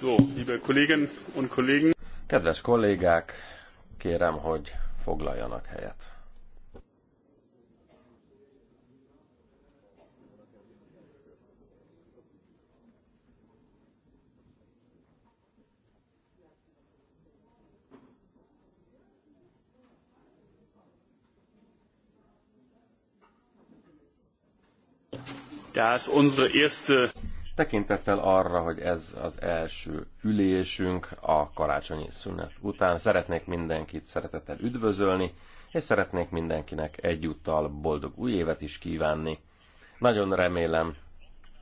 So, liebe Kolleginnen und Kollegen. Kedves kollégák, kérem, hogy foglaljanak helyet. Da ist unsere erste Tekintettel arra, hogy ez az első ülésünk a karácsonyi szünet után, szeretnék mindenkit szeretettel üdvözölni, és szeretnék mindenkinek egyúttal boldog új évet is kívánni. Nagyon remélem,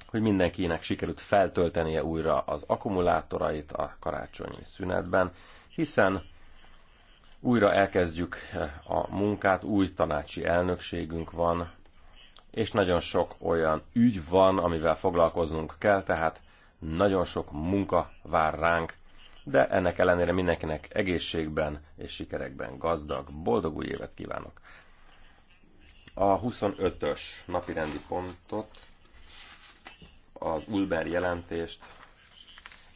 hogy mindenkinek sikerült feltöltenie újra az akkumulátorait a karácsonyi szünetben, hiszen újra elkezdjük a munkát, új tanácsi elnökségünk van, és nagyon sok olyan ügy van, amivel foglalkoznunk kell, tehát nagyon sok munka vár ránk, de ennek ellenére mindenkinek egészségben és sikerekben gazdag, boldog új évet kívánok! A 25-ös napirendi pontot, az Ulber jelentést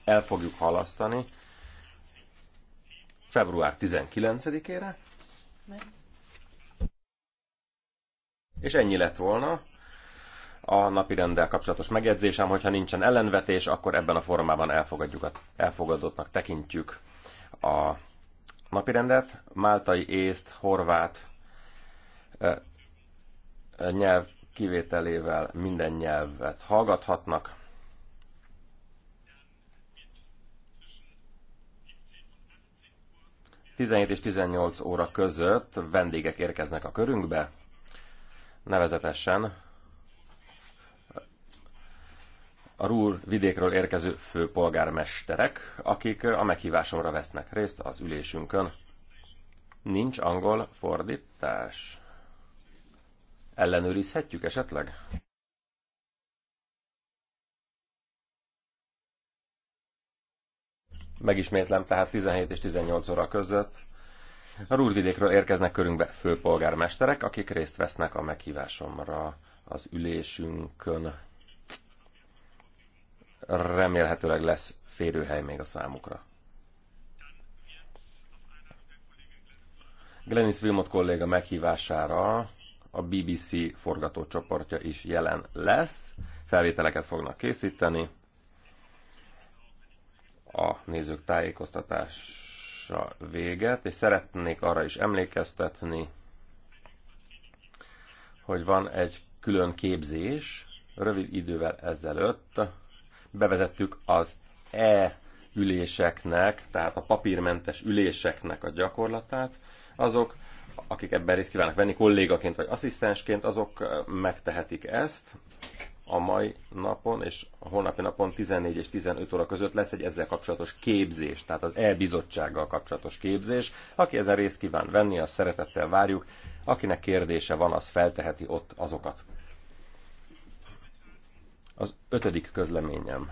el fogjuk halasztani február 19-ére. Mert? És ennyi lett volna a napi rendel kapcsolatos megjegyzésem, hogyha nincsen ellenvetés, akkor ebben a formában elfogadjuk, elfogadottnak tekintjük a napirendet. Máltai, észt, horvát nyelv kivételével minden nyelvet hallgathatnak. Tizenhét és 18 óra között vendégek érkeznek a körünkbe nevezetesen a Rúr vidékről érkező főpolgármesterek, akik a meghívásomra vesznek részt az ülésünkön. Nincs angol fordítás. Ellenőrizhetjük esetleg? Megismétlem, tehát 17 és 18 óra között a Rúrvidékről érkeznek körünkbe főpolgármesterek, akik részt vesznek a meghívásomra az ülésünkön. Remélhetőleg lesz férőhely még a számukra. Glenis Wilmot kolléga meghívására a BBC forgatócsoportja is jelen lesz. Felvételeket fognak készíteni. A nézők tájékoztatás felszólalásra véget, és szeretnék arra is emlékeztetni, hogy van egy külön képzés, rövid idővel ezelőtt bevezettük az E üléseknek, tehát a papírmentes üléseknek a gyakorlatát, azok, akik ebben részt kívánnak venni kollégaként vagy asszisztensként, azok megtehetik ezt, a mai napon és a holnapi napon 14 és 15 óra között lesz egy ezzel kapcsolatos képzés, tehát az e-bizottsággal kapcsolatos képzés. Aki ezen részt kíván venni, azt szeretettel várjuk. Akinek kérdése van, az felteheti ott azokat. Az ötödik közleményem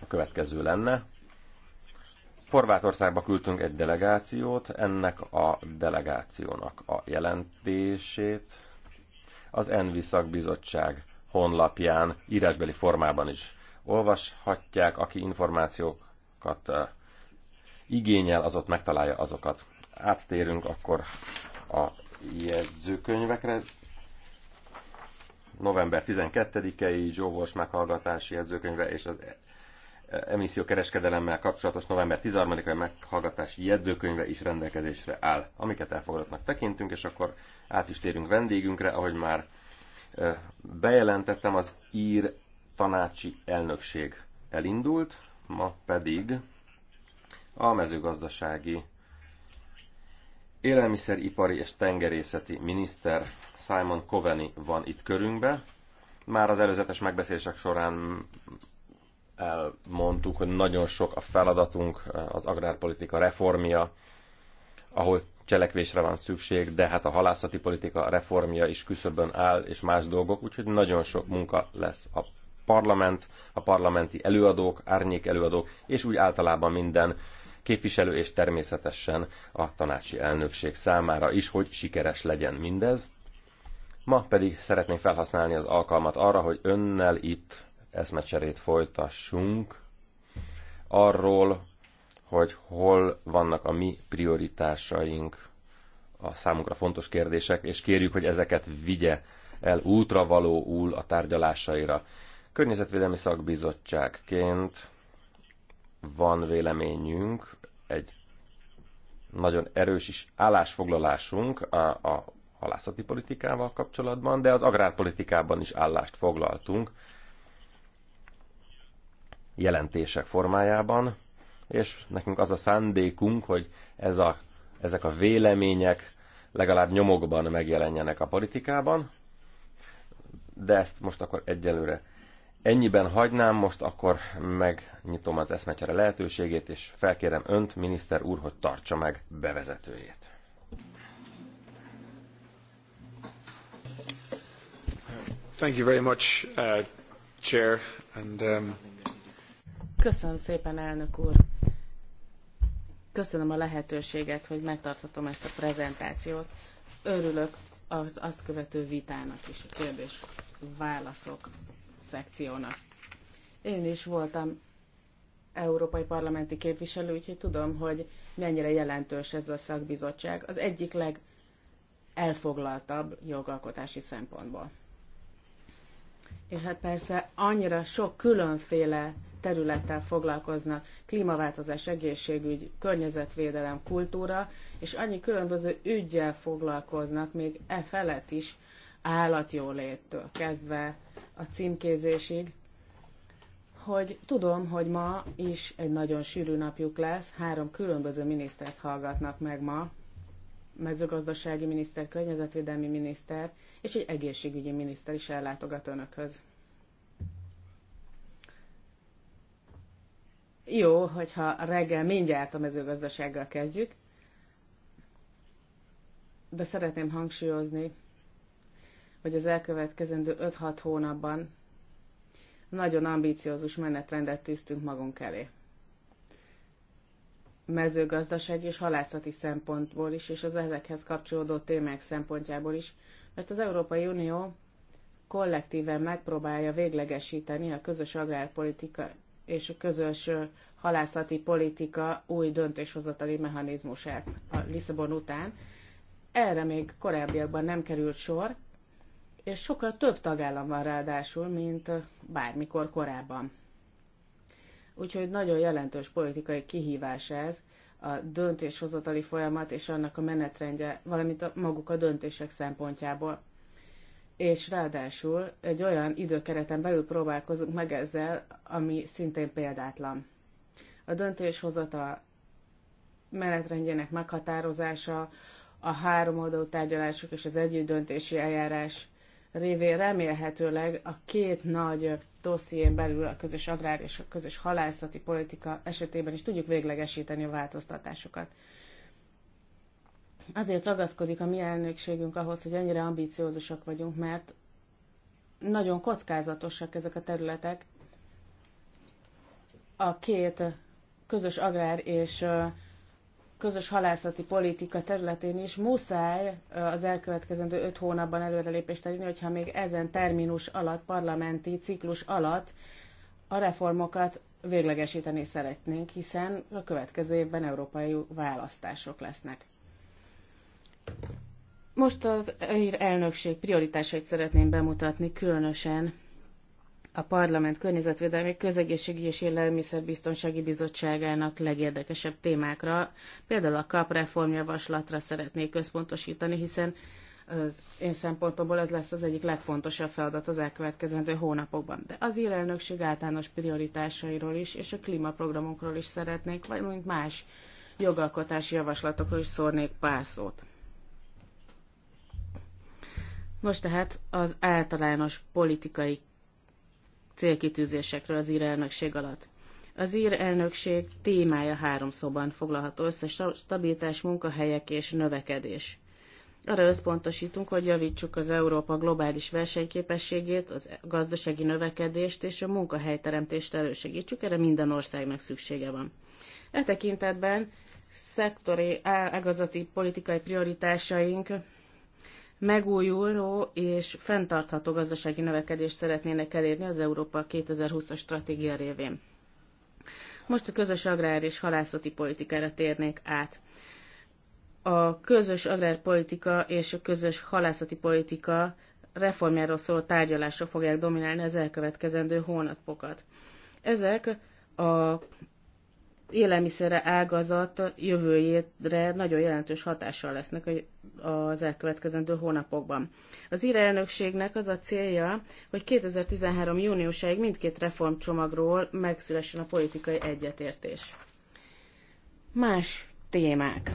a következő lenne. Horvátországba küldtünk egy delegációt, ennek a delegációnak a jelentését az Envi szakbizottság honlapján írásbeli formában is olvashatják, aki információkat igényel, az ott megtalálja azokat. Áttérünk akkor a jegyzőkönyvekre. November 12-i Zsóvos meghallgatási jegyzőkönyve és az e- e- kereskedelemmel kapcsolatos november 13-ai meghallgatási jegyzőkönyve is rendelkezésre áll, amiket elfogadottnak tekintünk, és akkor át is térünk vendégünkre, ahogy már bejelentettem, az ír tanácsi elnökség elindult, ma pedig a mezőgazdasági élelmiszeripari és tengerészeti miniszter Simon Coveney van itt körünkbe. Már az előzetes megbeszélések során elmondtuk, hogy nagyon sok a feladatunk, az agrárpolitika reformja, ahol cselekvésre van szükség, de hát a halászati politika reformja is küszöbön áll, és más dolgok, úgyhogy nagyon sok munka lesz a parlament, a parlamenti előadók, árnyék előadók, és úgy általában minden képviselő és természetesen a tanácsi elnökség számára is, hogy sikeres legyen mindez. Ma pedig szeretnék felhasználni az alkalmat arra, hogy önnel itt eszmecserét folytassunk arról, hogy hol vannak a mi prioritásaink, a számunkra fontos kérdések, és kérjük, hogy ezeket vigye el útra való úl a tárgyalásaira. Környezetvédelmi szakbizottságként van véleményünk, egy nagyon erős is állásfoglalásunk a, a halászati politikával kapcsolatban, de az agrárpolitikában is állást foglaltunk jelentések formájában és nekünk az a szándékunk, hogy ez a, ezek a vélemények legalább nyomokban megjelenjenek a politikában, de ezt most akkor egyelőre ennyiben hagynám, most akkor megnyitom az eszmecsere lehetőségét, és felkérem önt, miniszter úr, hogy tartsa meg bevezetőjét. Thank you very much, uh, Chair, and um... Köszönöm szépen, elnök úr! Köszönöm a lehetőséget, hogy megtartatom ezt a prezentációt. Örülök az azt követő vitának is, a kérdés válaszok szekciónak. Én is voltam európai parlamenti képviselő, úgyhogy tudom, hogy mennyire jelentős ez a szakbizottság. Az egyik legelfoglaltabb jogalkotási szempontból. És hát persze annyira sok különféle területtel foglalkoznak, klímaváltozás, egészségügy, környezetvédelem, kultúra, és annyi különböző ügyjel foglalkoznak, még e felett is, állatjóléttől kezdve a címkézésig, hogy tudom, hogy ma is egy nagyon sűrű napjuk lesz, három különböző minisztert hallgatnak meg ma, mezőgazdasági miniszter, környezetvédelmi miniszter, és egy egészségügyi miniszter is ellátogat önökhöz. Jó, hogyha reggel mindjárt a mezőgazdasággal kezdjük, de szeretném hangsúlyozni, hogy az elkövetkezendő 5-6 hónapban nagyon ambíciózus menetrendet tűztünk magunk elé. Mezőgazdaság és halászati szempontból is, és az ezekhez kapcsolódó témák szempontjából is, mert az Európai Unió kollektíven megpróbálja véglegesíteni a közös agrárpolitika és a közös halászati politika új döntéshozatali mechanizmusát a Lisszabon után. Erre még korábbiakban nem került sor, és sokkal több tagállam van ráadásul, mint bármikor korábban. Úgyhogy nagyon jelentős politikai kihívás ez, a döntéshozatali folyamat és annak a menetrendje, valamint a maguk a döntések szempontjából és ráadásul egy olyan időkereten belül próbálkozunk meg ezzel, ami szintén példátlan. A döntéshozata menetrendjének meghatározása, a három oldalú tárgyalások és az együtt döntési eljárás révén remélhetőleg a két nagy dosszién belül a közös agrár és a közös halászati politika esetében is tudjuk véglegesíteni a változtatásokat azért ragaszkodik a mi elnökségünk ahhoz, hogy ennyire ambíciózusak vagyunk, mert nagyon kockázatosak ezek a területek. A két közös agrár és közös halászati politika területén is muszáj az elkövetkezendő öt hónapban előrelépést tenni, hogyha még ezen terminus alatt, parlamenti ciklus alatt a reformokat véglegesíteni szeretnénk, hiszen a következő évben európai választások lesznek. Most az elnökség prioritásait szeretném bemutatni, különösen a Parlament Környezetvédelmi Közegészségügyi és Élelmiszerbiztonsági Bizottságának legérdekesebb témákra, például a KAP reformjavaslatra szeretnék központosítani, hiszen az én szempontomból ez lesz az egyik legfontosabb feladat az elkövetkezendő hónapokban. De az élelnökség általános prioritásairól is, és a klímaprogramunkról is szeretnék, vagy mint más jogalkotási javaslatokról is szórnék pár szót. Most tehát az általános politikai célkitűzésekről az ír elnökség alatt. Az ír elnökség témája három szóban foglalható össze, stabilitás, munkahelyek és növekedés. Arra összpontosítunk, hogy javítsuk az Európa globális versenyképességét, az gazdasági növekedést és a munkahelyteremtést elősegítsük, erre minden országnak szüksége van. E tekintetben szektori ágazati politikai prioritásaink megújuló és fenntartható gazdasági növekedést szeretnének elérni az Európa 2020-as stratégia révén. Most a közös agrár és halászati politikára térnék át. A közös agrárpolitika és a közös halászati politika reformjáról szóló tárgyalásra fogják dominálni az elkövetkezendő hónapokat. Ezek a élelmiszerre ágazat jövőjére nagyon jelentős hatással lesznek az elkövetkezendő hónapokban. Az ír elnökségnek az a célja, hogy 2013. júniusáig mindkét reformcsomagról megszülessen a politikai egyetértés. Más témák.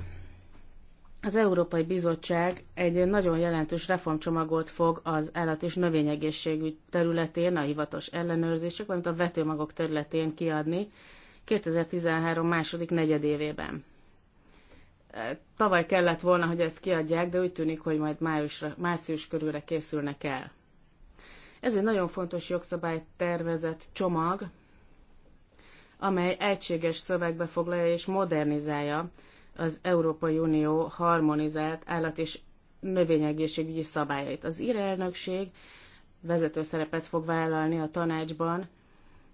Az Európai Bizottság egy nagyon jelentős reformcsomagot fog az állat- és növényegészségügy területén, a hivatos ellenőrzések, valamint a vetőmagok területén kiadni, 2013 második negyedévében. Tavaly kellett volna, hogy ezt kiadják, de úgy tűnik, hogy majd májusra, március körülre készülnek el. Ez egy nagyon fontos tervezett csomag, amely egységes szövegbe foglalja és modernizálja az Európai Unió harmonizált állat és növényegészségügyi szabályait. Az ír elnökség vezető szerepet fog vállalni a tanácsban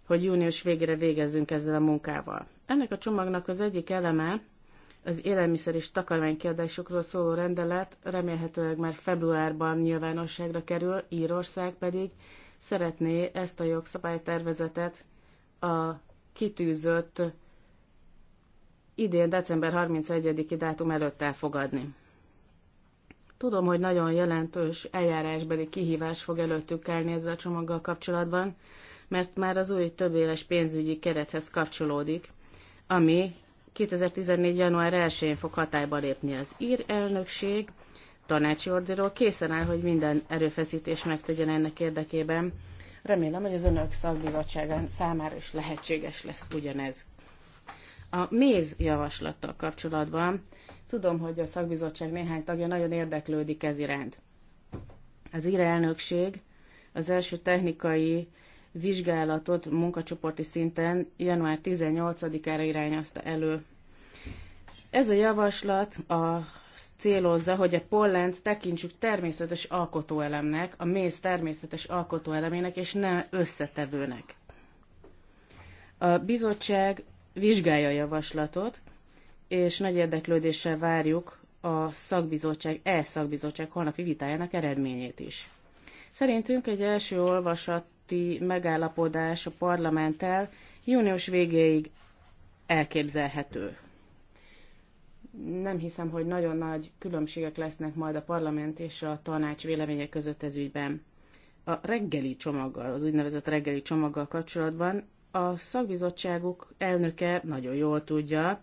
hogy június végére végezzünk ezzel a munkával. Ennek a csomagnak az egyik eleme az élelmiszer és takarmánykiadásokról szóló rendelet remélhetőleg már februárban nyilvánosságra kerül, Írország pedig szeretné ezt a jogszabálytervezetet a kitűzött idén december 31-i dátum előtt elfogadni. Tudom, hogy nagyon jelentős eljárásbeli kihívás fog előttük állni ezzel a csomaggal kapcsolatban, mert már az új éves pénzügyi kerethez kapcsolódik, ami 2014. január 1-én fog hatályba lépni az ír elnökség, tanácsi ordiról készen áll, hogy minden erőfeszítés megtegyen ennek érdekében. Remélem, hogy az önök szakbizottságán számára is lehetséges lesz ugyanez. A méz javaslattal kapcsolatban tudom, hogy a szakbizottság néhány tagja nagyon érdeklődik ez iránt. Az ír elnökség az első technikai vizsgálatot munkacsoporti szinten január 18-ára irányozta elő. Ez a javaslat a célozza, hogy a pollent tekintsük természetes alkotóelemnek, a méz természetes alkotóelemének, és nem összetevőnek. A bizottság vizsgálja a javaslatot, és nagy érdeklődéssel várjuk a szakbizottság, e-szakbizottság holnapi vitájának eredményét is. Szerintünk egy első olvasat közötti megállapodás a parlamenttel június végéig elképzelhető. Nem hiszem, hogy nagyon nagy különbségek lesznek majd a parlament és a tanács vélemények között ez ügyben. A reggeli csomaggal, az úgynevezett reggeli csomaggal kapcsolatban a szakbizottságuk elnöke nagyon jól tudja,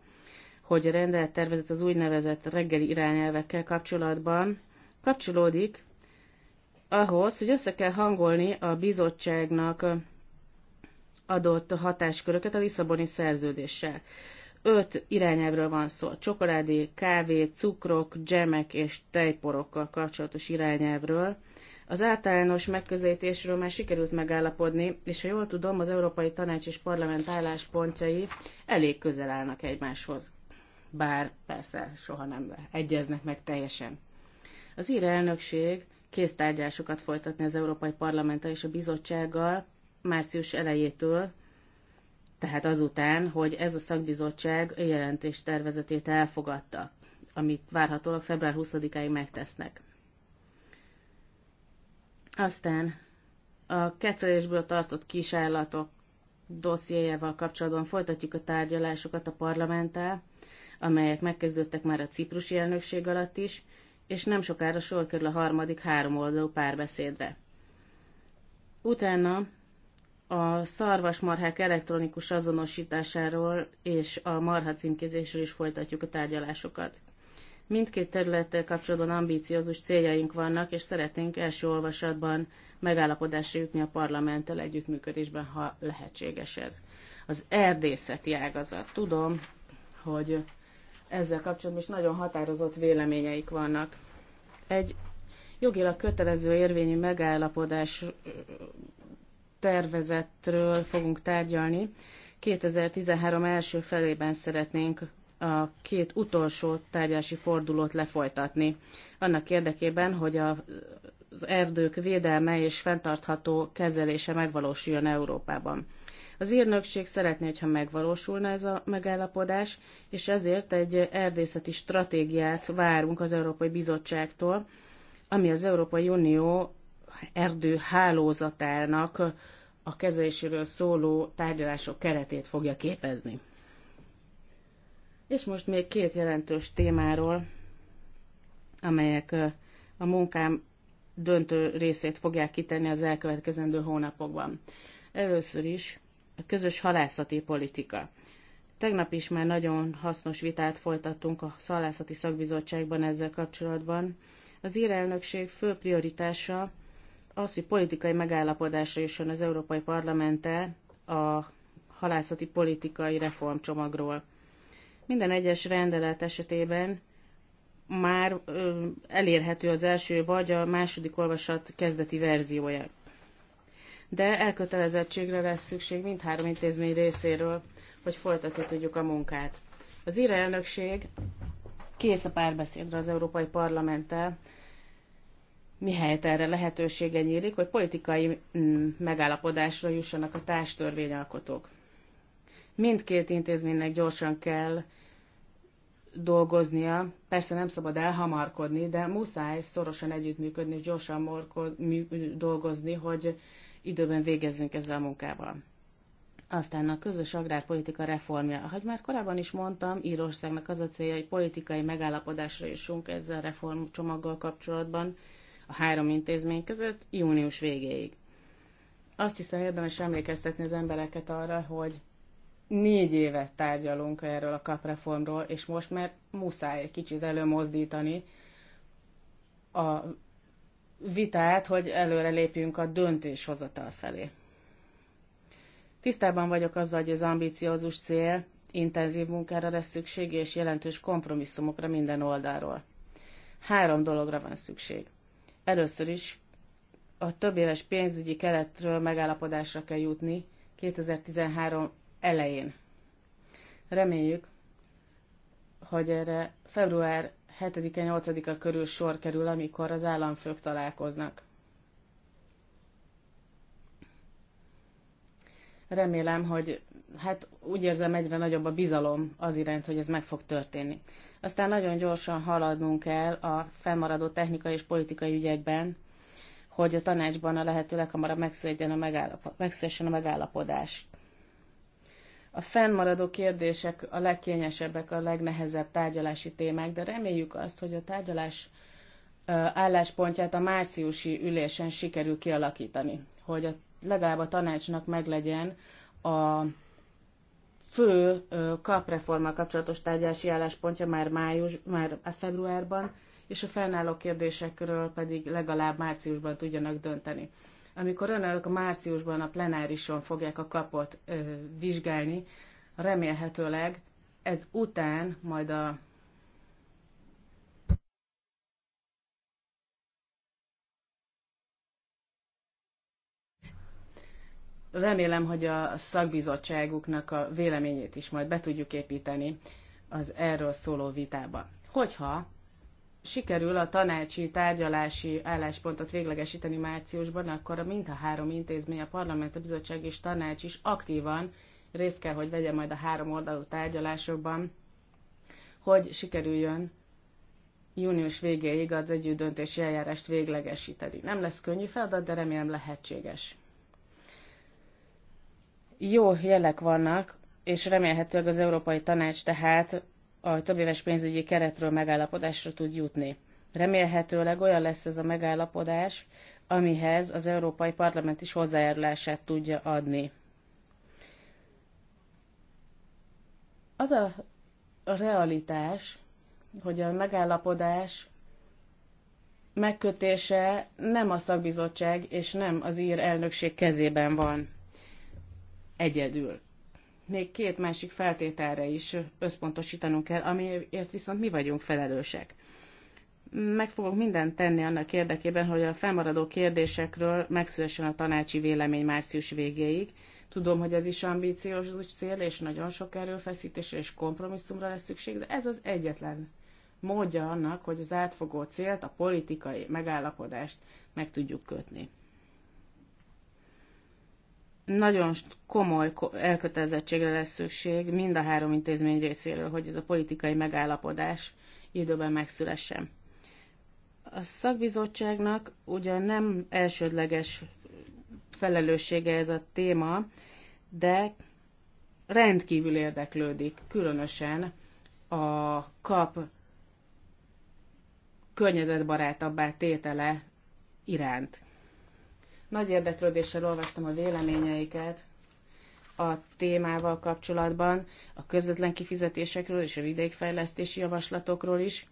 hogy a rendelettervezet az úgynevezett reggeli irányelvekkel kapcsolatban kapcsolódik ahhoz, hogy össze kell hangolni a bizottságnak adott hatásköröket a Lisszaboni szerződéssel. Öt irányelvről van szó, csokoládé, kávé, cukrok, dzsemek és tejporokkal kapcsolatos irányelvről. Az általános megközelítésről már sikerült megállapodni, és ha jól tudom, az Európai Tanács és Parlament álláspontjai elég közel állnak egymáshoz. Bár persze soha nem egyeznek meg teljesen. Az ír elnökség kéztárgyásokat folytatni az Európai Parlamenttel és a bizottsággal március elejétől, tehát azután, hogy ez a szakbizottság jelentés tervezetét elfogadta, amit várhatólag február 20-áig megtesznek. Aztán a kettelésből tartott kísérletok dossziéjával kapcsolatban folytatjuk a tárgyalásokat a parlamenttel, amelyek megkezdődtek már a ciprusi elnökség alatt is, és nem sokára sor kerül a harmadik háromoldalú párbeszédre. Utána a szarvasmarhák elektronikus azonosításáról és a marha címkézésről is folytatjuk a tárgyalásokat. Mindkét területtel kapcsolatban ambíciózus céljaink vannak, és szeretnénk első olvasatban megállapodásra jutni a parlamenttel együttműködésben, ha lehetséges ez. Az erdészeti ágazat. Tudom, hogy ezzel kapcsolatban is nagyon határozott véleményeik vannak. Egy jogilag kötelező érvényű megállapodás tervezetről fogunk tárgyalni. 2013 első felében szeretnénk a két utolsó tárgyási fordulót lefolytatni. Annak érdekében, hogy a, az erdők védelme és fenntartható kezelése megvalósuljon Európában. Az írnökség szeretné, hogyha megvalósulna ez a megállapodás, és ezért egy erdészeti stratégiát várunk az Európai Bizottságtól, ami az Európai Unió erdő hálózatának a kezeléséről szóló tárgyalások keretét fogja képezni. És most még két jelentős témáról, amelyek a munkám döntő részét fogják kitenni az elkövetkezendő hónapokban. Először is a közös halászati politika. Tegnap is már nagyon hasznos vitát folytattunk a Szalászati Szakbizottságban ezzel kapcsolatban. Az ír elnökség fő prioritása az, hogy politikai megállapodásra jusson az Európai Parlamente a halászati politikai reformcsomagról. Minden egyes rendelet esetében már elérhető az első vagy a második olvasat kezdeti verziója de elkötelezettségre lesz szükség mindhárom intézmény részéről, hogy folytatni tudjuk a munkát. Az ír elnökség kész a párbeszédre az Európai Parlamenttel, mihelyt erre lehetősége nyílik, hogy politikai mm, megállapodásra jussanak a társtörvényalkotók. Mindkét intézménynek gyorsan kell dolgoznia, persze nem szabad elhamarkodni, de muszáj szorosan együttműködni és gyorsan morko, mű, dolgozni, hogy időben végezzünk ezzel a munkával. Aztán a közös agrárpolitika reformja. Ahogy már korábban is mondtam, Írországnak az a célja, hogy politikai megállapodásra jussunk ezzel a reformcsomaggal kapcsolatban a három intézmény között június végéig. Azt hiszem érdemes emlékeztetni az embereket arra, hogy négy évet tárgyalunk erről a kapreformról, és most már muszáj egy kicsit előmozdítani a vitát, hogy előre lépjünk a döntéshozatal felé. Tisztában vagyok azzal, hogy az ambíciózus cél intenzív munkára lesz szükség, és jelentős kompromisszumokra minden oldalról. Három dologra van szükség. Először is a több éves pénzügyi keletről megállapodásra kell jutni 2013 elején. Reméljük, hogy erre február 7-8-a körül sor kerül, amikor az államfők találkoznak. Remélem, hogy hát úgy érzem egyre nagyobb a bizalom az iránt, hogy ez meg fog történni. Aztán nagyon gyorsan haladnunk kell a felmaradó technikai és politikai ügyekben, hogy a tanácsban a lehető leghamarabb megszülessen a megállapodás. A fennmaradó kérdések a legkényesebbek, a legnehezebb tárgyalási témák, de reméljük azt, hogy a tárgyalás álláspontját a márciusi ülésen sikerül kialakítani, hogy a, legalább a tanácsnak meglegyen a fő kapreforma kapcsolatos tárgyalási álláspontja már május, már februárban, és a fennálló kérdésekről pedig legalább márciusban tudjanak dönteni. Amikor önök márciusban a plenárison fogják a kapot ö, vizsgálni, remélhetőleg ez után majd a remélem, hogy a szakbizottságuknak a véleményét is majd be tudjuk építeni az erről szóló vitába. Hogyha sikerül a tanácsi tárgyalási álláspontot véglegesíteni márciusban, akkor a mind a három intézmény, a parlament, a bizottság és tanács is aktívan részt kell, hogy vegye majd a három oldalú tárgyalásokban, hogy sikerüljön június végéig az együtt döntési eljárást véglegesíteni. Nem lesz könnyű feladat, de remélem lehetséges. Jó jelek vannak, és remélhetőleg az Európai Tanács tehát a többéves pénzügyi keretről megállapodásra tud jutni. Remélhetőleg olyan lesz ez a megállapodás, amihez az Európai Parlament is hozzájárulását tudja adni. Az a realitás, hogy a megállapodás megkötése nem a szakbizottság és nem az ír elnökség kezében van egyedül még két másik feltételre is összpontosítanunk kell, amiért viszont mi vagyunk felelősek. Meg fogok mindent tenni annak érdekében, hogy a felmaradó kérdésekről megszülessen a tanácsi vélemény március végéig. Tudom, hogy ez is ambíciózus cél, és nagyon sok erőfeszítésre és kompromisszumra lesz szükség, de ez az egyetlen módja annak, hogy az átfogó célt, a politikai megállapodást meg tudjuk kötni nagyon komoly elkötelezettségre lesz szükség mind a három intézmény részéről, hogy ez a politikai megállapodás időben megszülessen. A szakbizottságnak ugyan nem elsődleges felelőssége ez a téma, de rendkívül érdeklődik, különösen a kap környezetbarátabbá tétele iránt. Nagy érdeklődéssel olvastam a véleményeiket a témával kapcsolatban, a közvetlen kifizetésekről és a vidékfejlesztési javaslatokról is,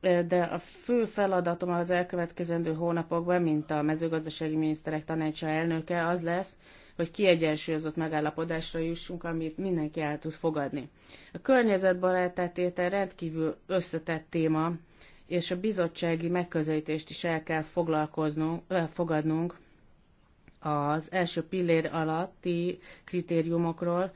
de a fő feladatom az elkövetkezendő hónapokban, mint a mezőgazdasági miniszterek tanácsa elnöke, az lesz, hogy kiegyensúlyozott megállapodásra jussunk, amit mindenki el tud fogadni. A környezetbarát tétel rendkívül összetett téma, és a bizottsági megközelítést is el kell foglalkoznunk, fogadnunk az első pillér alatti kritériumokról.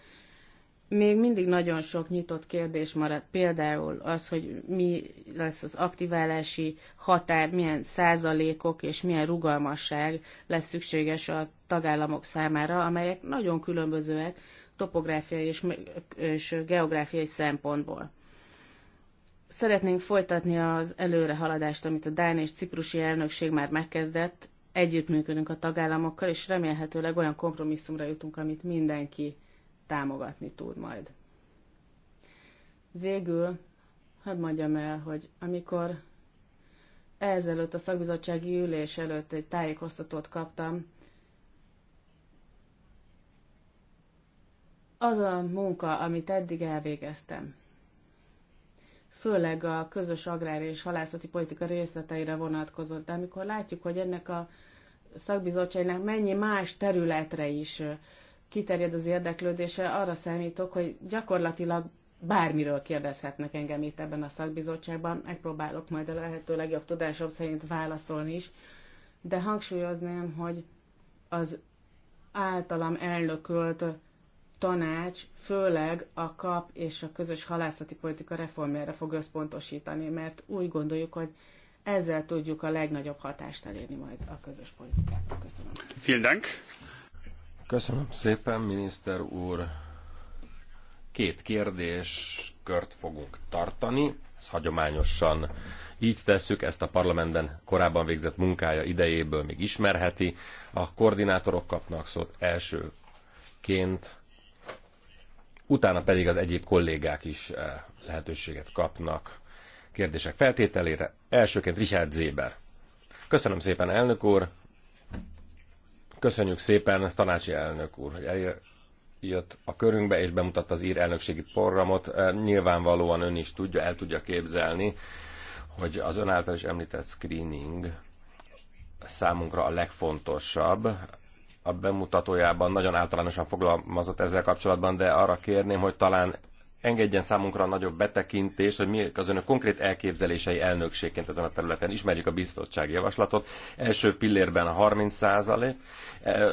Még mindig nagyon sok nyitott kérdés maradt, például az, hogy mi lesz az aktiválási határ, milyen százalékok és milyen rugalmasság lesz szükséges a tagállamok számára, amelyek nagyon különbözőek topográfiai és, és geográfiai szempontból. Szeretnénk folytatni az előrehaladást, amit a Dán és Ciprusi elnökség már megkezdett. Együttműködünk a tagállamokkal, és remélhetőleg olyan kompromisszumra jutunk, amit mindenki támogatni tud majd. Végül, hadd mondjam el, hogy amikor ezelőtt a szakbizottsági ülés előtt egy tájékoztatót kaptam, az a munka, amit eddig elvégeztem, főleg a közös agrár és halászati politika részleteire vonatkozott. De amikor látjuk, hogy ennek a szakbizottságnak mennyi más területre is kiterjed az érdeklődése, arra számítok, hogy gyakorlatilag bármiről kérdezhetnek engem itt ebben a szakbizottságban. Megpróbálok majd a lehető legjobb tudásom szerint válaszolni is, de hangsúlyozném, hogy az általam elnökölt tanács főleg a kap és a közös halászati politika reformjára fog összpontosítani, mert úgy gondoljuk, hogy ezzel tudjuk a legnagyobb hatást elérni majd a közös politikát. Köszönöm. Vielen Dank. Köszönöm szépen, miniszter úr. Két kérdés kört fogunk tartani. Ezt hagyományosan így tesszük, ezt a parlamentben korábban végzett munkája idejéből még ismerheti. A koordinátorok kapnak szót elsőként utána pedig az egyéb kollégák is eh, lehetőséget kapnak kérdések feltételére. Elsőként Richard Zéber. Köszönöm szépen, elnök úr. Köszönjük szépen, tanácsi elnök úr, hogy eljött a körünkbe és bemutatta az ír elnökségi programot. Eh, nyilvánvalóan ön is tudja, el tudja képzelni, hogy az ön által is említett screening számunkra a legfontosabb, a bemutatójában nagyon általánosan foglalmazott ezzel kapcsolatban, de arra kérném, hogy talán engedjen számunkra a nagyobb betekintést, hogy mi az önök konkrét elképzelései elnökségként ezen a területen. Ismerjük a biztonsági javaslatot. Első pillérben a 30 százalék e,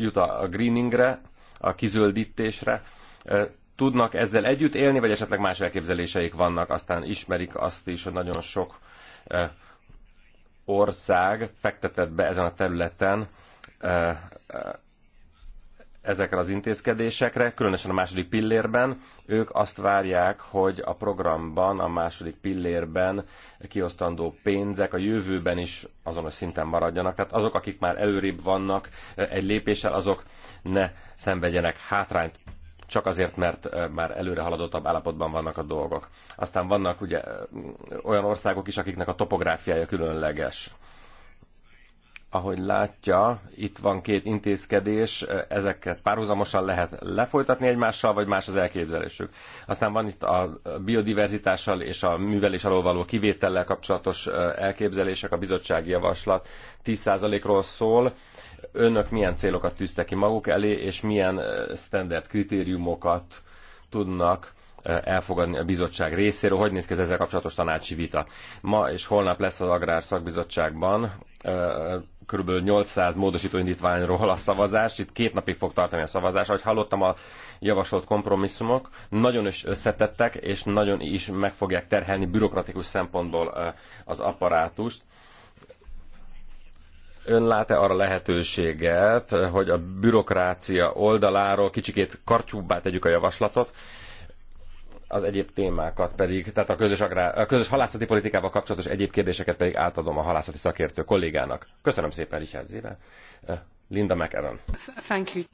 jut a greeningre, a kizöldítésre. E, tudnak ezzel együtt élni, vagy esetleg más elképzeléseik vannak? Aztán ismerik azt is, hogy nagyon sok e, ország fektetett be ezen a területen ezekre az intézkedésekre, különösen a második pillérben. Ők azt várják, hogy a programban, a második pillérben kiosztandó pénzek a jövőben is azonos szinten maradjanak. Tehát azok, akik már előrébb vannak egy lépéssel, azok ne szenvedjenek hátrányt csak azért, mert már előre haladottabb állapotban vannak a dolgok. Aztán vannak ugye olyan országok is, akiknek a topográfiája különleges ahogy látja, itt van két intézkedés, ezeket párhuzamosan lehet lefolytatni egymással, vagy más az elképzelésük. Aztán van itt a biodiverzitással és a művelés alól való kivétellel kapcsolatos elképzelések, a bizottsági javaslat 10%-ról szól. Önök milyen célokat tűztek ki maguk elé, és milyen standard kritériumokat tudnak elfogadni a bizottság részéről. Hogy néz ki ez ezzel kapcsolatos tanácsi vita? Ma és holnap lesz az Agrár Szakbizottságban kb. 800 módosító indítványról a szavazás. Itt két napig fog tartani a szavazás. Ahogy hallottam, a javasolt kompromisszumok nagyon is összetettek, és nagyon is meg fogják terhelni bürokratikus szempontból az apparátust. Ön lát-e arra lehetőséget, hogy a bürokrácia oldaláról kicsikét karcsúbbá tegyük a javaslatot, az egyéb témákat pedig, tehát a közös, agrá, a közös halászati politikával kapcsolatos egyéb kérdéseket pedig átadom a halászati szakértő kollégának. Köszönöm szépen Richard Zébe. Eh, Linda McEwen. Thank you.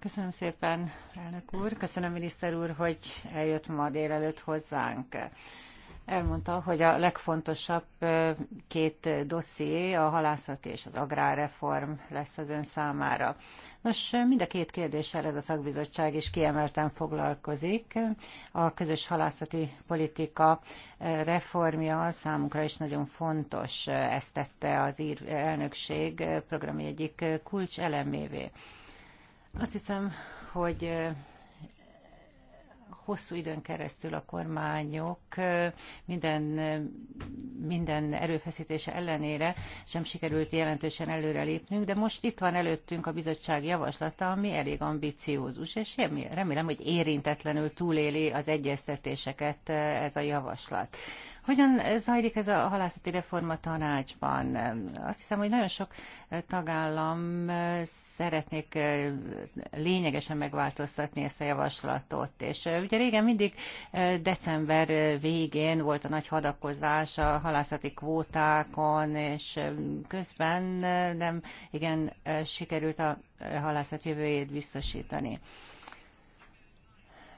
Köszönöm szépen, elnök úr. Köszönöm, miniszter úr, hogy eljött ma délelőtt hozzánk elmondta, hogy a legfontosabb két dosszié, a halászat és az agrárreform lesz az ön számára. Nos, mind a két kérdéssel ez a szakbizottság is kiemelten foglalkozik. A közös halászati politika reformja számunkra is nagyon fontos, ezt tette az ír elnökség programi egyik kulcs elemévé. Azt hiszem, hogy hosszú időn keresztül a kormányok minden, minden erőfeszítése ellenére sem sikerült jelentősen előrelépnünk, de most itt van előttünk a bizottság javaslata, ami elég ambiciózus, és remélem, hogy érintetlenül túléli az egyeztetéseket ez a javaslat. Hogyan zajlik ez a halászati reforma tanácsban? Azt hiszem, hogy nagyon sok tagállam szeretnék lényegesen megváltoztatni ezt a javaslatot. És eh, ugye régen mindig eh, december végén volt a nagy hadakozás a halászati kvótákon, és eh, közben nem igen sikerült a halászat jövőjét biztosítani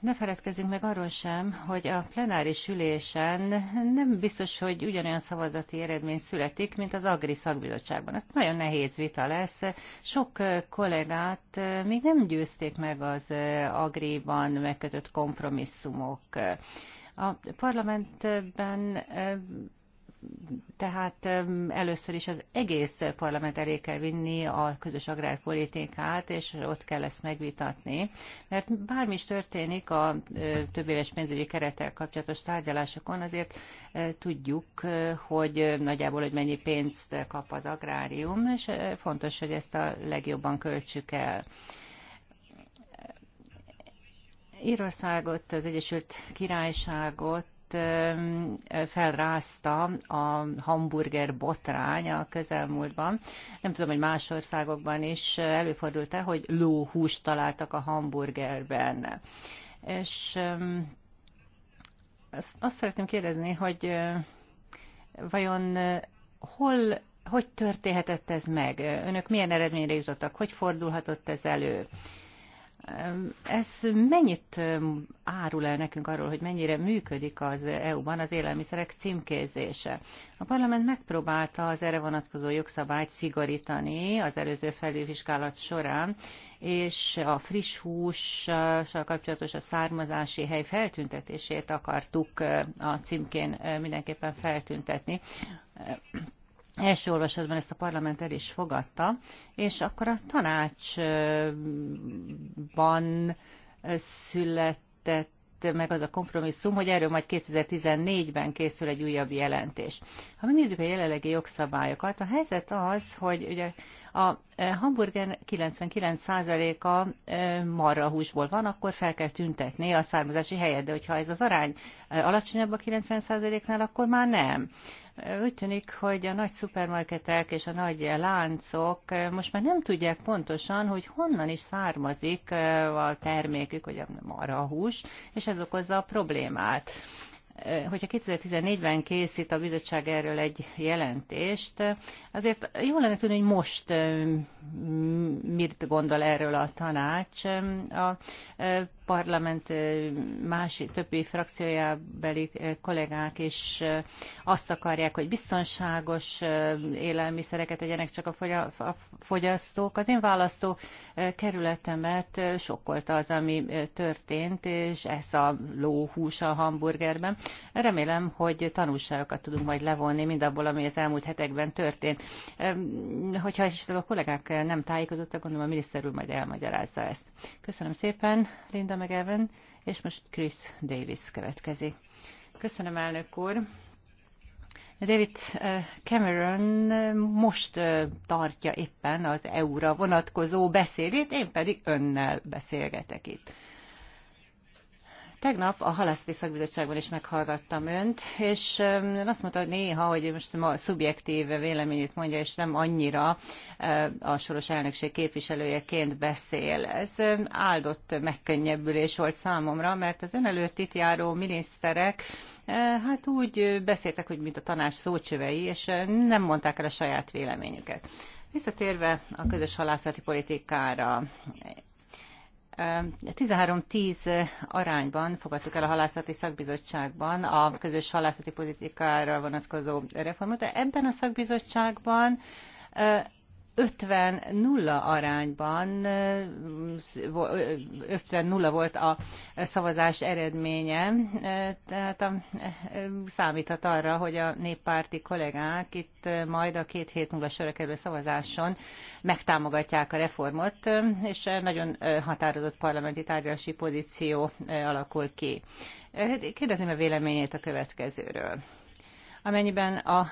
ne feledkezzünk meg arról sem, hogy a plenáris ülésen nem biztos, hogy ugyanolyan szavazati eredmény születik, mint az Agri szakbizottságban. Ez nagyon nehéz vita lesz. Sok kollégát még nem győzték meg az Agriban megkötött kompromisszumok. A parlamentben tehát először is az egész parlament elé kell vinni a közös agrárpolitikát, és ott kell ezt megvitatni, mert bármi is történik a több éves pénzügyi kerettel kapcsolatos tárgyalásokon, azért tudjuk, hogy nagyjából, hogy mennyi pénzt kap az agrárium, és fontos, hogy ezt a legjobban költsük el. Írországot, az Egyesült Királyságot felrázta a hamburger botrány a közelmúltban. Nem tudom, hogy más országokban is előfordult-e, hogy lóhúst találtak a hamburgerben. És azt szeretném kérdezni, hogy vajon hol hogy történhetett ez meg? Önök milyen eredményre jutottak? Hogy fordulhatott ez elő? Ez mennyit um, árul el nekünk arról, hogy mennyire működik az EU-ban az élelmiszerek címkézése? A parlament megpróbálta az erre vonatkozó jogszabályt szigorítani az előző felülvizsgálat során, és a friss hússal kapcsolatos a származási hely feltüntetését akartuk uh, a címkén uh, mindenképpen feltüntetni első olvasatban ezt a parlament el is fogadta, és akkor a tanácsban született meg az a kompromisszum, hogy erről majd 2014-ben készül egy újabb jelentés. Ha megnézzük a jelenlegi jogszabályokat, a helyzet az, hogy ugye a e, hamburger 99%-a e, húsból van, akkor fel kell tüntetni a származási helyet, de hogyha ez az arány e, alacsonyabb a 90%-nál, akkor már nem. Úgy tűnik, hogy a nagy szupermarketek és a nagy láncok most már nem tudják pontosan, hogy honnan is származik a termékük, vagy a hús, és ez okozza a problémát hogyha 2014-ben készít a bizottság erről egy jelentést, azért jó lenne tudni, hogy most mit gondol erről a tanács. A parlament másik, többi frakciójábeli kollégák is azt akarják, hogy biztonságos élelmiszereket tegyenek csak a fogyasztók. Az én választó kerületemet sokkolta az, ami történt, és ez a lóhús a hamburgerben. Remélem, hogy tanulságokat tudunk majd levonni mindabból, ami az elmúlt hetekben történt. Hogyha esetleg a kollégák nem tájékozottak, gondolom a miniszter úr majd elmagyarázza ezt. Köszönöm szépen, Linda meg Evan, és most Chris Davis következik. Köszönöm, elnök úr! David eh, Cameron eh, most eh, tartja éppen az EU-ra vonatkozó beszédét, én pedig önnel beszélgetek itt. Tegnap a Halászati Szakbizottságban is meghallgattam önt, és azt mondta, hogy néha, hogy most a szubjektív véleményét mondja, és nem annyira e, a soros elnökség képviselőjeként beszél. Ez áldott megkönnyebbülés volt számomra, mert az ön előtt itt járó miniszterek e, hát úgy beszéltek, hogy mint a tanács szócsövei, és e, nem mondták el a saját véleményüket. Visszatérve a közös halászati politikára, 13-10 arányban fogadtuk el a halászati szakbizottságban a közös halászati politikára vonatkozó reformot. Ebben a szakbizottságban 50-0 arányban, 50-0 volt a szavazás eredménye, tehát a, számíthat arra, hogy a néppárti kollégák itt majd a két hét múlva sorra kerül szavazáson megtámogatják a reformot, és nagyon határozott parlamenti tárgyalási pozíció alakul ki. Hát kérdezném a véleményét a következőről. Amennyiben a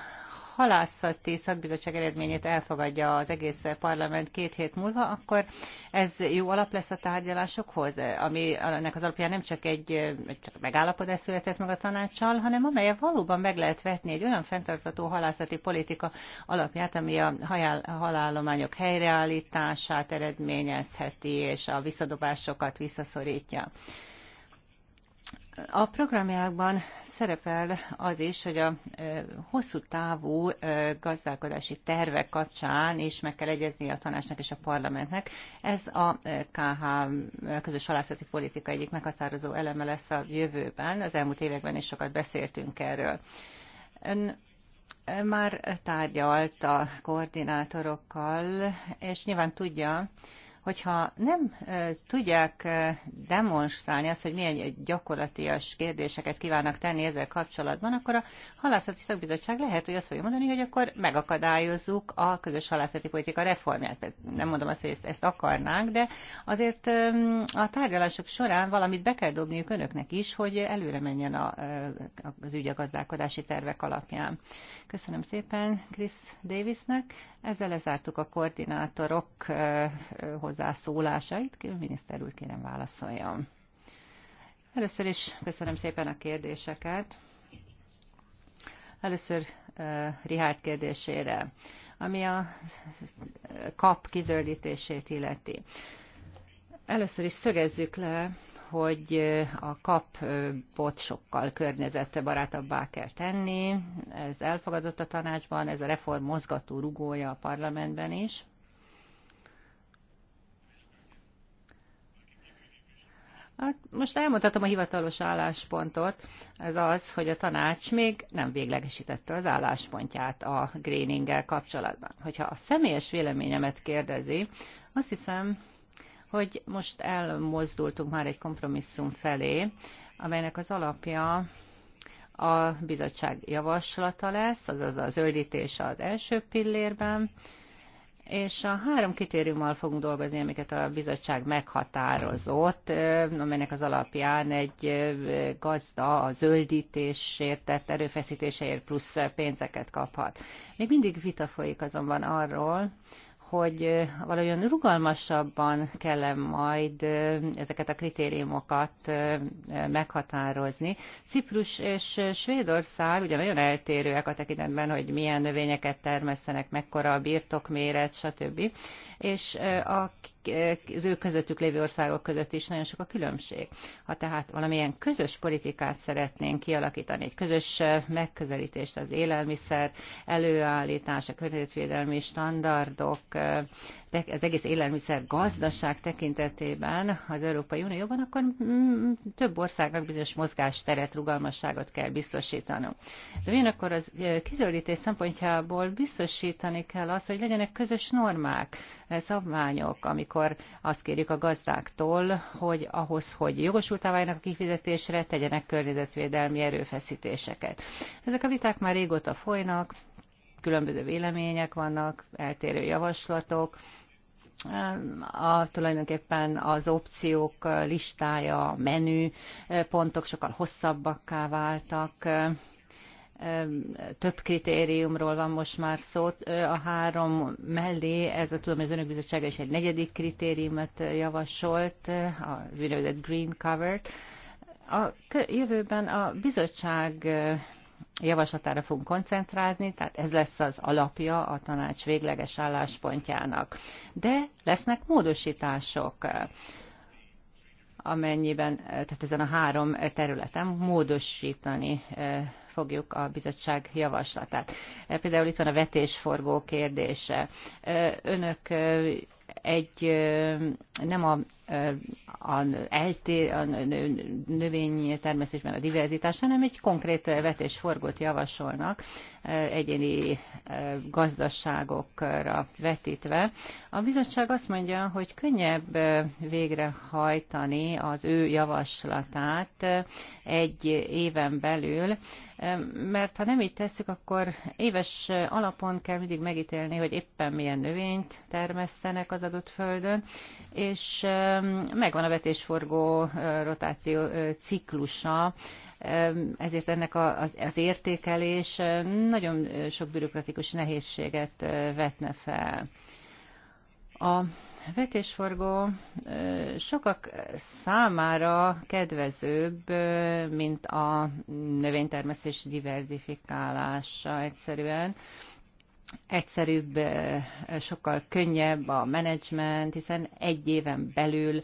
halászati szakbizottság eredményét elfogadja az egész parlament két hét múlva, akkor ez jó alap lesz a tárgyalásokhoz, ami ennek az alapján nem csak egy csak megállapodás született meg a tanácssal, hanem amelyet valóban meg lehet vetni egy olyan fenntartató halászati politika alapját, ami a halállományok helyreállítását eredményezheti, és a visszadobásokat visszaszorítja. A programjákban szerepel az is, hogy a hosszú távú gazdálkodási tervek kapcsán is meg kell egyezni a tanácsnak és a parlamentnek. Ez a KH közös halászati politika egyik meghatározó eleme lesz a jövőben. Az elmúlt években is sokat beszéltünk erről. Ön már tárgyalt a koordinátorokkal, és nyilván tudja, hogyha nem tudják demonstrálni azt, hogy milyen gyakorlatias kérdéseket kívánnak tenni ezzel kapcsolatban, akkor a halászati szakbizottság lehet, hogy azt fogja mondani, hogy akkor megakadályozzuk a közös halászati politika reformját. Nem mondom azt, hogy ezt, ezt akarnánk, de azért a tárgyalások során valamit be kell dobniuk önöknek is, hogy előre menjen a, az ügy a gazdálkodási tervek alapján. Köszönöm szépen Chris Davisnek. Ezzel lezártuk a koordinátorok hozzászólásait. Miniszter úr, kérem válaszoljam. Először is köszönöm szépen a kérdéseket. Először uh, Rihárd kérdésére, ami a kap kizöldítését illeti. Először is szögezzük le, hogy a kapot sokkal környezetbarátabbá kell tenni. Ez elfogadott a tanácsban, ez a reform mozgató rugója a parlamentben is. Hát most elmondhatom a hivatalos álláspontot, ez az, hogy a tanács még nem véglegesítette az álláspontját a greeninggel kapcsolatban. Hogyha a személyes véleményemet kérdezi, azt hiszem, hogy most elmozdultunk már egy kompromisszum felé, amelynek az alapja a bizottság javaslata lesz, azaz a zöldítés az első pillérben, és a három kritériummal fogunk dolgozni, amiket a bizottság meghatározott, amelynek az alapján egy gazda a zöldítésért tett erőfeszítéseért plusz pénzeket kaphat. Még mindig vita folyik azonban arról, hogy valójában rugalmasabban kell majd ezeket a kritériumokat meghatározni. Ciprus és Svédország ugye nagyon eltérőek a tekintetben, hogy milyen növényeket termesztenek, mekkora a birtokméret, stb. És a, az ő közöttük lévő országok között is nagyon sok a különbség. Ha tehát valamilyen közös politikát szeretnénk kialakítani, egy közös megközelítést az élelmiszer előállítás, a környezetvédelmi standardok, de az egész élelmiszer gazdaság tekintetében az Európai Unióban, akkor mm, több országnak bizonyos mozgásteret, rugalmasságot kell biztosítanunk. De ugyanakkor az kizöldítés szempontjából biztosítani kell azt, hogy legyenek közös normák, szabványok, amikor azt kérjük a gazdáktól, hogy ahhoz, hogy jogosultá váljanak a kifizetésre, tegyenek környezetvédelmi erőfeszítéseket. Ezek a viták már régóta folynak, különböző vélemények vannak, eltérő javaslatok. A, tulajdonképpen az opciók listája, menü pontok sokkal hosszabbakká váltak több kritériumról van most már szó. A három mellé ez a Tudományos Önök Bizottsága is egy negyedik kritériumot javasolt, a úgynevezett green cover A jövőben a bizottság javaslatára fogunk koncentrálni, tehát ez lesz az alapja a tanács végleges álláspontjának. De lesznek módosítások amennyiben, tehát ezen a három területen módosítani eh, fogjuk a bizottság javaslatát. Eh, például itt van a vetésforgó kérdése. Eh, önök egy nem a, a, elté, a növény termesztésben a diverzitás, hanem egy konkrét vetésforgót javasolnak, egyéni gazdaságokra vetítve. A bizottság azt mondja, hogy könnyebb végrehajtani az ő javaslatát egy éven belül, mert ha nem így tesszük, akkor éves alapon kell mindig megítélni, hogy éppen milyen növényt termesztenek az adott földön, és megvan a vetésforgó rotáció ciklusa ezért ennek az, az értékelés nagyon sok bürokratikus nehézséget vetne fel. A vetésforgó sokak számára kedvezőbb, mint a növénytermesztés diverzifikálása egyszerűen. Egyszerűbb, sokkal könnyebb a menedzsment, hiszen egy éven belül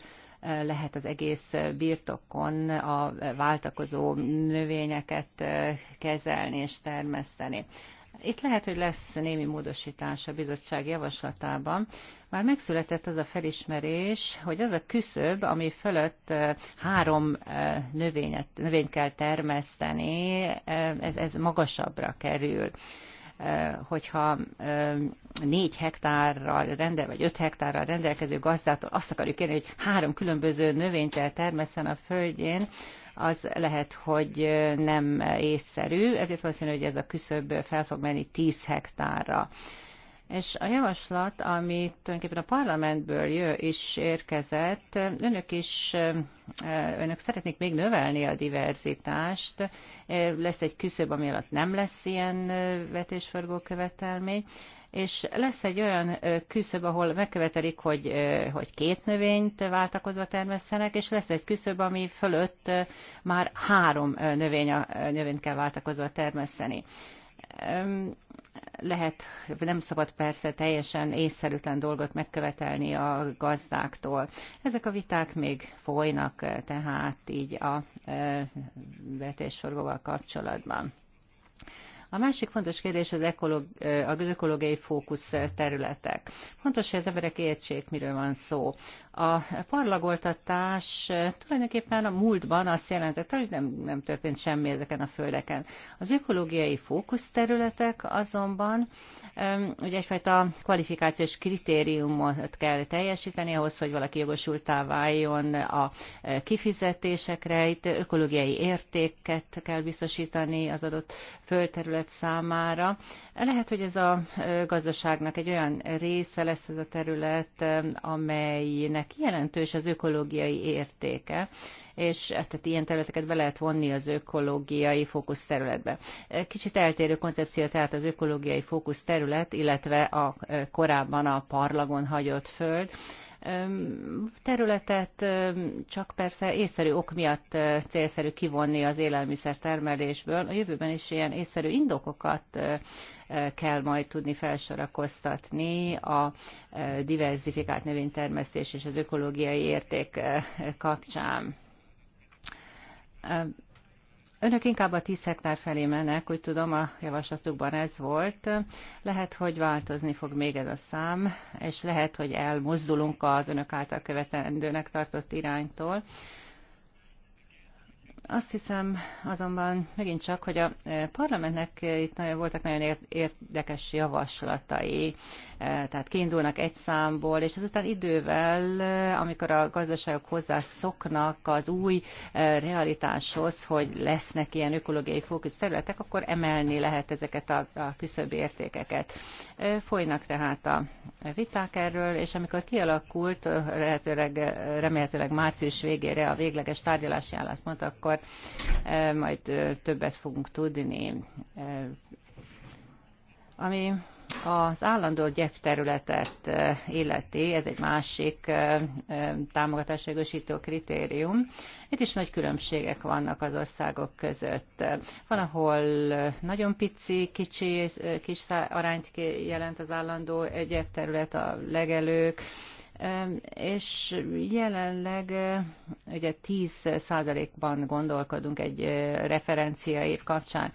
lehet az egész birtokon a váltakozó növényeket kezelni és termeszteni. Itt lehet, hogy lesz némi módosítás a bizottság javaslatában. Már megszületett az a felismerés, hogy az a küszöb, ami fölött három növényet, növényt kell termeszteni, ez, ez magasabbra kerül. Eh, hogyha eh, négy hektárral rendel, vagy öt hektárral rendelkező gazdától azt akarjuk kérni, hogy három különböző növényt termeszen a földjén, az lehet, hogy eh, nem észszerű, ezért valószínű, hogy ez a küszöb fel fog menni 10 hektárra. És a javaslat, amit tulajdonképpen a parlamentből jö, is érkezett, önök is, önök szeretnék még növelni a diverzitást, lesz egy küszöb, ami alatt nem lesz ilyen vetésforgó követelmény, és lesz egy olyan küszöb, ahol megkövetelik, hogy, hogy két növényt váltakozva termesztenek, és lesz egy küszöb, ami fölött már három növény, növényt kell váltakozva termeszteni lehet, nem szabad persze teljesen észszerűtlen dolgot megkövetelni a gazdáktól. Ezek a viták még folynak, tehát így a vetéssorgóval kapcsolatban. A másik fontos kérdés az, ekolog, az ökológiai fókusz területek. Fontos, hogy az emberek értsék, miről van szó. A parlagoltatás tulajdonképpen a múltban azt jelentette, hogy nem, nem történt semmi ezeken a földeken. Az ökológiai fókuszterületek azonban ugye egyfajta kvalifikációs kritériumot kell teljesíteni ahhoz, hogy valaki jogosultá váljon a e, kifizetésekre. Itt ökológiai értéket kell biztosítani az adott földterület számára. Lehet, hogy ez a e, gazdaságnak egy olyan része lesz ez a terület, amelynek aminek jelentős az ökológiai értéke, és tehát ilyen területeket be lehet vonni az ökológiai fókusz területbe. Kicsit eltérő koncepció tehát az ökológiai fókusz terület, illetve a e, korábban a parlagon hagyott föld területet csak persze észszerű ok miatt célszerű kivonni az élelmiszer termelésből. A jövőben is ilyen észszerű indokokat kell majd tudni felsorakoztatni a diversifikált növénytermesztés és az ökológiai érték kapcsán Önök inkább a 10 hektár felé mennek, úgy tudom, a javaslatukban ez volt. Lehet, hogy változni fog még ez a szám, és lehet, hogy elmozdulunk az önök által követendőnek tartott iránytól. Azt hiszem azonban megint csak, hogy a e, parlamentnek e, itt voltak nagyon érdekes javaslatai, e, tehát kiindulnak egy számból, és azután idővel, amikor a gazdaságok hozzászoknak az új realitáshoz, hogy lesznek ilyen ökológiai fókusz területek, akkor emelni lehet ezeket a, a küszöbb értékeket. Folynak tehát a viták erről, és amikor kialakult, lehetőleg, remélhetőleg március végére a végleges tárgyalási álláspont, akkor akkor majd többet fogunk tudni. Ami az állandó gyep területet illeti, ez egy másik támogatásjogosító kritérium. Itt is nagy különbségek vannak az országok között. Van, ahol nagyon pici, kicsi, kis arányt jelent az állandó gyepterület, terület, a legelők, és jelenleg eh, ugye 10 százalékban gondolkodunk egy eh, referencia év kapcsán.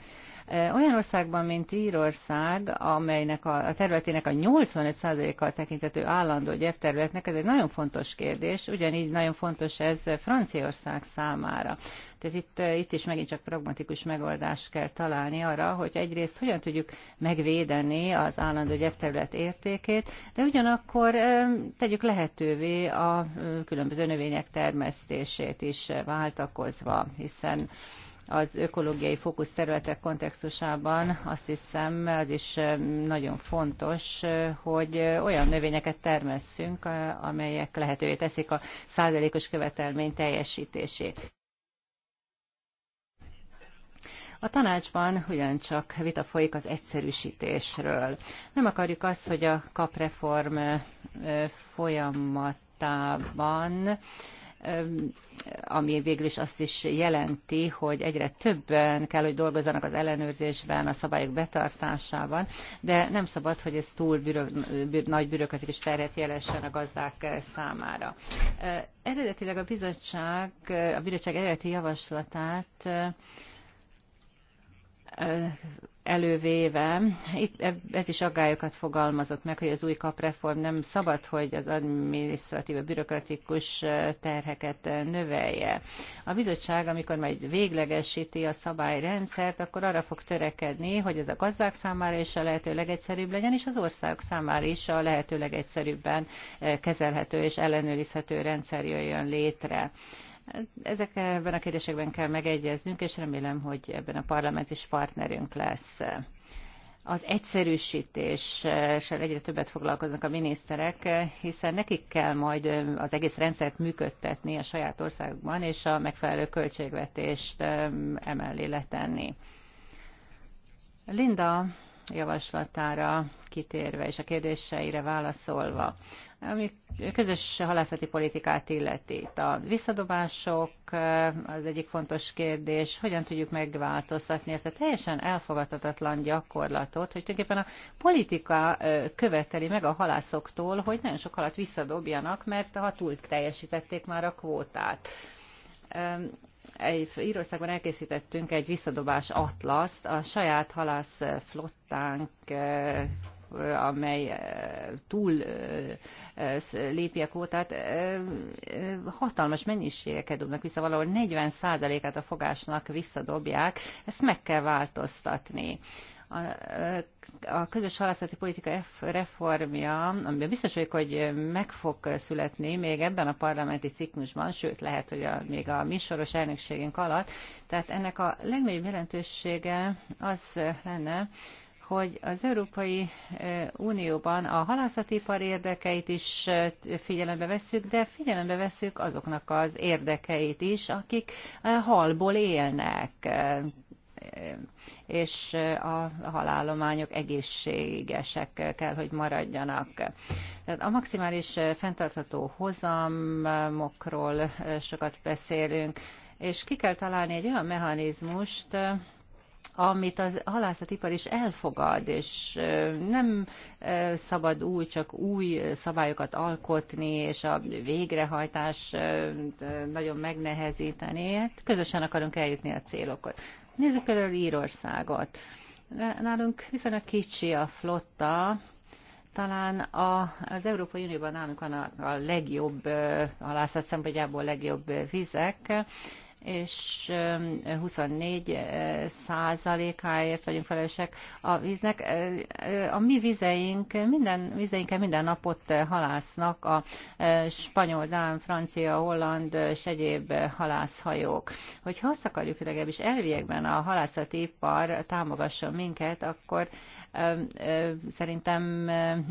Olyan országban, mint Írország, amelynek a, a területének a 85%-kal tekintető állandó gyepterületnek, ez egy nagyon fontos kérdés, ugyanígy nagyon fontos ez Franciaország számára. Tehát itt, itt is megint csak pragmatikus megoldást kell találni arra, hogy egyrészt hogyan tudjuk megvédeni az állandó gyepterület értékét, de ugyanakkor tegyük lehetővé a különböző növények termesztését is váltakozva, hiszen az ökológiai területek kontextusában azt hiszem, az is nagyon fontos, hogy olyan növényeket termesszünk, amelyek lehetővé teszik a százalékos követelmény teljesítését. A tanácsban ugyancsak vita folyik az egyszerűsítésről. Nem akarjuk azt, hogy a kapreform folyamatában ami végül is azt is jelenti, hogy egyre többen kell, hogy dolgozzanak az ellenőrzésben, a szabályok betartásában, de nem szabad, hogy ez túl bürok, bür, nagy bürokratikus terhet jelessen a gazdák számára. Eredetileg a bizottság, a bizottság eredeti javaslatát elővéve. Itt e- ez is aggályokat fogalmazott meg, hogy az új kapreform nem szabad, hogy az administratív, a bürokratikus e, terheket e, növelje. A bizottság, amikor majd véglegesíti a szabályrendszert, akkor arra fog törekedni, hogy ez a gazdák számára is a lehető legegyszerűbb legyen, és az országok számára is a lehető legegyszerűbben kezelhető és ellenőrizhető rendszer jöjjön létre. Ezekben a kérdésekben kell megegyeznünk, és remélem, hogy ebben a parlament is partnerünk lesz az egyszerűsítéssel egyre többet foglalkoznak a miniszterek, hiszen nekik kell majd az egész rendszert működtetni a saját országukban, és a megfelelő költségvetést ehm, emellé letenni. Linda javaslatára kitérve és a kérdéseire válaszolva, ami közös halászati politikát illeti. A visszadobások az egyik fontos kérdés, hogyan tudjuk megváltoztatni ezt a teljesen elfogadhatatlan gyakorlatot, hogy tulajdonképpen a politika követeli meg a halászoktól, hogy nagyon sok halat visszadobjanak, mert ha túl teljesítették már a kvótát Írországban elkészítettünk egy visszadobás atlaszt a saját halász flottánk amely túl lépi a kótát, hatalmas mennyiségeket dobnak vissza, valahol 40%-át a fogásnak visszadobják, ezt meg kell változtatni a, a közös halászati politika reformja, amiben biztos vagyok, hogy meg fog születni még ebben a parlamenti ciklusban, sőt lehet, hogy a, még a mi soros elnökségünk alatt. Tehát ennek a legnagyobb jelentősége az lenne, hogy az Európai e, Unióban a halászatipar érdekeit is e, figyelembe veszük, de figyelembe veszük azoknak az érdekeit is, akik e, halból élnek, és a halálományok egészségesek kell, hogy maradjanak. A maximális fenntartható hozamokról sokat beszélünk, és ki kell találni egy olyan mechanizmust, amit a halászatipar is elfogad, és nem szabad új, csak új szabályokat alkotni, és a végrehajtás nagyon megnehezíteni. Hát közösen akarunk eljutni a célokat. Nézzük például Írországot. Nálunk viszonylag kicsi a flotta, talán a, az Európai Unióban nálunk van a, a legjobb, a lászat szempontjából legjobb vizek, és 24 százalékáért vagyunk felelősek a víznek. A mi vizeink, minden vizeinken minden napot halásznak a spanyol, dán, francia, holland és egyéb halászhajók. Hogyha azt akarjuk, legalábbis elviekben a halászati ipar támogasson minket, akkor szerintem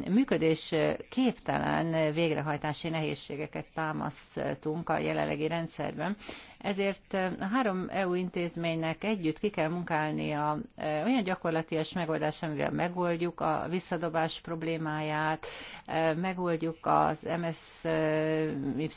működés képtelen végrehajtási nehézségeket támasztunk a jelenlegi rendszerben. Ezért a három EU intézménynek együtt ki kell munkálni a olyan gyakorlatias megoldás, amivel megoldjuk a visszadobás problémáját, megoldjuk az MSY,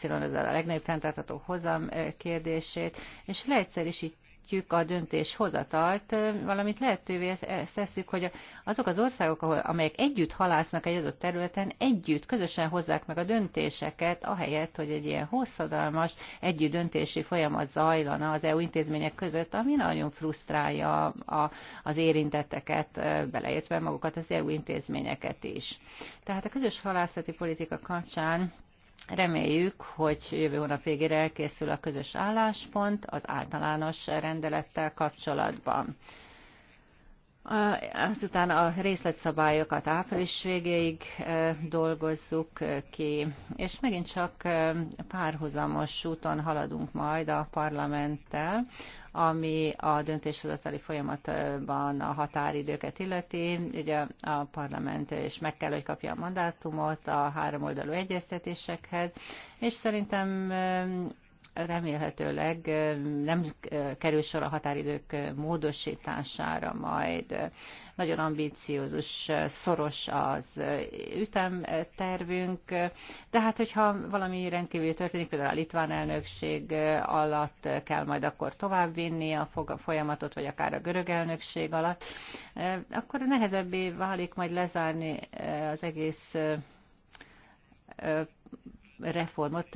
az a legnagyobb fenntartató hozam kérdését, és leegyszerűsítjük segítjük a döntéshozatalt, valamint lehetővé ezt tesszük, hogy azok az országok, ahol, amelyek együtt halásznak egy adott területen, együtt, közösen hozzák meg a döntéseket, ahelyett, hogy egy ilyen hosszadalmas együtt döntési folyamat zajlana az EU intézmények között, ami nagyon frusztrálja a, az érintetteket, beleértve magukat az EU intézményeket is. Tehát a közös halászati politika kapcsán Reméljük, hogy jövő hónap végére elkészül a közös álláspont az általános rendelettel kapcsolatban. Azután a részletszabályokat április végéig dolgozzuk ki, és megint csak párhuzamos úton haladunk majd a parlamenttel, ami a döntéshozatali folyamatban a határidőket illeti. Ugye a parlament is meg kell, hogy kapja a mandátumot a három oldalú egyeztetésekhez, és szerintem remélhetőleg nem kerül sor a határidők módosítására majd. Nagyon ambíciózus, szoros az ütemtervünk, de hát hogyha valami rendkívül történik, például a litván elnökség alatt kell majd akkor továbbvinni a folyamatot, vagy akár a görög elnökség alatt, akkor nehezebbé válik majd lezárni az egész reformot,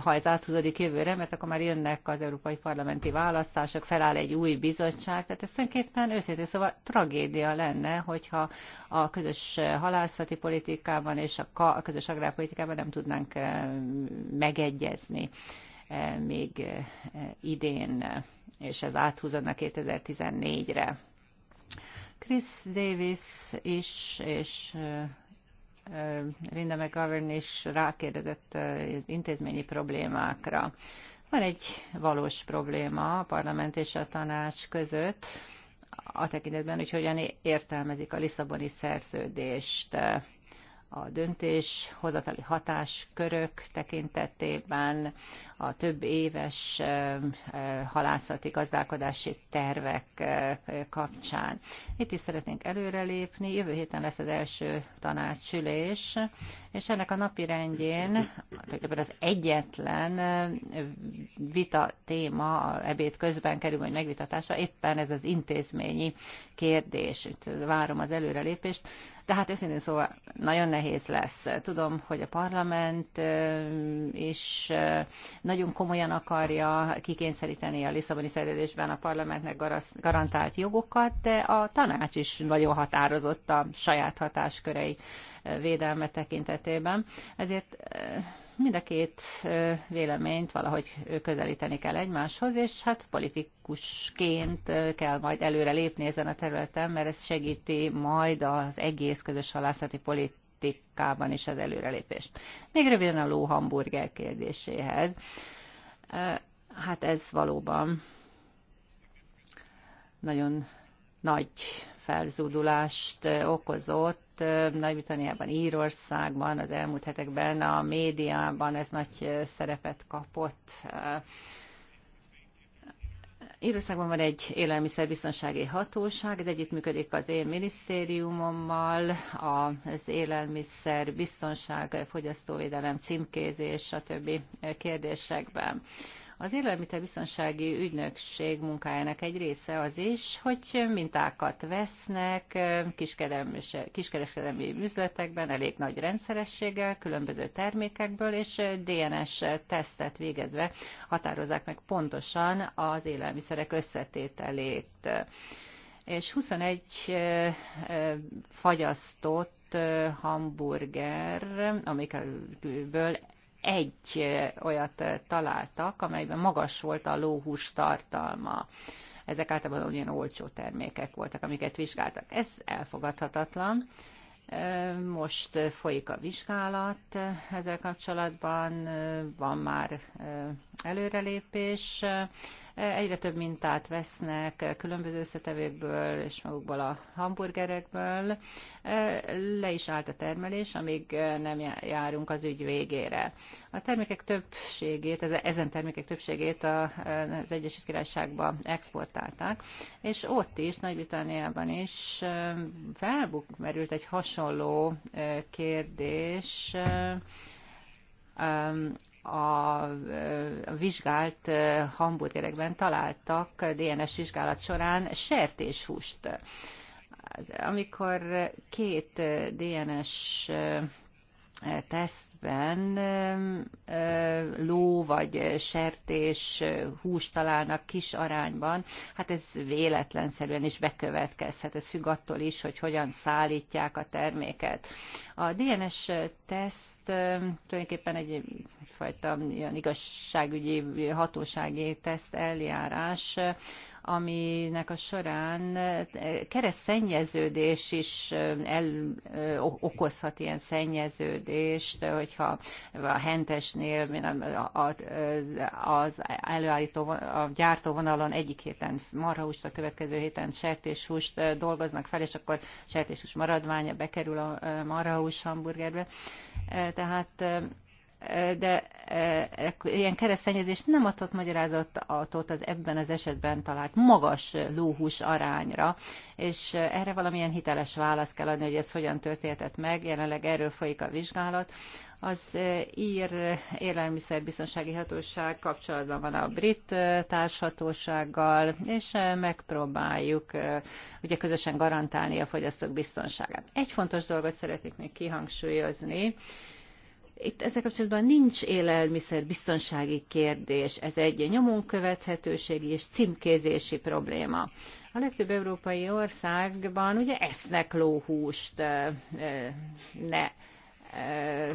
ha ez áthúzódik jövőre, mert akkor már jönnek az európai parlamenti választások, feláll egy új bizottság, tehát ez tulajdonképpen őszintén szóval tragédia lenne, hogyha a közös halászati politikában és a közös agrárpolitikában nem tudnánk megegyezni még idén, és ez áthúzódna 2014-re. Chris Davis is, és Linda McGovern is rákérdezett az intézményi problémákra. Van egy valós probléma a parlament és a tanács között, a tekintetben, hogy hogyan értelmezik a Lisszaboni szerződést a döntés hozatali hatáskörök tekintetében, a több éves halászati gazdálkodási tervek kapcsán. Itt is szeretnénk előrelépni. Jövő héten lesz az első tanácsülés, és ennek a napi rendjén az egyetlen vita téma ebéd közben kerül majd megvitatásra, éppen ez az intézményi kérdés. Itt várom az előrelépést. De hát őszintén szóval nagyon nehéz lesz. Tudom, hogy a parlament is nagyon nagyon komolyan akarja kikényszeríteni a Lisszaboni szerződésben a parlamentnek garantált jogokat, de a tanács is nagyon határozott a saját hatáskörei védelme tekintetében. Ezért mind a két véleményt valahogy közelíteni kell egymáshoz, és hát politikusként kell majd előre lépni ezen a területen, mert ez segíti majd az egész közös halászati politikát politikában is az előrelépés. Még röviden a lóhamburger kérdéséhez. Hát ez valóban nagyon nagy felzúdulást okozott Nagy-Britanniában, Írországban, az elmúlt hetekben a médiában ez nagy szerepet kapott Írországban van egy élelmiszerbiztonsági hatóság, ez együttműködik az én minisztériumommal, az élelmiszerbiztonság, fogyasztóvédelem, címkézés, stb. kérdésekben. Az élelmiszerbiztonsági ügynökség munkájának egy része az is, hogy mintákat vesznek kiskereskedelmi üzletekben elég nagy rendszerességgel, különböző termékekből, és DNS tesztet végezve határozzák meg pontosan az élelmiszerek összetételét és 21 fagyasztott hamburger, amikből egy olyat találtak, amelyben magas volt a lóhús tartalma. Ezek általában olyan olcsó termékek voltak, amiket vizsgáltak. Ez elfogadhatatlan. Most folyik a vizsgálat ezzel kapcsolatban, van már előrelépés, Egyre több mintát vesznek különböző összetevőkből és magukból a hamburgerekből. Le is állt a termelés, amíg nem járunk az ügy végére. A termékek többségét, ezen termékek többségét az Egyesült Királyságba exportálták, és ott is, Nagy-Britanniában is felbuk egy hasonló kérdés, a vizsgált hamburgerekben találtak DNS vizsgálat során sertéshúst. Amikor két DNS teszt esetben ló vagy sertés hús találnak kis arányban, hát ez véletlenszerűen is bekövetkezhet. Ez függ attól is, hogy hogyan szállítják a terméket. A DNS teszt tulajdonképpen egy fajta ilyen igazságügyi hatósági teszt eljárás, aminek a során eh, szennyeződés is eh, el, eh, okozhat ilyen szennyeződést, hogyha a hentesnél az előállító, a gyártó vonalon egyik héten marhahúst, a következő héten sertéshúst dolgoznak fel, és akkor sertéshús maradványa bekerül a marhahús hamburgerbe. Tehát de e, e, ilyen keresztényezés nem adhat magyarázatot az ebben az esetben talált magas lóhús arányra, és erre valamilyen hiteles választ kell adni, hogy ez hogyan történhetett meg, jelenleg erről folyik a vizsgálat. Az e, ír élelmiszerbiztonsági hatóság kapcsolatban van a brit társhatósággal, és megpróbáljuk ugye közösen garantálni a fogyasztók biztonságát. Egy fontos dolgot szeretnék még kihangsúlyozni, itt ezzel kapcsolatban nincs élelmiszer biztonsági kérdés, ez egy nyomon követhetőségi és címkézési probléma. A legtöbb európai országban ugye esznek lóhúst, ne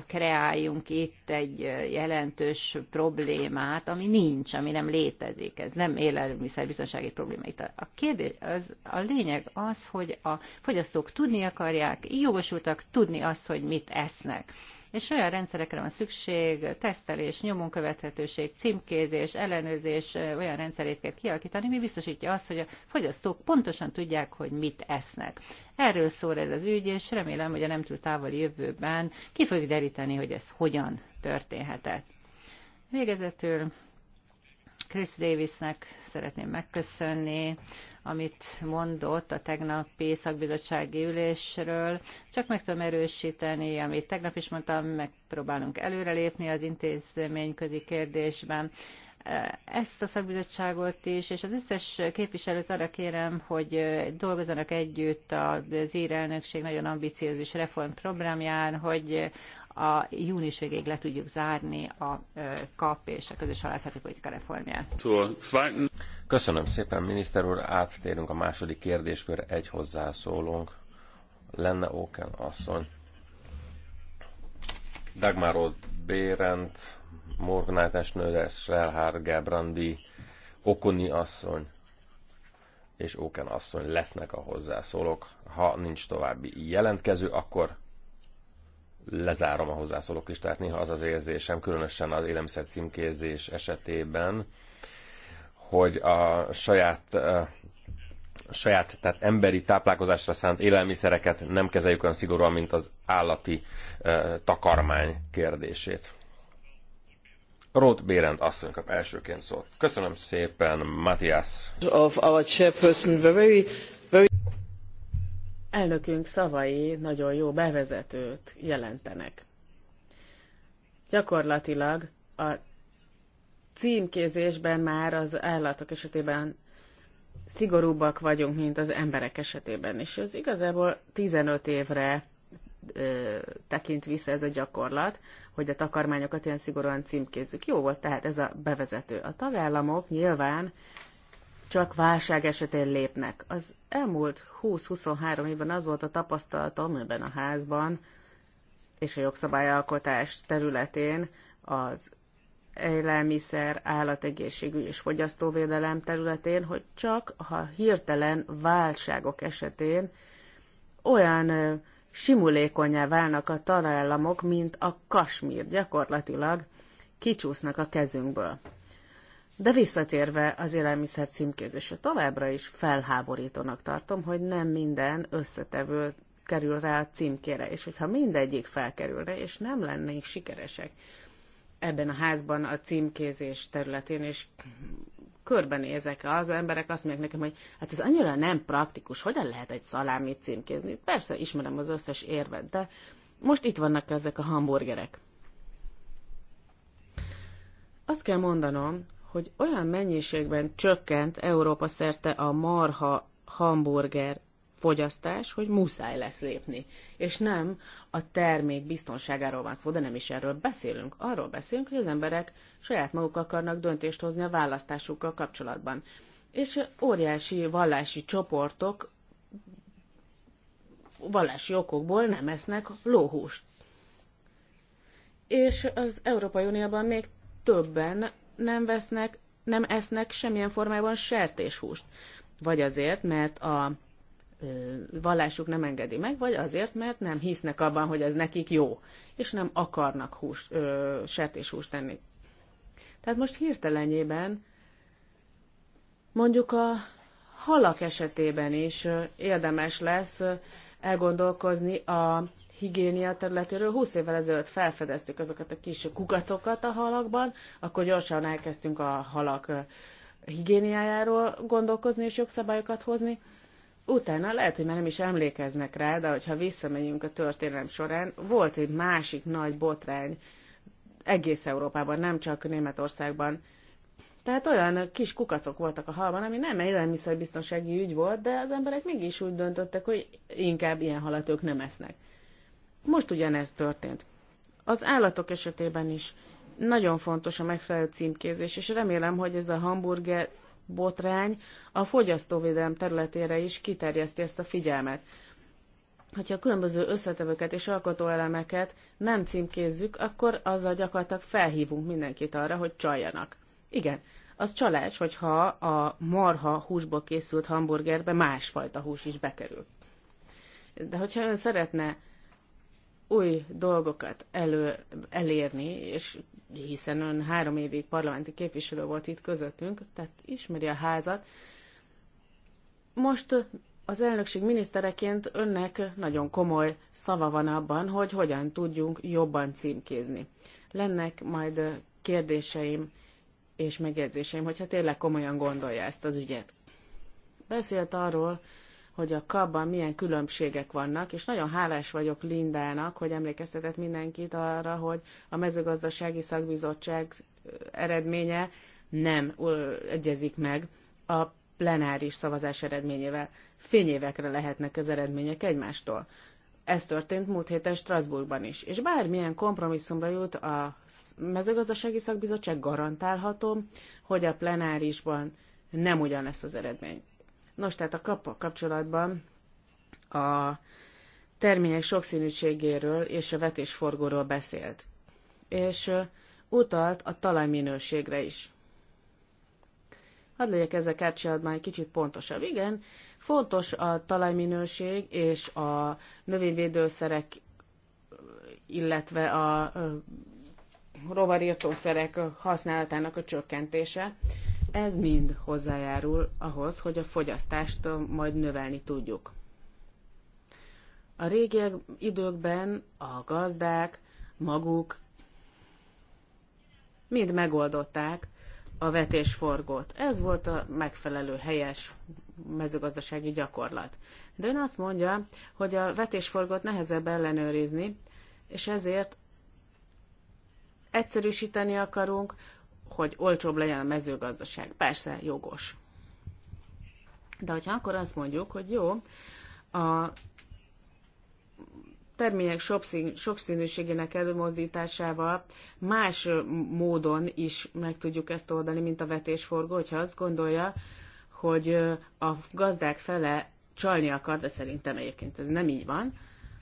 kreáljunk itt egy jelentős problémát, ami nincs, ami nem létezik. Ez nem élelmiszerbiztonsági probléma. Itt a kérdés, az, a lényeg az, hogy a fogyasztók tudni akarják, jogosultak tudni azt, hogy mit esznek és olyan rendszerekre van szükség, tesztelés, nyomon követhetőség, címkézés, ellenőrzés, olyan rendszerét kell kialakítani, mi biztosítja azt, hogy a fogyasztók pontosan tudják, hogy mit esznek. Erről szól ez az ügy, és remélem, hogy a nem túl távoli jövőben ki fogjuk deríteni, hogy ez hogyan történhetett. Végezetül Chris Davisnek szeretném megköszönni, amit mondott a tegnapi szakbizottsági ülésről. Csak meg tudom erősíteni, amit tegnap is mondtam, megpróbálunk előrelépni az intézményközi kérdésben ezt a szakbizottságot is, és az összes képviselőt arra kérem, hogy dolgozzanak együtt az írelnökség nagyon ambiciózus reformprogramján, hogy a június végéig le tudjuk zárni a KAP és a közös halászati politika reformját. Köszönöm szépen, miniszter úr. Áttérünk a második kérdéskör. Egy hozzászólónk lenne Oken asszony. Dagmar Old Bérend, Morgnátás Nőres, Selhár Gebrandi, Okoni asszony és Óken asszony lesznek a hozzászólók. Ha nincs további jelentkező, akkor lezárom a hozzászólók is, tehát Néha az az érzésem, különösen az élelmiszer címkézés esetében, hogy a saját a saját, tehát emberi táplálkozásra szánt élelmiszereket nem kezeljük olyan szigorúan, mint az állati e, takarmány kérdését. Roth Bérend asszony kap elsőként szólt. Köszönöm szépen, Matthias. Of our chairperson, very elnökünk szavai nagyon jó bevezetőt jelentenek. Gyakorlatilag a címkézésben már az állatok esetében szigorúbbak vagyunk, mint az emberek esetében is. Ez igazából 15 évre ö, tekint vissza ez a gyakorlat, hogy a takarmányokat ilyen szigorúan címkézzük. Jó volt tehát ez a bevezető. A tagállamok nyilván csak válság esetén lépnek. Az elmúlt 20-23 évben az volt a tapasztalatom ebben a házban és a jogszabályalkotás területén az élelmiszer, állategészségügy és fogyasztóvédelem területén, hogy csak ha hirtelen válságok esetén olyan simulékonyá válnak a tagállamok, mint a kasmír, gyakorlatilag kicsúsznak a kezünkből. De visszatérve az élelmiszer címkézésre, továbbra is felháborítónak tartom, hogy nem minden összetevő kerül rá a címkére, és hogyha mindegyik felkerülne, és nem lennénk sikeresek ebben a házban a címkézés területén, és körbenézek az emberek, azt mondják nekem, hogy hát ez annyira nem praktikus, hogyan lehet egy szalámit címkézni? Persze, ismerem az összes érvet, de most itt vannak ezek a hamburgerek. Azt kell mondanom, hogy olyan mennyiségben csökkent Európa szerte a marha hamburger fogyasztás, hogy muszáj lesz lépni. És nem a termék biztonságáról van szó, de nem is erről beszélünk. Arról beszélünk, hogy az emberek saját maguk akarnak döntést hozni a választásukkal kapcsolatban. És óriási vallási csoportok vallási okokból nem esznek lóhúst. És az Európai Unióban még többen nem vesznek, nem esznek semmilyen formában sertéshúst. Vagy azért, mert a vallásuk nem engedi meg, vagy azért, mert nem hisznek abban, hogy ez nekik jó, és nem akarnak hús, ö, sertéshúst tenni. Tehát most hirtelenjében mondjuk a halak esetében is érdemes lesz elgondolkozni a higiénia területéről. 20 évvel ezelőtt felfedeztük azokat a kis kukacokat a halakban, akkor gyorsan elkezdtünk a halak higiéniájáról gondolkozni és jogszabályokat hozni. Utána lehet, hogy már nem is emlékeznek rá, de hogyha visszamegyünk a történelem során, volt egy másik nagy botrány egész Európában, nem csak Németországban, tehát olyan kis kukacok voltak a halban, ami nem élelmiszerbiztonsági ügy volt, de az emberek mégis úgy döntöttek, hogy inkább ilyen halat ők nem esznek. Most ugyanez történt. Az állatok esetében is nagyon fontos a megfelelő címkézés, és remélem, hogy ez a hamburger botrány a fogyasztóvédelem területére is kiterjeszti ezt a figyelmet. Hogyha a különböző összetevőket és alkotóelemeket nem címkézzük, akkor azzal gyakorlatilag felhívunk mindenkit arra, hogy csaljanak. Igen, az csalás, hogyha a marha húsból készült hamburgerbe másfajta hús is bekerül. De hogyha ön szeretne új dolgokat elő, elérni, és hiszen ön három évig parlamenti képviselő volt itt közöttünk, tehát ismeri a házat. Most az elnökség minisztereként önnek nagyon komoly szava van abban, hogy hogyan tudjunk jobban címkézni. Lennek majd kérdéseim és megjegyzéseim, hogyha tényleg komolyan gondolja ezt az ügyet. Beszélt arról, hogy a kabban milyen különbségek vannak, és nagyon hálás vagyok Lindának, hogy emlékeztetett mindenkit arra, hogy a mezőgazdasági szakbizottság eredménye nem egyezik meg a plenáris szavazás eredményével. Fényévekre lehetnek az eredmények egymástól. Ez történt múlt héten Strasbourgban is. És bármilyen kompromisszumra jut a mezőgazdasági szakbizottság, garantálhatom, hogy a plenárisban nem ugyan lesz az eredmény. Nos, tehát a kappa kapcsolatban a termények sokszínűségéről és a vetésforgóról beszélt. És utalt a talajminőségre is. Hadd legyek ezzel már egy kicsit pontosabb. Igen, fontos a talajminőség és a növényvédőszerek, illetve a rovarírtószerek használatának a csökkentése. Ez mind hozzájárul ahhoz, hogy a fogyasztást majd növelni tudjuk. A régi időkben a gazdák maguk mind megoldották a vetésforgót. Ez volt a megfelelő helyes mezőgazdasági gyakorlat. De ön azt mondja, hogy a vetésforgót nehezebb ellenőrizni, és ezért egyszerűsíteni akarunk, hogy olcsóbb legyen a mezőgazdaság. Persze, jogos. De hogyha akkor azt mondjuk, hogy jó, a termények sokszínűségének előmozdításával más módon is meg tudjuk ezt oldani, mint a vetésforgó, hogyha azt gondolja, hogy a gazdák fele csalni akar, de szerintem egyébként ez nem így van,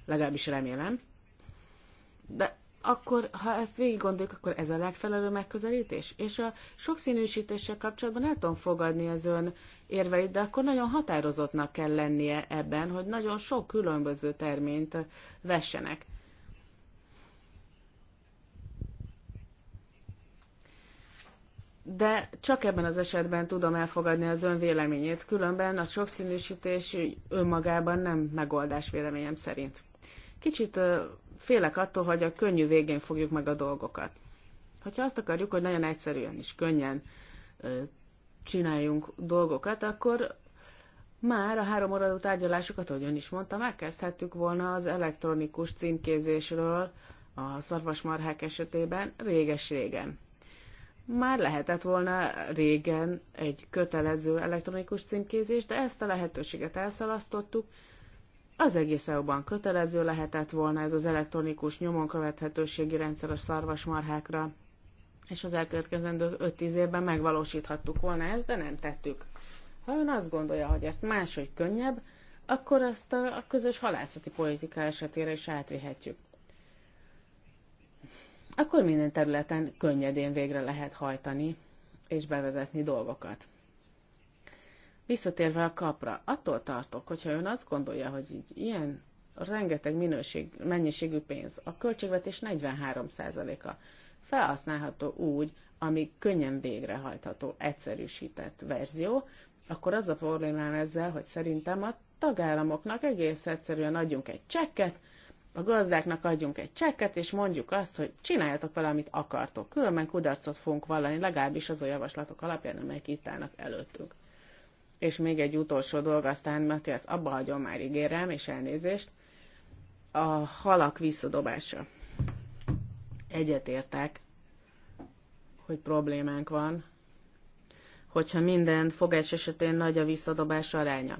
legalábbis remélem. De akkor, ha ezt végig gondoljuk, akkor ez a legfelelő megközelítés. És a sokszínűsítéssel kapcsolatban el tudom fogadni az ön érveit, de akkor nagyon határozottnak kell lennie ebben, hogy nagyon sok különböző terményt vessenek. de csak ebben az esetben tudom elfogadni az ön véleményét, különben a sokszínűsítés önmagában nem megoldás véleményem szerint. Kicsit félek attól, hogy a könnyű végén fogjuk meg a dolgokat. Hogyha azt akarjuk, hogy nagyon egyszerűen és könnyen csináljunk dolgokat, akkor már a három óradó tárgyalásokat, ahogyan is mondta, megkezdhettük volna az elektronikus címkézésről a szarvasmarhák esetében réges-régen. Már lehetett volna régen egy kötelező elektronikus címkézés, de ezt a lehetőséget elszalasztottuk. Az egész eu kötelező lehetett volna ez az elektronikus nyomon követhetőségi rendszer a szarvasmarhákra, és az elkövetkezendő 5-10 évben megvalósíthattuk volna ezt, de nem tettük. Ha ön azt gondolja, hogy ezt máshogy könnyebb, akkor ezt a, közös halászati politika esetére is átvihetjük. Akkor minden területen könnyedén végre lehet hajtani és bevezetni dolgokat. Visszatérve a kapra, attól tartok, hogyha ön azt gondolja, hogy így ilyen rengeteg minőség, mennyiségű pénz, a költségvetés 43%-a felhasználható úgy, ami könnyen végrehajtható, egyszerűsített verzió, akkor az a problémám ezzel, hogy szerintem a tagállamoknak egész egyszerűen adjunk egy csekket, a gazdáknak adjunk egy csekket, és mondjuk azt, hogy csináljatok vele, amit akartok. Különben kudarcot fogunk vallani, legalábbis a javaslatok alapján, amelyek itt állnak előttünk. És még egy utolsó dolog, aztán Matthias, abba hagyom már ígérem, és elnézést, a halak visszadobása egyetértek, hogy problémánk van, hogyha minden fogás esetén nagy a visszadobás aránya.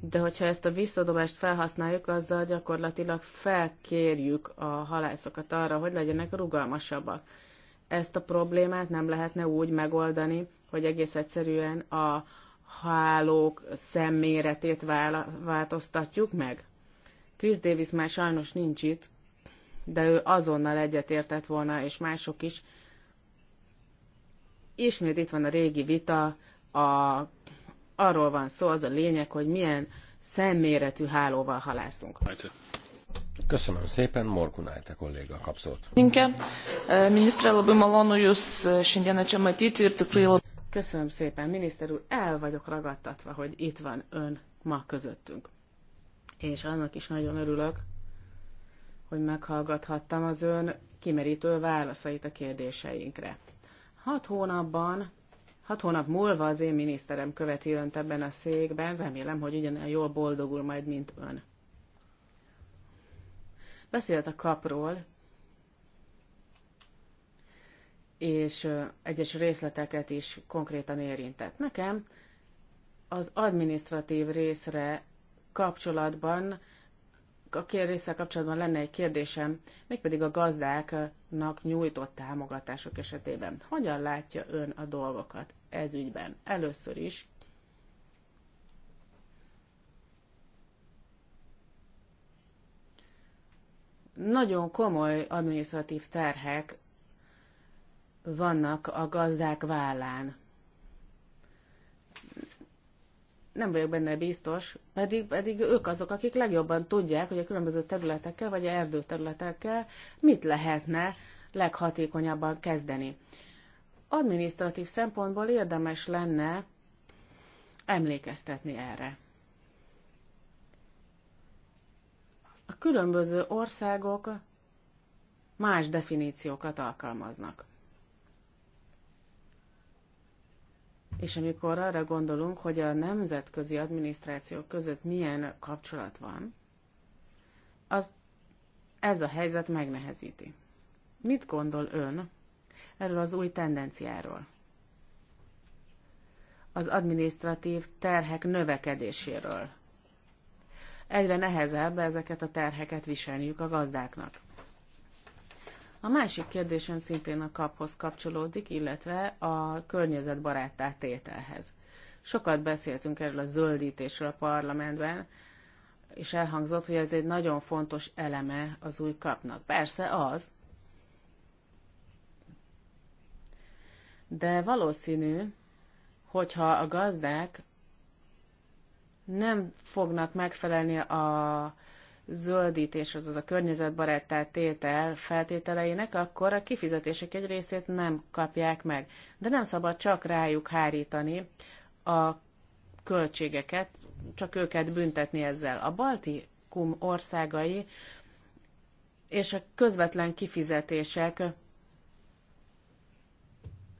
De hogyha ezt a visszadobást felhasználjuk, azzal gyakorlatilag felkérjük a halászokat arra, hogy legyenek rugalmasabbak. Ezt a problémát nem lehetne úgy megoldani, hogy egész egyszerűen a hálók szemméretét változtatjuk meg? Chris Davis már sajnos nincs itt, de ő azonnal egyetértett volna, és mások is. Ismét itt van a régi vita, a, arról van szó, az a lényeg, hogy milyen szemméretű hálóval halászunk. Köszönöm szépen, Morkunájte kolléga kapszót. E, Köszönöm szépen, miniszter úr, el vagyok ragadtatva, hogy itt van ön ma közöttünk. És annak is nagyon örülök, hogy meghallgathattam az ön kimerítő válaszait a kérdéseinkre. Hat hónapban, hat hónap múlva az én miniszterem követi önt ebben a székben, remélem, hogy ugyanilyen jól boldogul majd, mint ön. Beszélt a kapról, és egyes részleteket is konkrétan érintett. Nekem az administratív részre kapcsolatban a kérdéssel kapcsolatban lenne egy kérdésem, mégpedig a gazdáknak nyújtott támogatások esetében. Hogyan látja ön a dolgokat ez ügyben? Először is nagyon komoly administratív terhek vannak a gazdák vállán. nem vagyok benne biztos, pedig, pedig ők azok, akik legjobban tudják, hogy a különböző területekkel vagy a erdőterületekkel mit lehetne leghatékonyabban kezdeni. Administratív szempontból érdemes lenne emlékeztetni erre. A különböző országok más definíciókat alkalmaznak. És amikor arra gondolunk, hogy a nemzetközi adminisztrációk között milyen kapcsolat van, az ez a helyzet megnehezíti. Mit gondol ön erről az új tendenciáról? Az adminisztratív terhek növekedéséről. Egyre nehezebb ezeket a terheket viselniük a gazdáknak. A másik kérdésem szintén a kaphoz kapcsolódik, illetve a környezetbaráttá tételhez. Sokat beszéltünk erről a zöldítésről a parlamentben, és elhangzott, hogy ez egy nagyon fontos eleme az új kapnak. Persze az, de valószínű, hogyha a gazdák nem fognak megfelelni a zöldítés, azaz a környezetbarát tétel feltételeinek, akkor a kifizetések egy részét nem kapják meg. De nem szabad csak rájuk hárítani a költségeket, csak őket büntetni ezzel. A Baltikum országai és a közvetlen kifizetések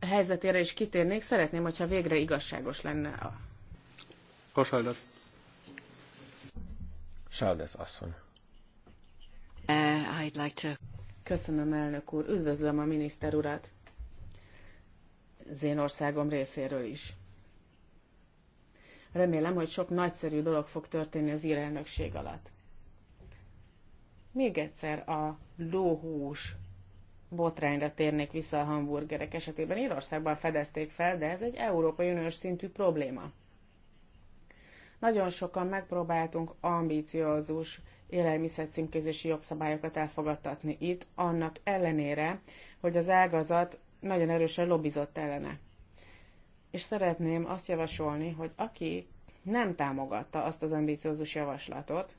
helyzetére is kitérnék, szeretném, hogyha végre igazságos lenne. Kosaldasz. Sáldez asszony. Uh, I'd like to... Köszönöm, elnök úr. Üdvözlöm a miniszter urat az én országom részéről is. Remélem, hogy sok nagyszerű dolog fog történni az írelnökség alatt. Még egyszer a lóhús botrányra térnék vissza a hamburgerek esetében. Írországban fedezték fel, de ez egy Európai Uniós szintű probléma. Nagyon sokan megpróbáltunk ambíciózus élelmiszercímkézési jogszabályokat elfogadtatni itt, annak ellenére, hogy az ágazat nagyon erősen lobbizott ellene. És szeretném azt javasolni, hogy aki nem támogatta azt az ambíciózus javaslatot,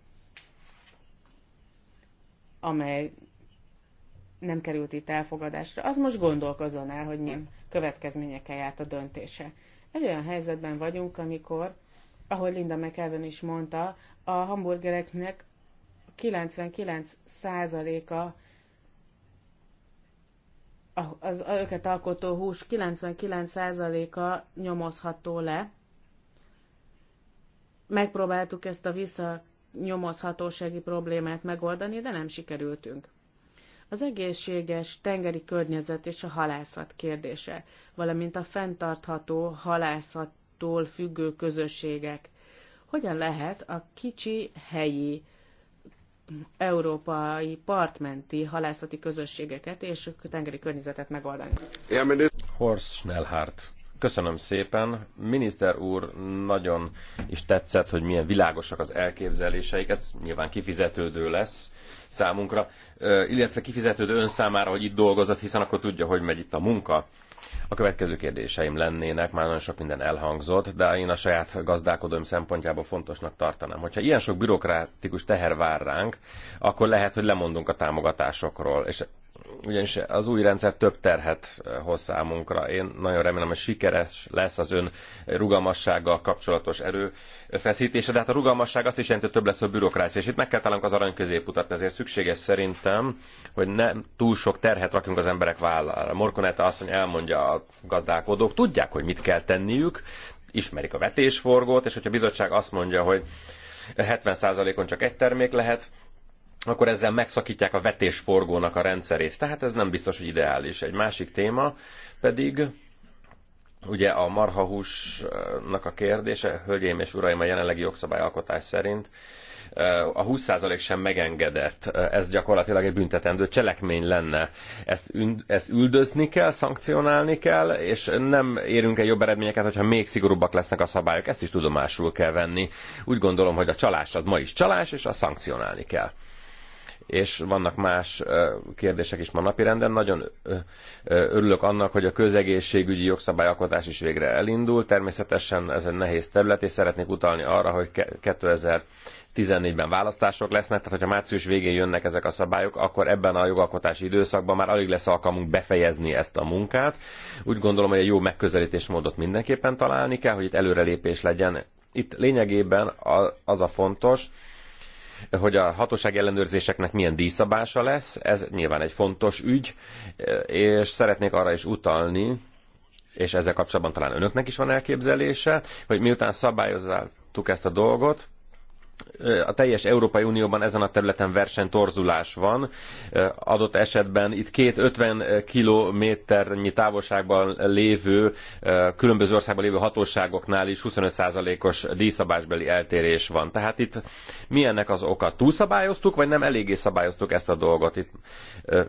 amely nem került itt elfogadásra, az most gondolkozzon el, hogy milyen következményekkel járt a döntése. Egy olyan helyzetben vagyunk, amikor ahogy Linda McEwen is mondta, a hamburgereknek 99%-a az őket alkotó hús 99%-a nyomozható le. Megpróbáltuk ezt a visszanyomozhatósági problémát megoldani, de nem sikerültünk. Az egészséges tengeri környezet és a halászat kérdése, valamint a fenntartható halászat egymástól függő közösségek. Hogyan lehet a kicsi helyi európai partmenti halászati közösségeket és tengeri környezetet megoldani? Horst Schnellhardt. Köszönöm szépen. Miniszter úr, nagyon is tetszett, hogy milyen világosak az elképzeléseik. Ez nyilván kifizetődő lesz számunkra, illetve kifizetődő ön számára, hogy itt dolgozott, hiszen akkor tudja, hogy megy itt a munka. A következő kérdéseim lennének, már nagyon sok minden elhangzott, de én a saját gazdálkodóim szempontjából fontosnak tartanám. Hogyha ilyen sok bürokratikus teher vár ránk, akkor lehet, hogy lemondunk a támogatásokról, és ugyanis az új rendszer több terhet eh, hoz számunkra. Én nagyon remélem, hogy sikeres lesz az ön rugalmassággal kapcsolatos erőfeszítése, de hát a rugalmasság azt is jelenti, hogy több lesz a bürokrácia, és itt meg kell találnunk az arany középutat, ezért szükséges szerintem, hogy nem túl sok terhet rakjunk az emberek vállára. azt mondja, elmondja a gazdálkodók, tudják, hogy mit kell tenniük, ismerik a vetésforgót, és hogyha a bizottság azt mondja, hogy 70%-on csak egy termék lehet, akkor ezzel megszakítják a vetésforgónak a rendszerét. Tehát ez nem biztos, hogy ideális. Egy másik téma pedig ugye a marhahúsnak a kérdése, hölgyeim és uraim, a jelenlegi jogszabályalkotás szerint eh, a 20% sem megengedett. Eh, ez gyakorlatilag egy büntetendő cselekmény lenne. Ezt, ezt üldözni kell, szankcionálni kell, és nem érünk el jobb eredményeket, hogyha még szigorúbbak lesznek a szabályok. Ezt is tudomásul kell venni. Úgy gondolom, hogy a csalás az ma is csalás, és a szankcionálni kell és vannak más kérdések is ma napirenden. Nagyon örülök annak, hogy a közegészségügyi jogszabályalkotás is végre elindul. Természetesen ez egy nehéz terület, és szeretnék utalni arra, hogy 14 ben választások lesznek, tehát hogyha március végén jönnek ezek a szabályok, akkor ebben a jogalkotási időszakban már alig lesz alkalmunk befejezni ezt a munkát. Úgy gondolom, hogy egy jó megközelítésmódot mindenképpen találni kell, hogy itt előrelépés legyen. Itt lényegében az a fontos, hogy a hatóság ellenőrzéseknek milyen díszabása lesz, ez nyilván egy fontos ügy, és szeretnék arra is utalni, és ezzel kapcsolatban talán önöknek is van elképzelése, hogy miután szabályozottuk ezt a dolgot, a teljes Európai Unióban ezen a területen versenytorzulás van. Adott esetben itt két 50 kilométernyi távolságban lévő, különböző országban lévő hatóságoknál is 25%-os díjszabásbeli eltérés van. Tehát itt mi ennek az oka? Túlszabályoztuk, vagy nem eléggé szabályoztuk ezt a dolgot?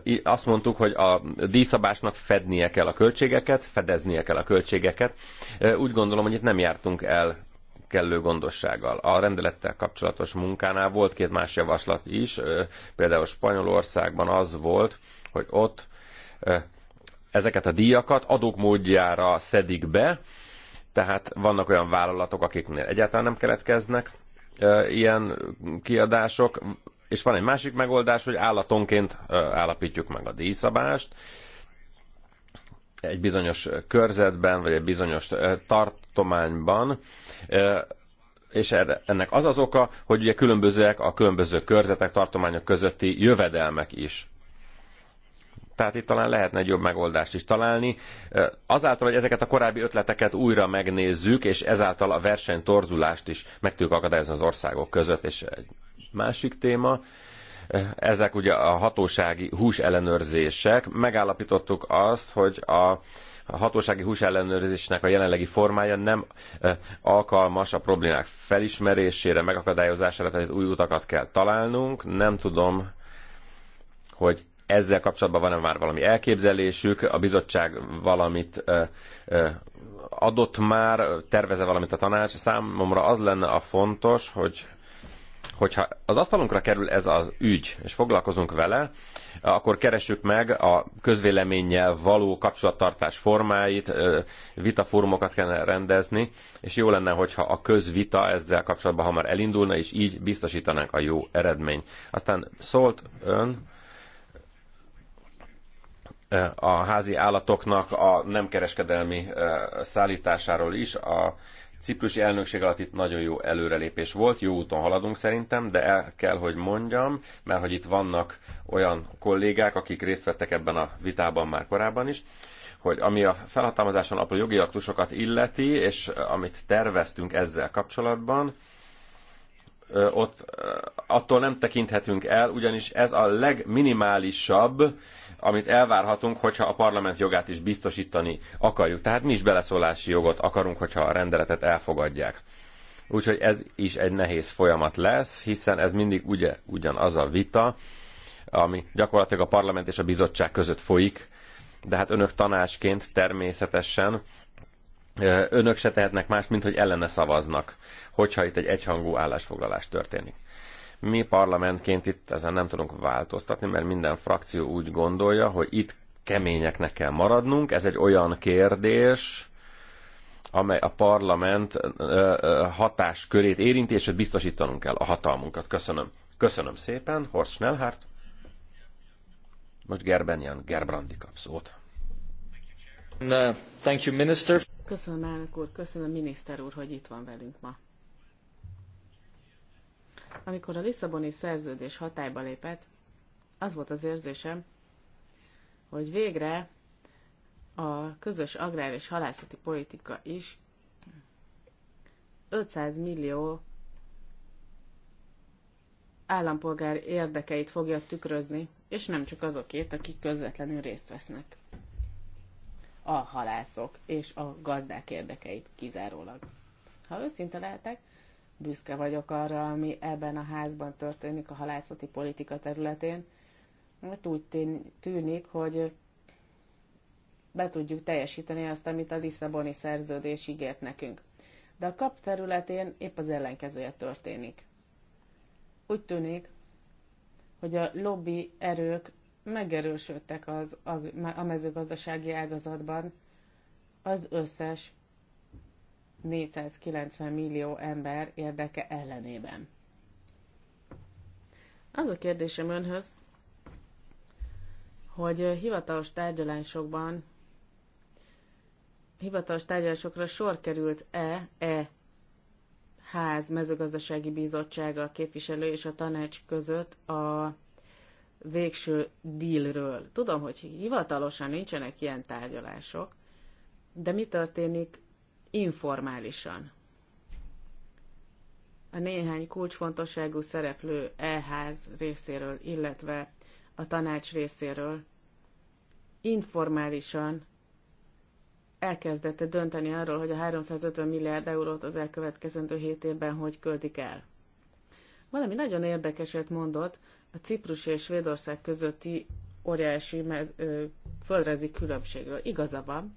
Itt azt mondtuk, hogy a díjszabásnak fednie kell a költségeket, fedeznie kell a költségeket. Úgy gondolom, hogy itt nem jártunk el kellő gondossággal. A rendelettel kapcsolatos munkánál volt két más javaslat is, például Spanyolországban az volt, hogy ott ezeket a díjakat adók módjára szedik be, tehát vannak olyan vállalatok, akiknél egyáltalán nem keletkeznek ilyen kiadások, és van egy másik megoldás, hogy állatonként állapítjuk meg a díjszabást, egy bizonyos körzetben, vagy egy bizonyos tartományban, és ennek az az oka, hogy ugye különbözőek a különböző körzetek, tartományok közötti jövedelmek is. Tehát itt talán lehetne egy jobb megoldást is találni. Azáltal, hogy ezeket a korábbi ötleteket újra megnézzük, és ezáltal a versenytorzulást is meg tudjuk akadályozni az országok között. És egy másik téma, ezek ugye a hatósági húsellenőrzések. Megállapítottuk azt, hogy a a hatósági húsellenőrzésnek a jelenlegi formája nem alkalmas a problémák felismerésére, megakadályozására, tehát új utakat kell találnunk. Nem tudom, hogy ezzel kapcsolatban van-e már valami elképzelésük, a bizottság valamit adott már, terveze valamit a tanács. Számomra az lenne a fontos, hogy hogyha az asztalunkra kerül ez az ügy, és foglalkozunk vele, akkor keressük meg a közvéleménnyel való kapcsolattartás formáit, vitafórumokat kellene rendezni, és jó lenne, hogyha a közvita ezzel kapcsolatban hamar elindulna, és így biztosítanánk a jó eredmény. Aztán szólt ön, a házi állatoknak a nem kereskedelmi szállításáról is, a ciprusi elnökség alatt itt nagyon jó előrelépés volt, jó úton haladunk szerintem, de el kell, hogy mondjam, mert hogy itt vannak olyan kollégák, akik részt vettek ebben a vitában már korábban is, hogy ami a felhatalmazáson apró jogi aktusokat illeti, és amit terveztünk ezzel kapcsolatban, ott attól nem tekinthetünk el, ugyanis ez a legminimálisabb amit elvárhatunk, hogyha a parlament jogát is biztosítani akarjuk. Tehát mi is beleszólási jogot akarunk, hogyha a rendeletet elfogadják. Úgyhogy ez is egy nehéz folyamat lesz, hiszen ez mindig ugye ugyanaz a vita, ami gyakorlatilag a parlament és a bizottság között folyik, de hát önök tanácsként természetesen önök se tehetnek más, mint hogy ellene szavaznak, hogyha itt egy egyhangú állásfoglalás történik. Mi parlamentként itt ezen nem tudunk változtatni, mert minden frakció úgy gondolja, hogy itt keményeknek kell maradnunk. Ez egy olyan kérdés, amely a parlament hatáskörét érinti, és biztosítanunk kell a hatalmunkat. Köszönöm. Köszönöm szépen, Horst Schnellhardt. Most Gerbenyan Gerbrandi kap szót. Uh, thank you, minister. Köszönöm, elnök úr, köszönöm, miniszter úr, hogy itt van velünk ma. Amikor a Lisszaboni szerződés hatályba lépett, az volt az érzésem, hogy végre a közös agrár és halászati politika is 500 millió állampolgár érdekeit fogja tükrözni, és nem csak azokét, akik közvetlenül részt vesznek. A halászok és a gazdák érdekeit kizárólag. Ha őszinte lehetek, büszke vagyok arra, ami ebben a házban történik a halászati politika területén. Mert úgy tűnik, hogy be tudjuk teljesíteni azt, amit a Lisszaboni szerződés ígért nekünk. De a kap területén épp az ellenkezője történik. Úgy tűnik, hogy a lobby erők megerősödtek az, a mezőgazdasági ágazatban az összes 490 millió ember érdeke ellenében. Az a kérdésem önhöz, hogy hivatalos tárgyalásokban, hivatalos tárgyalásokra sor került-e e ház mezőgazdasági bizottsága a képviselő és a tanács között a végső dílről. Tudom, hogy hivatalosan nincsenek ilyen tárgyalások, de mi történik informálisan. A néhány kulcsfontosságú szereplő elház részéről, illetve a tanács részéről informálisan elkezdette dönteni arról, hogy a 350 milliárd eurót az elkövetkezendő 7 évben hogy költik el. Valami nagyon érdekeset mondott a Ciprus és Svédország közötti óriási mez, ö, különbségről. Igaza van,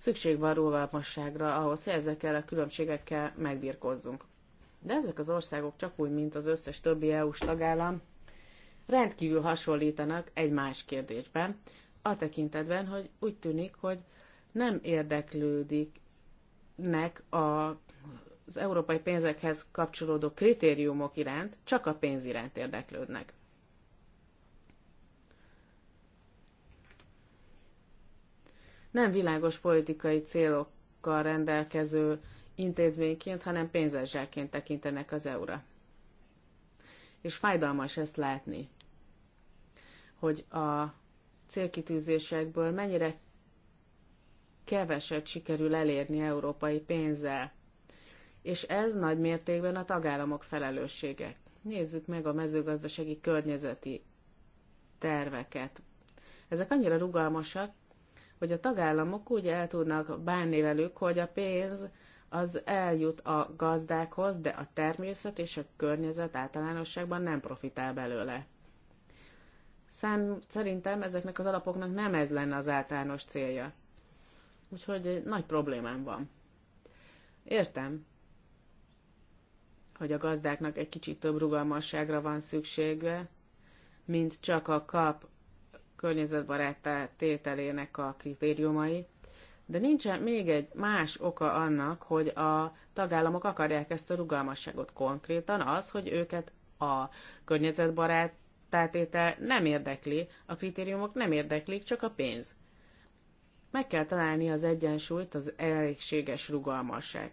Szükség van rugalmasságra ahhoz, hogy ezekkel a különbségekkel megbírkozzunk. De ezek az országok csak úgy, mint az összes többi EU-s tagállam, rendkívül hasonlítanak egy más kérdésben, a tekintetben, hogy úgy tűnik, hogy nem érdeklődik nek a, az európai pénzekhez kapcsolódó kritériumok iránt, csak a pénz iránt érdeklődnek. nem világos politikai célokkal rendelkező intézményként, hanem pénzesságként tekintenek az EU-ra. És fájdalmas ezt látni, hogy a célkitűzésekből mennyire keveset sikerül elérni európai pénzzel. És ez nagy mértékben a tagállamok felelősségek. Nézzük meg a mezőgazdasági környezeti terveket. Ezek annyira rugalmasak, hogy a tagállamok úgy el tudnak bánni velük, hogy a pénz az eljut a gazdákhoz, de a természet és a környezet általánosságban nem profitál belőle. Szám, szerintem ezeknek az alapoknak nem ez lenne az általános célja. Úgyhogy egy nagy problémám van. Értem, hogy a gazdáknak egy kicsit több rugalmasságra van szüksége, mint csak a kap környezetbaráttá tételének a kritériumai, de nincsen még egy más oka annak, hogy a tagállamok akarják ezt a rugalmasságot konkrétan, az, hogy őket a környezetbarát tátétel nem érdekli, a kritériumok nem érdeklik, csak a pénz. Meg kell találni az egyensúlyt az elégséges rugalmasság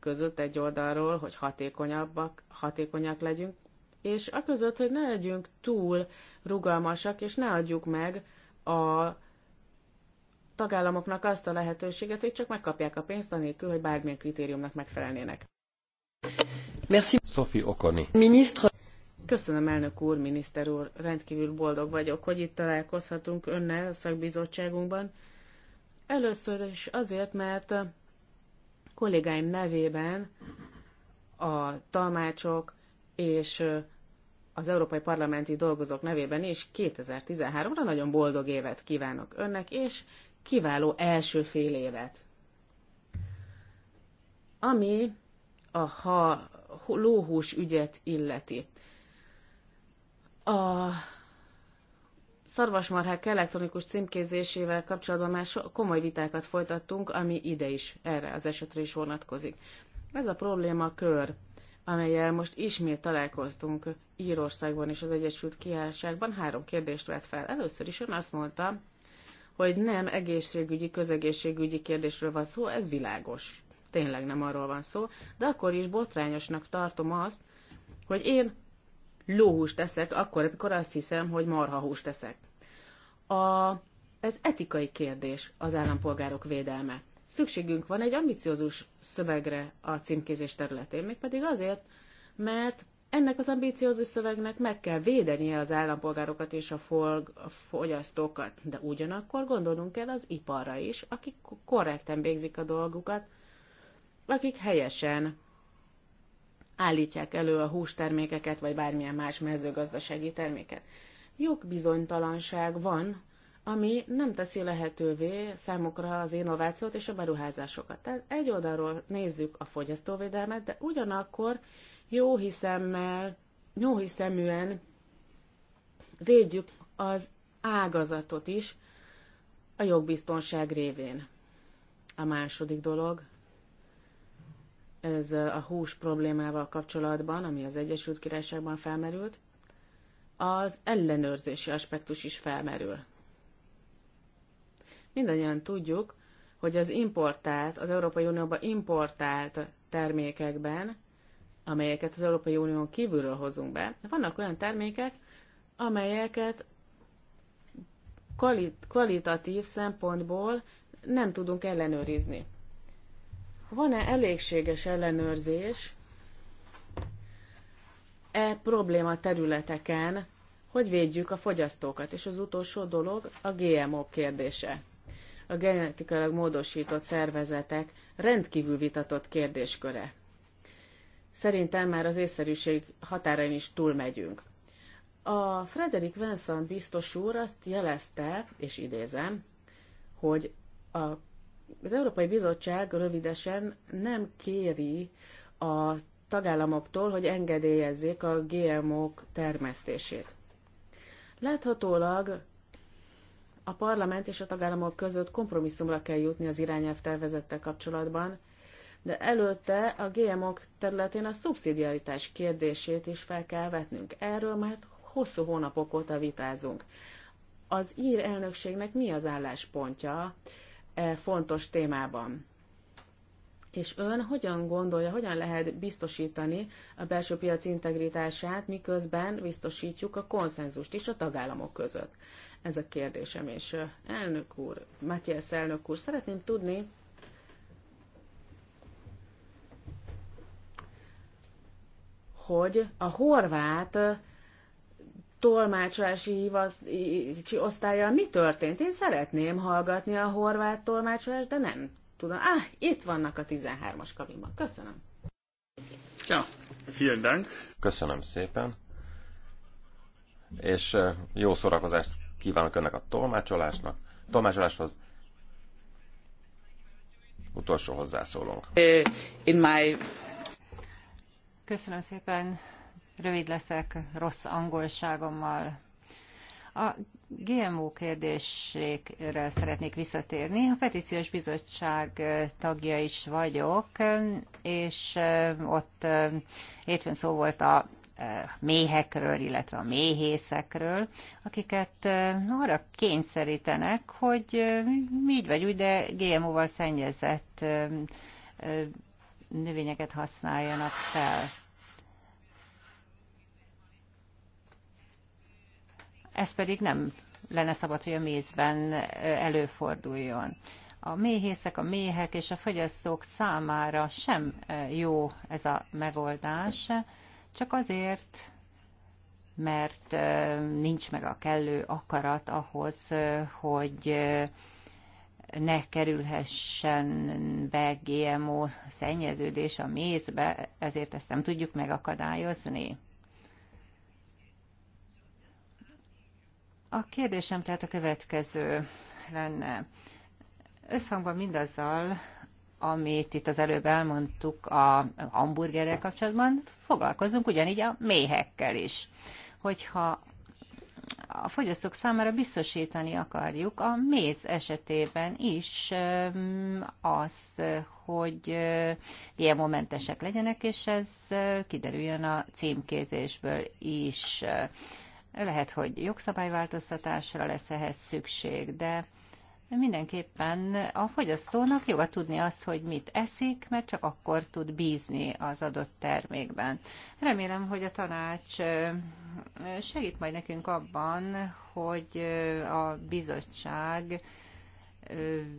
között egy oldalról, hogy hatékonyabbak, hatékonyak legyünk, és aközött, hogy ne legyünk túl rugalmasak, és ne adjuk meg a tagállamoknak azt a lehetőséget, hogy csak megkapják a pénzt, anélkül, hogy bármilyen kritériumnak megfelelnének. Merci. Sophie Okoni. Ministre. Köszönöm, elnök úr, miniszter úr, rendkívül boldog vagyok, hogy itt találkozhatunk önnel a szakbizottságunkban. Először is azért, mert kollégáim nevében a talmácsok, és az európai parlamenti dolgozók nevében is 2013-ra nagyon boldog évet kívánok önnek, és kiváló első fél évet. Ami a ha, lóhús ügyet illeti. A szarvasmarhák elektronikus címkézésével kapcsolatban már so- komoly vitákat folytattunk, ami ide is, erre az esetre is vonatkozik. Ez a probléma kör amelyel most ismét találkoztunk Írországban és az Egyesült Királyságban, három kérdést vett fel. Először is ön azt mondta, hogy nem egészségügyi, közegészségügyi kérdésről van szó, ez világos. Tényleg nem arról van szó, de akkor is botrányosnak tartom azt, hogy én lóhúst teszek, akkor, amikor azt hiszem, hogy marhahúst teszek. A, ez etikai kérdés, az állampolgárok védelme. Szükségünk van egy ambiciózus szövegre a címkézés területén, mégpedig azért, mert ennek az ambíciózus szövegnek meg kell védenie az állampolgárokat és a, folg, a fogyasztókat, de ugyanakkor gondolunk kell az iparra is, akik korrekten végzik a dolgukat, akik helyesen állítják elő a hústermékeket, vagy bármilyen más mezőgazdasági terméket. Jogbizonytalanság van ami nem teszi lehetővé számukra az innovációt és a beruházásokat. Tehát egy oldalról nézzük a fogyasztóvédelmet, de ugyanakkor jó hiszemmel, jó hiszeműen védjük az ágazatot is a jogbiztonság révén. A második dolog, ez a hús problémával kapcsolatban, ami az Egyesült Királyságban felmerült, az ellenőrzési aspektus is felmerül Mindannyian tudjuk, hogy az importált, az Európai Unióba importált termékekben, amelyeket az Európai Unión kívülről hozunk be, vannak olyan termékek, amelyeket kvalit- kvalitatív szempontból nem tudunk ellenőrizni. Van-e elégséges ellenőrzés e probléma területeken, hogy védjük a fogyasztókat? És az utolsó dolog a GMO kérdése a genetikailag módosított szervezetek rendkívül vitatott kérdésköre. Szerintem már az észszerűség határain is túlmegyünk. A Frederick Vincent biztos úr azt jelezte, és idézem, hogy a, az Európai Bizottság rövidesen nem kéri a tagállamoktól, hogy engedélyezzék a GMO-k termesztését. Láthatólag a parlament és a tagállamok között kompromisszumra kell jutni az irányelv tervezettel kapcsolatban, de előtte a GMO-k területén a szubszidiaritás kérdését is fel kell vetnünk. Erről már hosszú hónapok óta vitázunk. Az ír elnökségnek mi az álláspontja e fontos témában? És ön hogyan gondolja, hogyan lehet biztosítani a belső piac integritását, miközben biztosítjuk a konszenzust is a tagállamok között? Ez a kérdésem. És elnök úr, Matthias elnök úr, szeretném tudni, hogy a horvát tolmácsolási osztálya mi történt? Én szeretném hallgatni a horvát tolmácsolást, de nem tudom. Ah, itt vannak a 13-as kabinban. Köszönöm. Ja, vielen Dank. Köszönöm szépen. És eh, jó szórakozást kívánok önnek a tolmácsolásnak. Tolmácsoláshoz utolsó hozzászólunk. Eh, in my... Köszönöm szépen. Rövid leszek rossz angolságommal. A GMO kérdésére szeretnék visszatérni. A petíciós bizottság tagja is vagyok, és ott hétfőn szó volt a méhekről, illetve a méhészekről, akiket arra kényszerítenek, hogy így vagy úgy, de GMO-val szennyezett növényeket használjanak fel. ez pedig nem lenne szabad, hogy a mézben előforduljon. A méhészek, a méhek és a fogyasztók számára sem jó ez a megoldás, csak azért, mert nincs meg a kellő akarat ahhoz, hogy ne kerülhessen be GMO szennyeződés a mézbe, ezért ezt nem tudjuk megakadályozni. A kérdésem tehát a következő lenne. Összhangban mindazzal, amit itt az előbb elmondtuk a hamburgerrel kapcsolatban, foglalkozunk ugyanígy a méhekkel is. Hogyha a fogyasztók számára biztosítani akarjuk a méz esetében is az, hogy ilyen momentesek legyenek, és ez kiderüljön a címkézésből is. Lehet, hogy jogszabályváltoztatásra lesz ehhez szükség, de mindenképpen a fogyasztónak joga tudni azt, hogy mit eszik, mert csak akkor tud bízni az adott termékben. Remélem, hogy a tanács segít majd nekünk abban, hogy a bizottság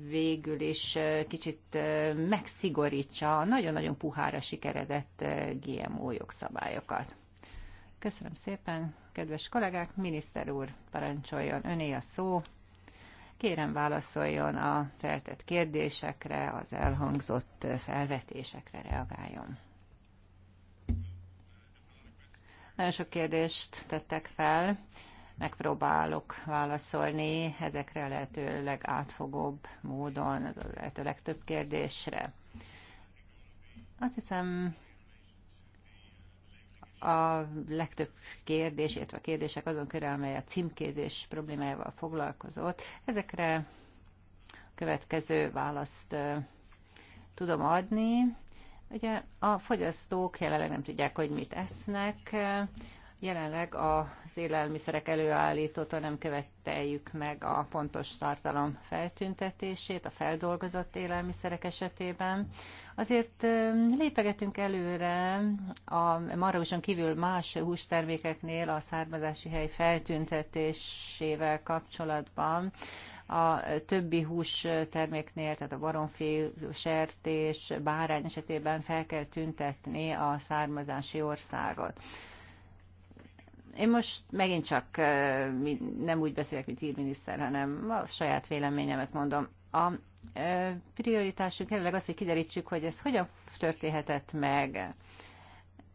végül is kicsit megszigorítsa a nagyon-nagyon puhára sikeredett GMO jogszabályokat. Köszönöm szépen, kedves kollégák, miniszter úr, parancsoljon, öné a szó. Kérem válaszoljon a feltett kérdésekre, az elhangzott felvetésekre reagáljon. Nagyon sok kérdést tettek fel, megpróbálok válaszolni ezekre a lehető legátfogóbb módon, a lehető legtöbb kérdésre. Azt hiszem, a legtöbb kérdés, illetve a kérdések azon körül, amely a címkézés problémájával foglalkozott. Ezekre a következő választ tudom adni. Ugye a fogyasztók jelenleg nem tudják, hogy mit esznek, Jelenleg az élelmiszerek előállítótól nem követeljük meg a pontos tartalom feltüntetését a feldolgozott élelmiszerek esetében. Azért lépegetünk előre a marhauson kívül más hústermékeknél a származási hely feltüntetésével kapcsolatban a többi hús terméknél, tehát a baromfi, sertés, bárány esetében fel kell tüntetni a származási országot. Én most megint csak nem úgy beszélek, mint írminiszter, hanem a saját véleményemet mondom. A prioritásunk előleg az, hogy kiderítsük, hogy ez hogyan történhetett meg.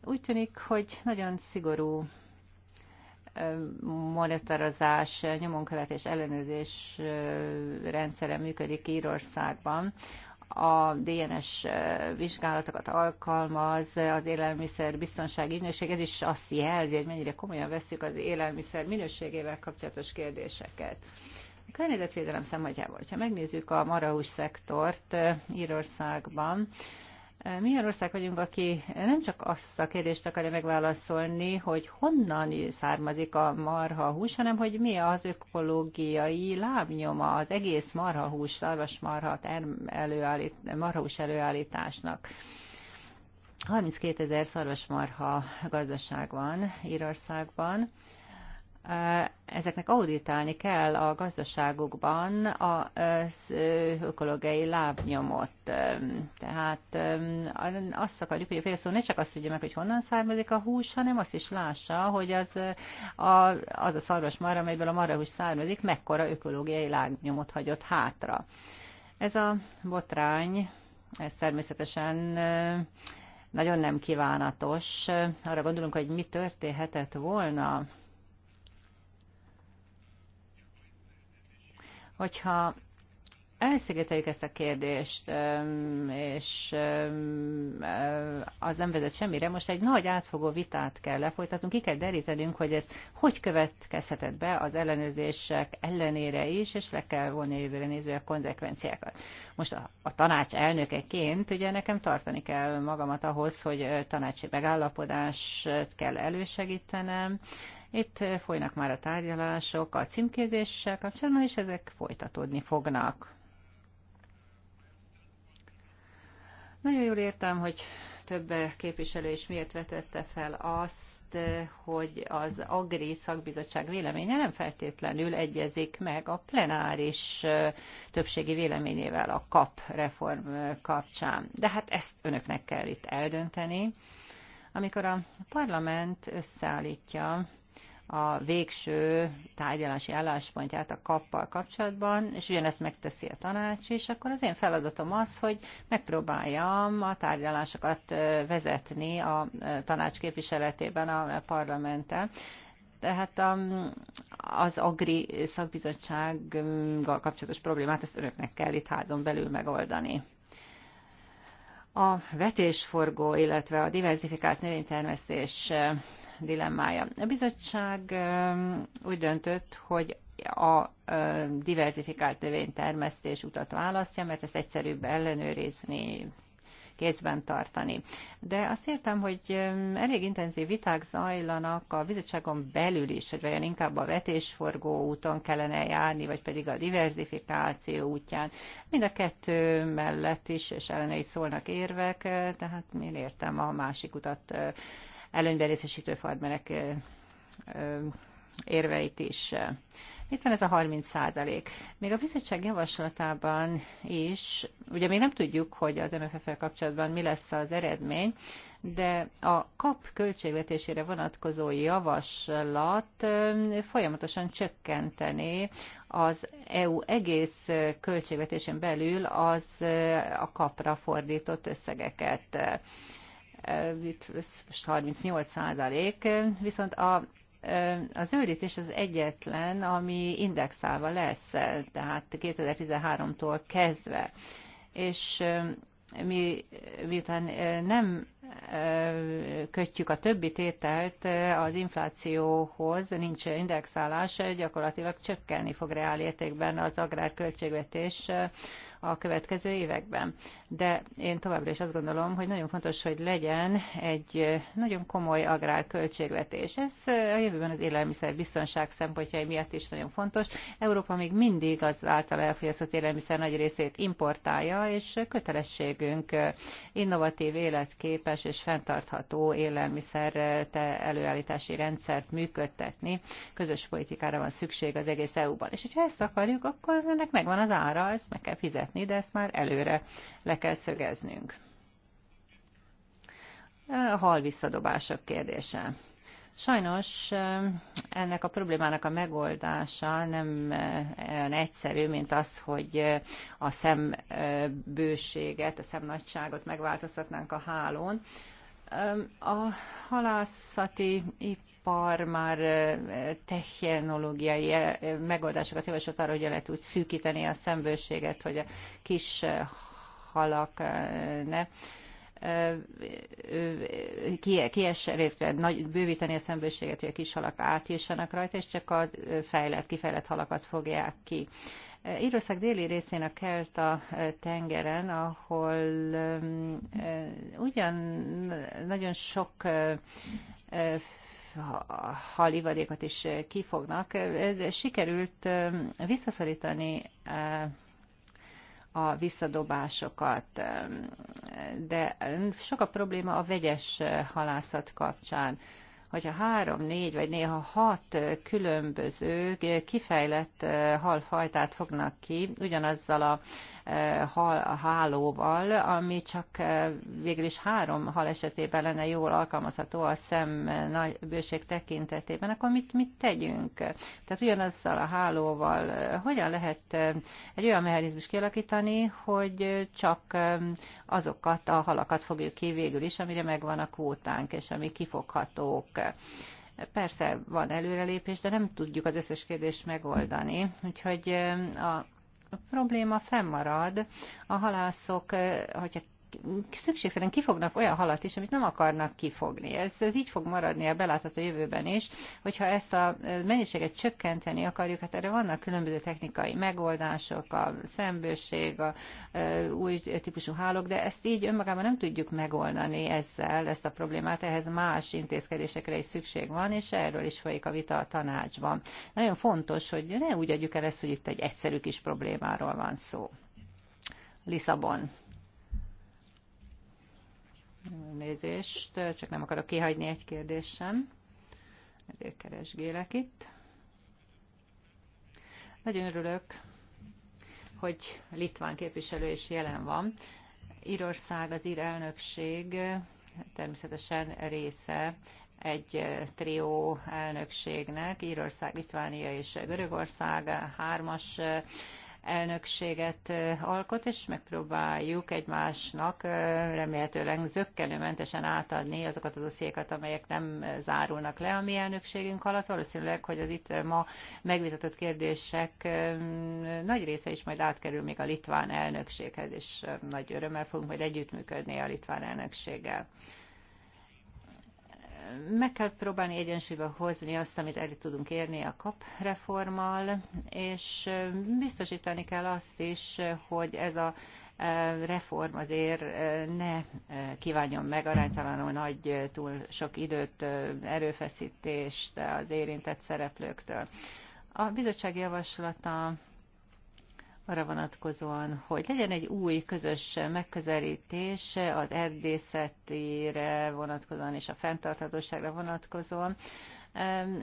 Úgy tűnik, hogy nagyon szigorú monitorozás, nyomonkövetés, ellenőrzés rendszere működik Írországban, a DNS vizsgálatokat alkalmaz az élelmiszer biztonsági ügynökség. Ez is azt jelzi, hogy mennyire komolyan veszük az élelmiszer minőségével kapcsolatos kérdéseket. A környezetvédelem szempontjából, ha megnézzük a marahús szektort Írországban, mi olyan ország vagyunk, aki nem csak azt a kérdést akarja megválaszolni, hogy honnan származik a marhahús, hanem hogy mi az ökológiai lábnyoma az egész marhahús, szarvasmarha előállít, hús előállításnak. 32 ezer szarvasmarha gazdaság van Írországban, ezeknek auditálni kell a gazdaságokban az ökológiai lábnyomot. Tehát azt akarjuk, hogy a félszó ne csak azt tudja meg, hogy honnan származik a hús, hanem azt is lássa, hogy az a, az a szarvas marra, amelyből a marrahús származik, mekkora ökológiai lábnyomot hagyott hátra. Ez a botrány, ez természetesen nagyon nem kívánatos. Arra gondolunk, hogy mi történhetett volna, hogyha elszigeteljük ezt a kérdést, és az nem vezet semmire, most egy nagy átfogó vitát kell lefolytatnunk, ki kell derítenünk, hogy ez hogy következhetett be az ellenőrzések ellenére is, és le kell vonni a jövőre nézve a konzekvenciákat. Most a, a tanács elnökeként ugye nekem tartani kell magamat ahhoz, hogy tanácsi megállapodást kell elősegítenem, itt folynak már a tárgyalások a címkézéssel kapcsolatban, és ezek folytatódni fognak. Nagyon jól értem, hogy több képviselő is miért vetette fel azt, hogy az Agri szakbizottság véleménye nem feltétlenül egyezik meg a plenáris többségi véleményével a KAP reform kapcsán. De hát ezt önöknek kell itt eldönteni. Amikor a parlament összeállítja a végső tárgyalási álláspontját a kappal kapcsolatban, és ugyanezt megteszi a tanács is, akkor az én feladatom az, hogy megpróbáljam a tárgyalásokat vezetni a tanács képviseletében a parlamenten. Tehát um, az Agri szakbizottsággal kapcsolatos problémát ezt önöknek kell itt házon belül megoldani. A vetésforgó, illetve a diversifikált növénytermesztés dilemmája. A bizottság um, úgy döntött, hogy a um, diversifikált növénytermesztés utat választja, mert ezt egyszerűbb ellenőrizni, kézben tartani. De azt értem, hogy um, elég intenzív viták zajlanak a bizottságon belül is, hogy vajon inkább a vetésforgó úton kellene járni, vagy pedig a diversifikáció útján. Mind a kettő mellett is, és ellene is szólnak érvek, eh, tehát én értem a másik utat eh, előnyben részesítő farmerek érveit is. Itt van ez a 30 százalék. Még a bizottság javaslatában is, ugye még nem tudjuk, hogy az MFF-fel kapcsolatban mi lesz az eredmény, de a kap költségvetésére vonatkozó javaslat folyamatosan csökkenteni az EU egész költségvetésen belül az a kapra fordított összegeket itt most 38 százalék, viszont a eh, a zöldítés az egyetlen, ami indexálva lesz, tehát 2013-tól kezdve. És eh, mi, miután eh, nem kötjük a többi tételt az inflációhoz, nincs indexálás, gyakorlatilag csökkenni fog reálértékben az agrárköltségvetés a következő években. De én továbbra is azt gondolom, hogy nagyon fontos, hogy legyen egy nagyon komoly agrárköltségvetés. Ez a jövőben az élelmiszer biztonság szempontjai miatt is nagyon fontos. Európa még mindig az által elfogyasztott élelmiszer nagy részét importálja, és kötelességünk innovatív, életképes és fenntartható élelmiszer előállítási rendszert működtetni. Közös politikára van szükség az egész EU-ban. És hogyha ezt akarjuk, akkor ennek megvan az ára, ezt meg kell fizetni szeretné, de ezt már előre le kell szögeznünk. A hal visszadobások kérdése. Sajnos eh, ennek a problémának a megoldása nem eh, olyan egyszerű, mint az, hogy eh, a szembőséget, a szemnagyságot megváltoztatnánk a hálón, a halászati ipar már technológiai megoldásokat javasolt arra, hogy le tud szűkíteni a szembőséget, hogy a kis halak ne kiesse, nagy, bővíteni a szembőséget, hogy a kis halak átjussanak rajta, és csak a fejlett, kifejlett halakat fogják ki. Írország déli részén a Kelta tengeren, ahol ugyan nagyon sok halivadékot is kifognak, sikerült visszaszorítani a visszadobásokat, de sok a probléma a vegyes halászat kapcsán hogyha három, négy vagy néha hat különböző kifejlett eh, halfajtát fognak ki, ugyanazzal a hálóval, ami csak eh, végül is három hal esetében lenne jól alkalmazható a szem nagy bőség tekintetében, akkor mit, mit tegyünk? Tehát ugyanazzal a hálóval eh, hogyan lehet eh, egy olyan mechanizmus kialakítani, hogy csak azokat a halakat fogjuk ki végül is, amire megvan a kvótánk, és ami kifoghatók. Persze van előrelépés, de nem tudjuk az összes kérdést megoldani, úgyhogy a probléma fennmarad. A halászok, eh, hogyha szükségszerűen kifognak olyan halat is, amit nem akarnak kifogni. Ez, ez így fog maradni a belátható jövőben is, hogyha ezt a mennyiséget csökkenteni akarjuk, hát erre vannak különböző technikai megoldások, a szembőség, a, a új típusú hálók, de ezt így önmagában nem tudjuk megoldani ezzel ezt a problémát, ehhez más intézkedésekre is szükség van, és erről is folyik a vita a tanácsban. Nagyon fontos, hogy ne úgy adjuk el ezt, hogy itt egy egyszerű kis problémáról van szó. Lisszabon Nézést, csak nem akarok kihagyni egy kérdést sem. Ezért keresgélek itt. Nagyon örülök, hogy litván képviselő is jelen van. Írország, az ír elnökség természetesen része egy trió elnökségnek, Írország, Litvánia és Görögország hármas elnökséget alkot, és megpróbáljuk egymásnak remélhetőleg zöggenőmentesen átadni azokat a dossziékat, amelyek nem zárulnak le a mi elnökségünk alatt. Valószínűleg, hogy az itt ma megvitatott kérdések nagy része is majd átkerül még a litván elnökséghez, és nagy örömmel fogunk majd együttműködni a litván elnökséggel meg kell próbálni egyensúlyba hozni azt, amit el tudunk érni a kap reformmal, és biztosítani kell azt is, hogy ez a reform azért ne kívánjon meg aránytalanul nagy, túl sok időt, erőfeszítést az érintett szereplőktől. A bizottság javaslata arra vonatkozóan, hogy legyen egy új közös megközelítés az erdészetére vonatkozóan és a fenntarthatóságra vonatkozóan.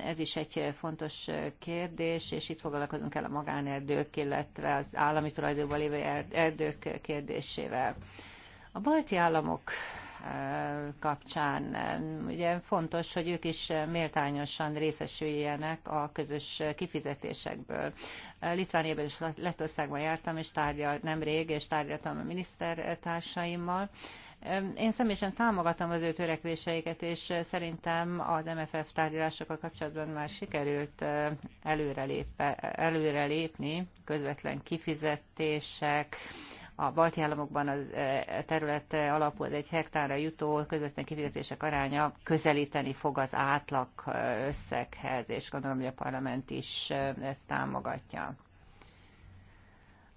Ez is egy fontos kérdés, és itt foglalkozunk el a magánerdők, illetve az állami tulajdonban lévő erdők kérdésével. A balti államok kapcsán. Ugye fontos, hogy ők is méltányosan részesüljenek a közös kifizetésekből. Litvániában és Lettországban jártam, és tárgyalt nemrég, és tárgyaltam a minisztertársaimmal. Én személyesen támogatom az ő törekvéseiket, és szerintem az MFF tárgyalásokkal kapcsolatban már sikerült előrelépni, előrelépni közvetlen kifizetések, a balti államokban a e, e, terület alapú az egy hektárra jutó közvetlen kifizetések aránya közelíteni fog az átlag e, összeghez, és gondolom, hogy a parlament is ezt támogatja.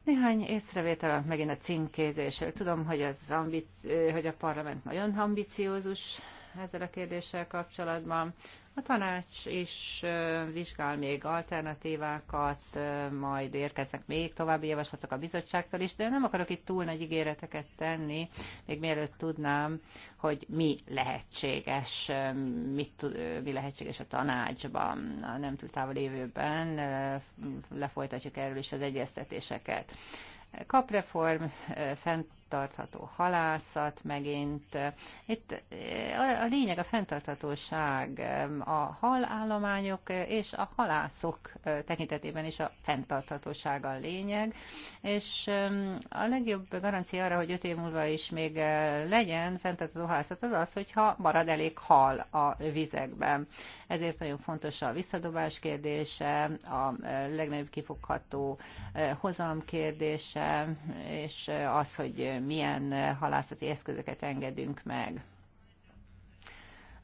Néhány észrevétel megint a címkézésről. Tudom, hogy, az ambic- hogy a parlament nagyon ambiciózus ezzel a kérdéssel kapcsolatban. A tanács is vizsgál még alternatívákat, majd érkeznek még további javaslatok a bizottságtól is, de nem akarok itt túl nagy ígéreteket tenni, még mielőtt tudnám, hogy mi lehetséges, mit tud, mi lehetséges a tanácsban, a nem túl távol évőben, lefolytatjuk erről is az egyeztetéseket. Kapreform, fent fenntartható halászat megint. Itt eh, a lényeg a fenntarthatóság, eh, a halállományok eh, és a halászok tekintetében is a fenntarthatóság a lényeg, és a legjobb garancia arra, hogy öt év múlva is még legyen fenntartható halászat, az az, hogyha marad elég hal a vizekben. Ezért nagyon fontos a visszadobás kérdése, a legnagyobb kifogható hozam kérdése, és az, hogy milyen halászati eszközöket engedünk meg.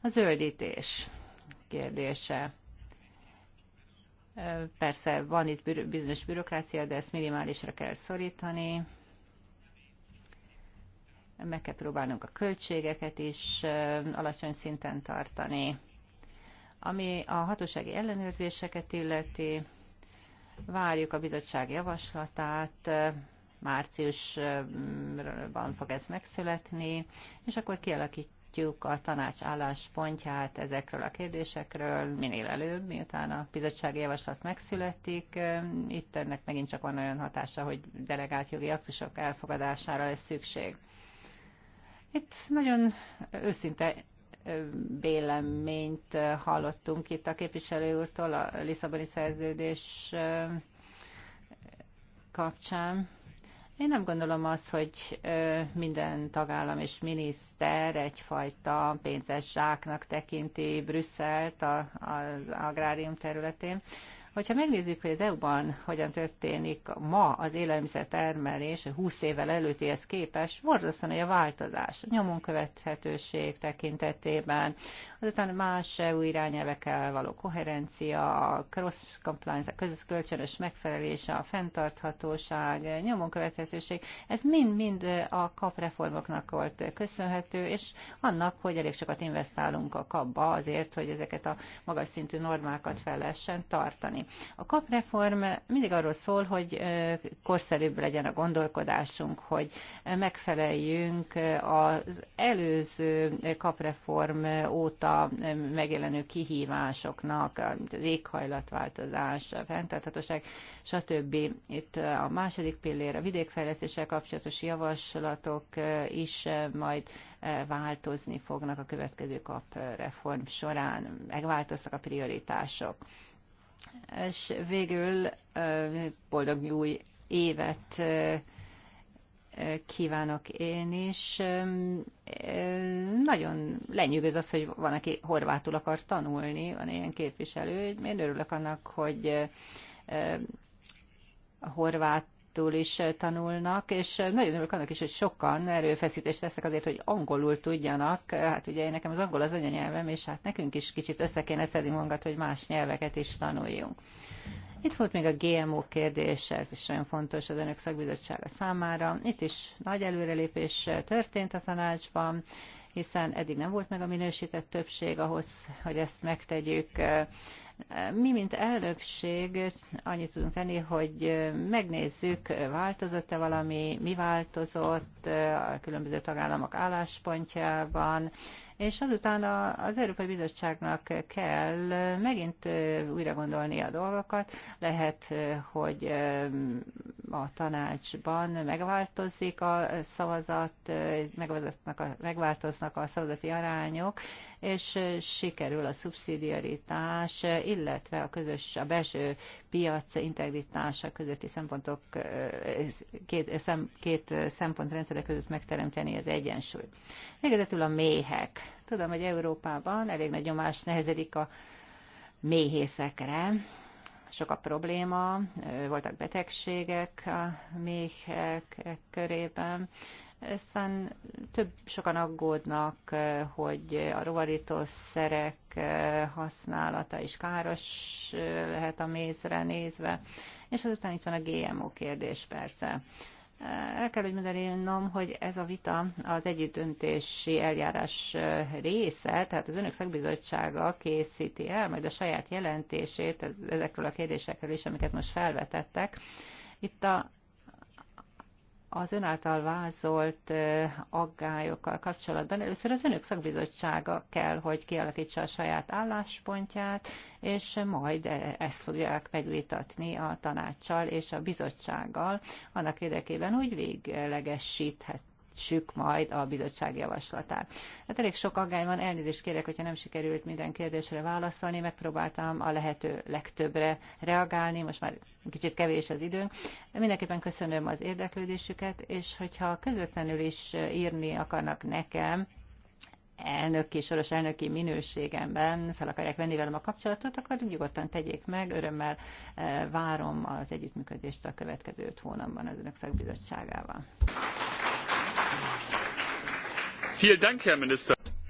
A zöldítés kérdése. Persze van itt bizonyos bürokrácia, de ezt minimálisra kell szorítani. Meg kell próbálnunk a költségeket is alacsony szinten tartani. Ami a hatósági ellenőrzéseket illeti, várjuk a bizottság javaslatát, márciusban fog ez megszületni, és akkor kialakítjuk a tanács álláspontját ezekről a kérdésekről minél előbb, miután a bizottsági javaslat megszületik. Itt ennek megint csak van olyan hatása, hogy delegált jogi aktusok elfogadására lesz szükség. Itt nagyon őszinte véleményt hallottunk itt a képviselő úrtól a Lisszaboni szerződés kapcsán. Én nem gondolom azt, hogy minden tagállam és miniszter egyfajta pénzes zsáknak tekinti Brüsszelt az agrárium területén. Hogyha megnézzük, hogy az EU-ban hogyan történik ma az élelmiszer termelés 20 évvel előttihez képest, borzasztóan a változás a nyomon követhetőség tekintetében, azután más EU irányelvekkel való koherencia, a cross compliance, a közös kölcsönös megfelelése, a fenntarthatóság, nyomon követhetőség, ez mind-mind a reformoknak volt köszönhető, és annak, hogy elég sokat investálunk a kapba azért, hogy ezeket a magas szintű normákat fel lehessen tartani. A kapreform mindig arról szól, hogy korszerűbb legyen a gondolkodásunk, hogy megfeleljünk az előző kapreform óta megjelenő kihívásoknak, az éghajlatváltozás, a fenntarthatóság, stb. Itt a második pillér, a vidékfejlesztéssel kapcsolatos javaslatok is majd változni fognak a következő kapreform során, megváltoztak a prioritások és végül boldog új évet kívánok én is. Nagyon lenyűgöz az, hogy van, aki horvátul akar tanulni, van ilyen képviselő. Én örülök annak, hogy a horvát németül is eh, tanulnak, és eh, nagyon örülök annak is, hogy sokan erőfeszítést tesznek azért, hogy angolul tudjanak. Eh, hát ugye nekem az angol az anyanyelvem, és hát nekünk is kicsit össze kéne szedni magat, hogy más nyelveket is tanuljunk. Itt volt még a GMO kérdés, ez is nagyon fontos az önök szakbizottsága számára. Itt is nagy előrelépés történt a tanácsban, hiszen eddig nem volt meg a minősített többség ahhoz, hogy ezt megtegyük. Mi, mint elnökség annyit tudunk tenni, hogy megnézzük, változott-e valami, mi változott a különböző tagállamok álláspontjában, és azután az Európai Bizottságnak kell megint újra gondolni a dolgokat. Lehet, hogy a tanácsban megváltozik a szavazat, megváltoznak a, a szavazati arányok, és sikerül a szubszidiaritás, illetve a közös, a belső piac integritása közötti szempontok, két, szem, két szempontrendszerek között megteremteni az egyensúlyt. Végezetül a méhek. Tudom, hogy Európában elég nagy nyomás nehezedik a méhészekre, sok a probléma, voltak betegségek a méhek körében, aztán több sokan aggódnak, eh, hogy a rovarítószerek eh, használata is káros eh, lehet a mézre nézve, és azután itt van a GMO kérdés persze. El kell, hogy mondanom, hogy ez a vita az együttöntési eljárás része, tehát az önök szakbizottsága készíti el majd a saját jelentését ezekről a kérdésekről is, amiket most felvetettek. Itt a az ön által vázolt aggályokkal kapcsolatban. Először az önök szakbizottsága kell, hogy kialakítsa a saját álláspontját, és majd ezt fogják megvitatni a tanácssal és a bizottsággal, annak érdekében, hogy véglegesíthet frissítsük majd a bizottság javaslatát. Hát elég sok aggály van, elnézést kérek, hogyha nem sikerült minden kérdésre válaszolni, megpróbáltam a lehető legtöbbre reagálni, most már kicsit kevés az időnk. Mindenképpen köszönöm az érdeklődésüket, és hogyha közvetlenül is írni akarnak nekem, elnöki, soros elnöki minőségemben fel akarják venni velem a kapcsolatot, akkor nyugodtan tegyék meg, örömmel eh, várom az együttműködést a következő öt hónapban az önök szakbizottságával.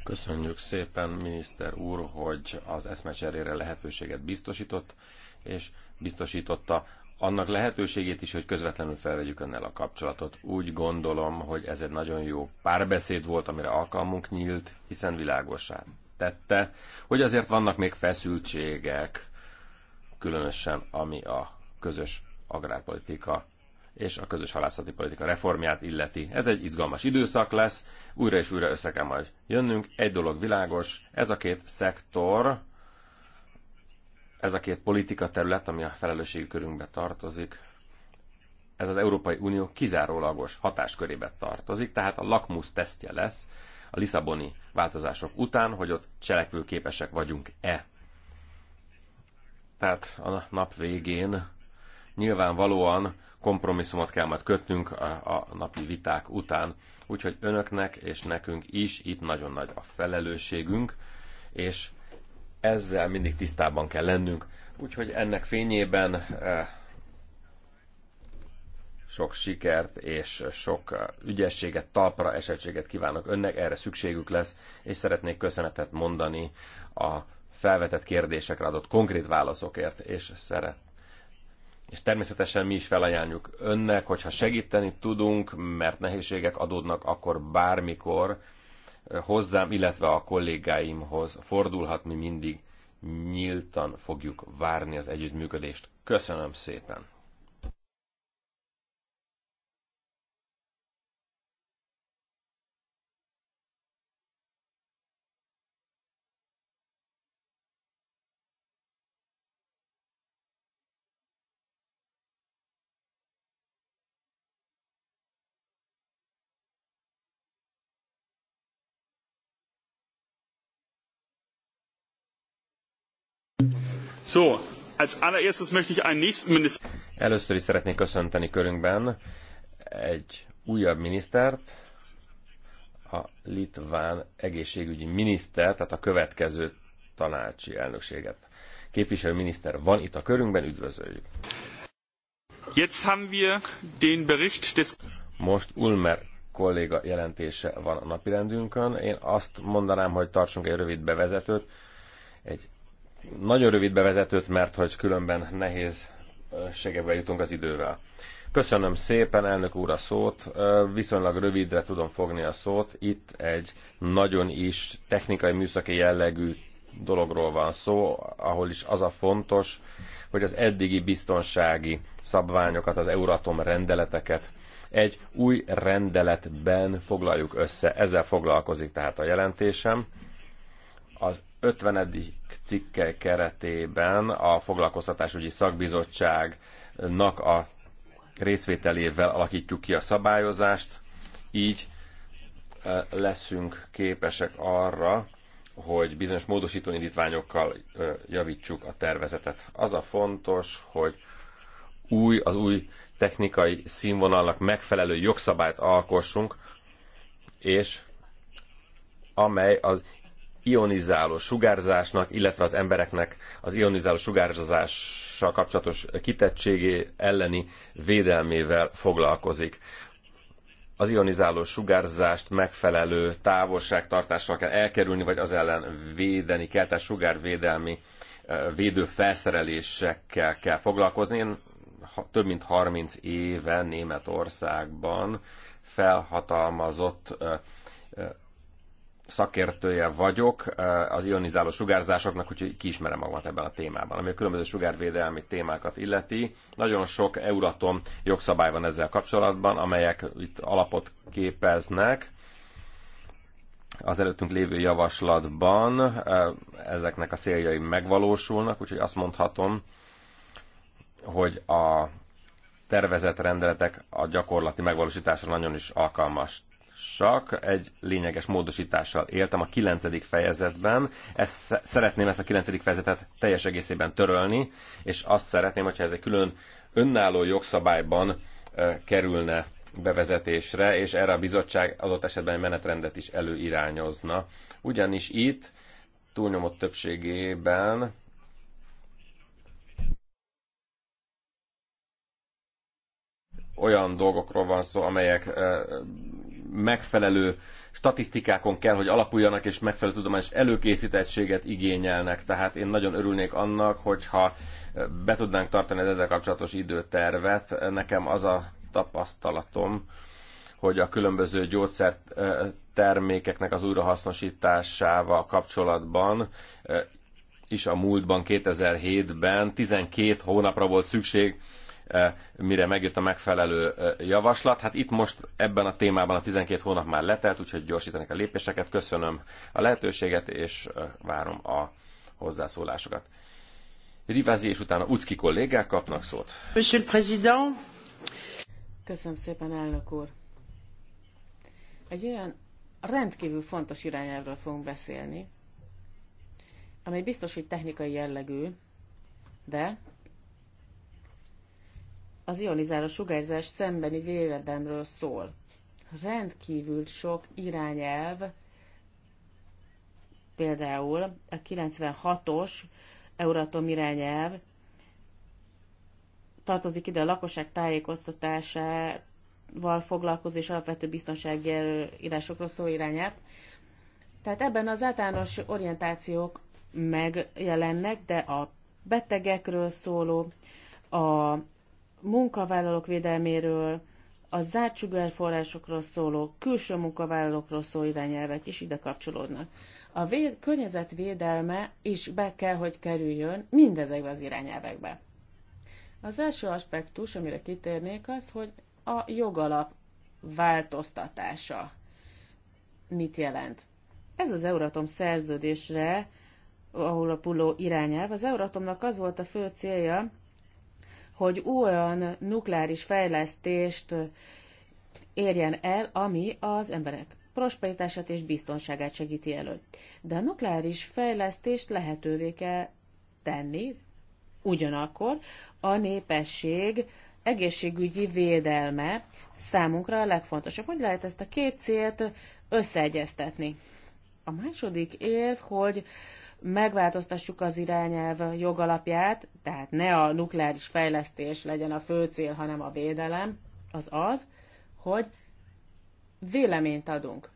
Köszönjük szépen, miniszter úr, hogy az eszmecserére lehetőséget biztosított, és biztosította annak lehetőségét is, hogy közvetlenül felvegyük önnel a kapcsolatot. Úgy gondolom, hogy ez egy nagyon jó párbeszéd volt, amire alkalmunk nyílt, hiszen világosá tette, hogy azért vannak még feszültségek, különösen ami a közös agrárpolitika és a közös halászati politika reformját illeti. Ez egy izgalmas időszak lesz, újra és újra össze kell majd jönnünk. Egy dolog világos, ez a két szektor, ez a két politika terület, ami a felelősségi körünkbe tartozik, ez az Európai Unió kizárólagos hatáskörébe tartozik, tehát a lakmus tesztje lesz a Lisszaboni változások után, hogy ott cselekvőképesek vagyunk-e. Tehát a nap végén nyilvánvalóan kompromisszumot kell majd kötnünk a, a napi viták után. Úgyhogy önöknek és nekünk is itt nagyon nagy a felelősségünk, és ezzel mindig tisztában kell lennünk. Úgyhogy ennek fényében eh, sok sikert és sok eh, ügyességet, talpra esettséget kívánok önnek, erre szükségük lesz, és szeretnék köszönetet mondani a felvetett kérdésekre adott konkrét válaszokért, és szeret és természetesen mi is felajánljuk önnek, hogyha segíteni tudunk, mert nehézségek adódnak, akkor bármikor eh, hozzám, illetve a kollégáimhoz fordulhat, mi mindig nyíltan fogjuk várni az együttműködést. Köszönöm szépen! So, als allererstes möchte ich einen nächsten Minister... Először is szeretnék köszönteni körünkben egy újabb minisztert, a litván egészségügyi miniszter, tehát a következő tanácsi elnökséget képviselő miniszter van itt a körünkben, üdvözöljük. Jetzt haben wir den Bericht des... Most Ulmer kolléga jelentése van a napirendünkön. Én azt mondanám, hogy tartsunk egy rövid bevezetőt, egy nagyon rövid bevezetőt, mert hogy különben nehéz segebe jutunk az idővel. Köszönöm szépen, elnök úr, a szót. Viszonylag rövidre tudom fogni a szót. Itt egy nagyon is technikai műszaki jellegű dologról van szó, ahol is az a fontos, hogy az eddigi biztonsági szabványokat, az Euratom rendeleteket egy új rendeletben foglaljuk össze. Ezzel foglalkozik tehát a jelentésem. Az 50. cikke keretében a foglalkoztatásügyi szakbizottságnak a részvételével alakítjuk ki a szabályozást, így leszünk képesek arra, hogy bizonyos módosító indítványokkal javítsuk a tervezetet. Az a fontos, hogy új, az új technikai színvonalnak megfelelő jogszabályt alkossunk, és amely az ionizáló sugárzásnak, illetve az embereknek az ionizáló sugárzással kapcsolatos kitettségé elleni védelmével foglalkozik. Az ionizáló sugárzást megfelelő távolságtartással kell elkerülni, vagy az ellen védeni kell, tehát sugárvédelmi eh, védő felszerelésekkel kell foglalkozni. Én több mint 30 éve Németországban felhatalmazott eh, szakértője vagyok eh, az ionizáló sugárzásoknak, úgyhogy kiismerem magamat ebben a témában. Ami a különböző sugárvédelmi témákat illeti, nagyon sok Euratom jogszabály van ezzel kapcsolatban, amelyek itt alapot képeznek az előttünk lévő javaslatban eh, ezeknek a céljai megvalósulnak, úgyhogy azt mondhatom, hogy a tervezett rendeletek a gyakorlati megvalósításra nagyon is alkalmas csak egy lényeges módosítással éltem a kilencedik fejezetben. Ezt, szeretném ezt a kilencedik fejezetet teljes egészében törölni, és azt szeretném, hogyha ez egy külön önálló jogszabályban kerülne bevezetésre, és erre a bizottság adott esetben egy menetrendet is előirányozna. Ugyanis itt túlnyomott többségében olyan dolgokról van szó, amelyek megfelelő statisztikákon kell, hogy alapuljanak, és megfelelő tudományos előkészítettséget igényelnek. Tehát én nagyon örülnék annak, hogyha be tudnánk tartani az ezzel kapcsolatos időtervet. Nekem az a tapasztalatom, hogy a különböző gyógyszertermékeknek az újrahasznosításával kapcsolatban eh, is a múltban, 2007-ben 12 hónapra volt szükség Eh, mire megjött a megfelelő eh, javaslat. Hát itt most ebben a témában a 12 hónap már letelt, úgyhogy gyorsítanak a lépéseket. Köszönöm a lehetőséget, és eh, várom a hozzászólásokat. Rivázi és utána Ucki kollégák kapnak szót. Monsieur le Président. Köszönöm szépen, elnök úr. Egy olyan rendkívül fontos irányelvről fogunk beszélni, amely biztos, hogy technikai jellegű, de az ionizáló sugárzás szembeni véledemről szól. Rendkívül sok irányelv, például a 96-os Euratom irányelv, tartozik ide a lakosság tájékoztatásával foglalkozó és alapvető biztonsági írásokról szóló irányelv. Tehát ebben az általános orientációk megjelennek, de a betegekről szóló, a munkavállalók védelméről, a zárt sugárforrásokról szóló, külső munkavállalókról szóló irányelvek is ide kapcsolódnak. A véd, környezet védelme is be kell, hogy kerüljön mindezekbe az irányelvekbe. Az első aspektus, amire kitérnék, az, hogy a jogalap változtatása mit jelent. Ez az Euratom szerződésre, ahol a puló irányelv. Az Euratomnak az volt a fő célja, hogy olyan nukleáris fejlesztést érjen el, ami az emberek prosperitását és biztonságát segíti elő. De a nukleáris fejlesztést lehetővé kell tenni, ugyanakkor a népesség egészségügyi védelme számunkra a legfontosabb. Hogy lehet ezt a két célt összeegyeztetni? A második érv, hogy megváltoztassuk az irányelv jogalapját, tehát ne a nukleáris fejlesztés legyen a fő cél, hanem a védelem, az az, hogy véleményt adunk.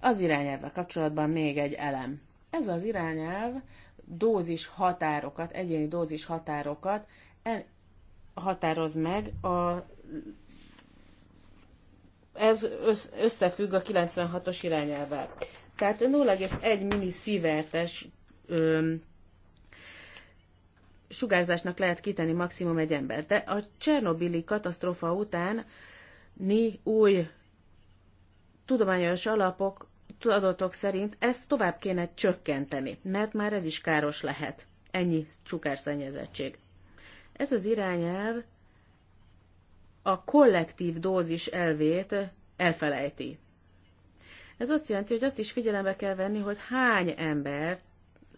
Az irányelvvel kapcsolatban még egy elem. Ez az irányelv dózis határokat, egyéni dózis határokat határoz meg a ez összefügg a 96-os irányelvvel. Tehát 0,1 millisievertes sugárzásnak lehet kitenni maximum egy ember. De a Csernobili katasztrófa után ni új tudományos alapok adatok szerint ezt tovább kéne csökkenteni, mert már ez is káros lehet. Ennyi sugárszennyezettség. Ez az irányelv a kollektív dózis elvét elfelejti. Ez azt jelenti, hogy azt is figyelembe kell venni, hogy hány ember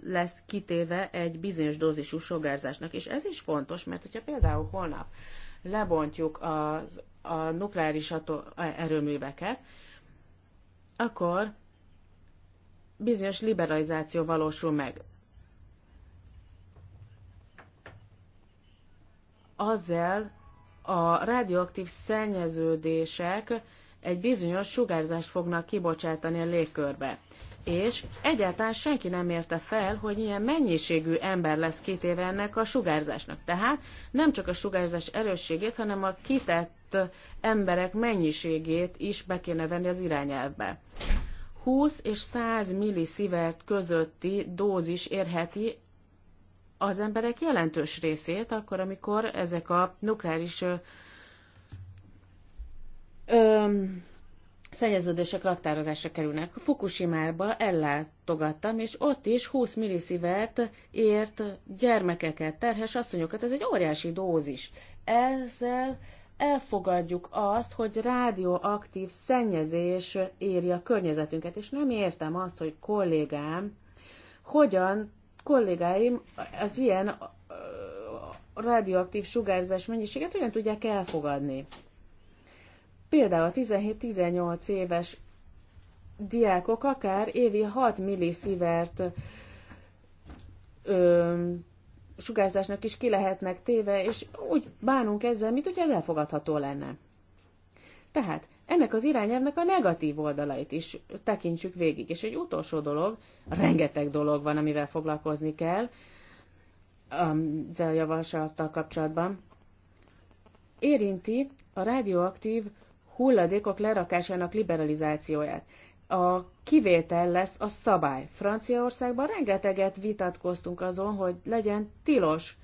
lesz kitéve egy bizonyos dózisú sugárzásnak. És ez is fontos, mert hogyha például holnap lebontjuk az, a nukleáris ató, e- erőműveket, akkor bizonyos liberalizáció valósul meg. Azzel a radioaktív szennyeződések egy bizonyos sugárzást fognak kibocsátani a légkörbe. És egyáltalán senki nem érte fel, hogy milyen mennyiségű ember lesz kitéve ennek a sugárzásnak. Tehát nem csak a sugárzás erősségét, hanem a kitett emberek mennyiségét is be kéne venni az irányelvbe. 20 és 100 milliszivert közötti dózis érheti az emberek jelentős részét, akkor, amikor ezek a nukleáris ö, ö, szennyeződések raktározásra kerülnek. Fukushima-ba ellátogattam, és ott is 20 millisivert ért gyermekeket, terhes asszonyokat. Ez egy óriási dózis. Ezzel elfogadjuk azt, hogy rádióaktív szennyezés éri a környezetünket, és nem értem azt, hogy kollégám hogyan kollégáim az ilyen radioaktív sugárzás mennyiséget hogyan tudják elfogadni. Például a 17-18 éves diákok akár évi 6 milliszivert sugárzásnak is ki lehetnek téve, és úgy bánunk ezzel, mint hogy ez elfogadható lenne. Tehát ennek az irányelvnek a negatív oldalait is tekintsük végig. És egy utolsó dolog, rengeteg dolog van, amivel foglalkozni kell um, a javaslattal kapcsolatban. Érinti a radioaktív hulladékok lerakásának liberalizációját. A kivétel lesz a szabály. Franciaországban rengeteget vitatkoztunk azon, hogy legyen tilos,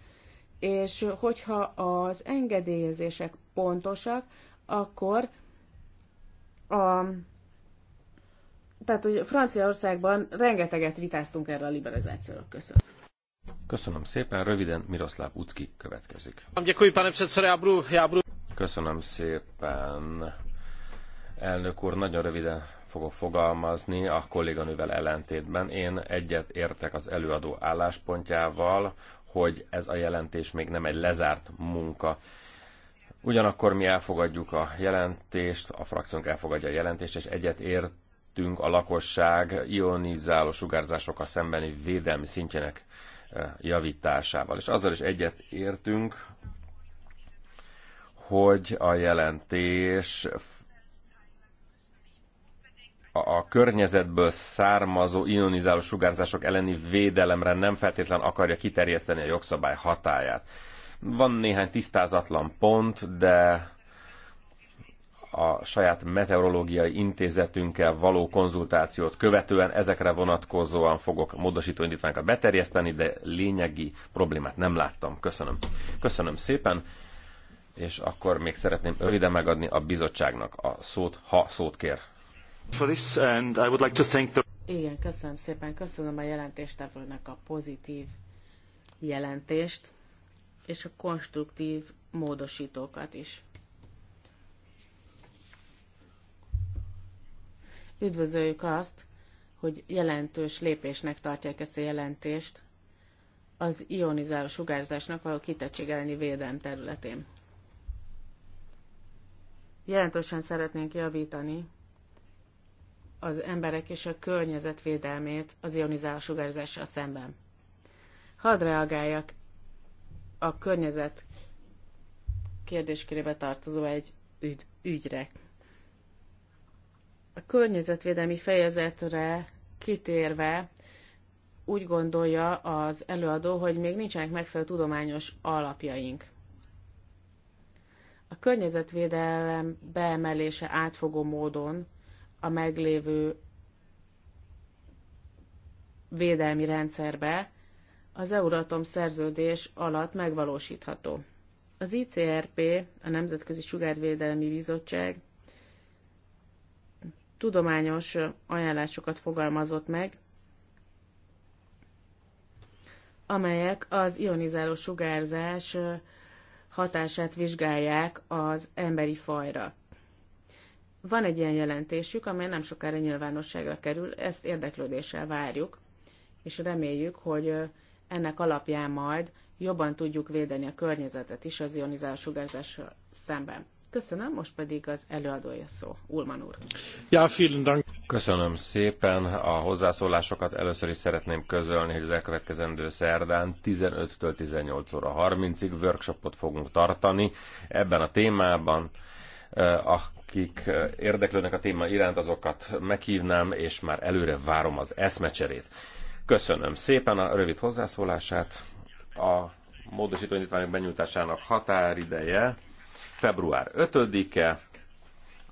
és hogyha az engedélyezések pontosak, akkor a, tehát, hogy Franciaországban rengeteget vitáztunk erre a liberalizációra. Köszönöm. Köszönöm szépen. Röviden Miroslav Ucki következik. Köszönöm szépen. Elnök úr, nagyon röviden fogok fogalmazni a kolléganővel ellentétben. Én egyet értek az előadó álláspontjával, hogy ez a jelentés még nem egy lezárt munka. Ugyanakkor mi elfogadjuk a jelentést, a frakciónk elfogadja a jelentést, és egyet értünk a lakosság ionizáló sugárzásokkal szembeni védelmi szintjének e, javításával. És azzal is egyet értünk, hogy a jelentés a környezetből származó ionizáló sugárzások elleni védelemre nem feltétlen akarja kiterjeszteni a jogszabály hatáját. Van néhány tisztázatlan pont, de a saját meteorológiai intézetünkkel való konzultációt követően ezekre vonatkozóan fogok módosító indítványokat beterjeszteni, de lényegi problémát nem láttam. Köszönöm. Köszönöm szépen, és akkor még szeretném röviden megadni a bizottságnak a szót, ha szót kér. For this, I would like to thank the... Igen, köszönöm szépen. Köszönöm a jelentéstevőnek a pozitív jelentést és a konstruktív módosítókat is. Üdvözöljük azt, hogy jelentős lépésnek tartják ezt a jelentést az ionizáló sugárzásnak való kitettség elleni védelem területén. Jelentősen szeretnénk javítani az emberek és a környezet védelmét az ionizáló sugárzással szemben. Hadd reagáljak a környezet kérdéskörébe tartozó egy ügy, ügyre. A környezetvédelmi fejezetre kitérve úgy gondolja az előadó, hogy még nincsenek megfelelő tudományos alapjaink. A környezetvédelem beemelése átfogó módon a meglévő védelmi rendszerbe az Euratom szerződés alatt megvalósítható. Az ICRP, a Nemzetközi Sugárvédelmi Bizottság tudományos ajánlásokat fogalmazott meg, amelyek az ionizáló sugárzás hatását vizsgálják az emberi fajra. Van egy ilyen jelentésük, amely nem sokára nyilvánosságra kerül, ezt érdeklődéssel várjuk, és reméljük, hogy ennek alapján majd jobban tudjuk védeni a környezetet is az ionizáló sugárzással szemben. Köszönöm, most pedig az előadója szó, Ulman úr. Ja, vielen Dank. Köszönöm szépen a hozzászólásokat. Először is szeretném közölni, hogy az elkövetkezendő szerdán 15-től 18 óra 30-ig workshopot fogunk tartani ebben a témában. Akik érdeklődnek a téma iránt, azokat meghívnám, és már előre várom az eszmecserét. Köszönöm szépen a rövid hozzászólását. A módosító indítványok benyújtásának határideje február 5-e,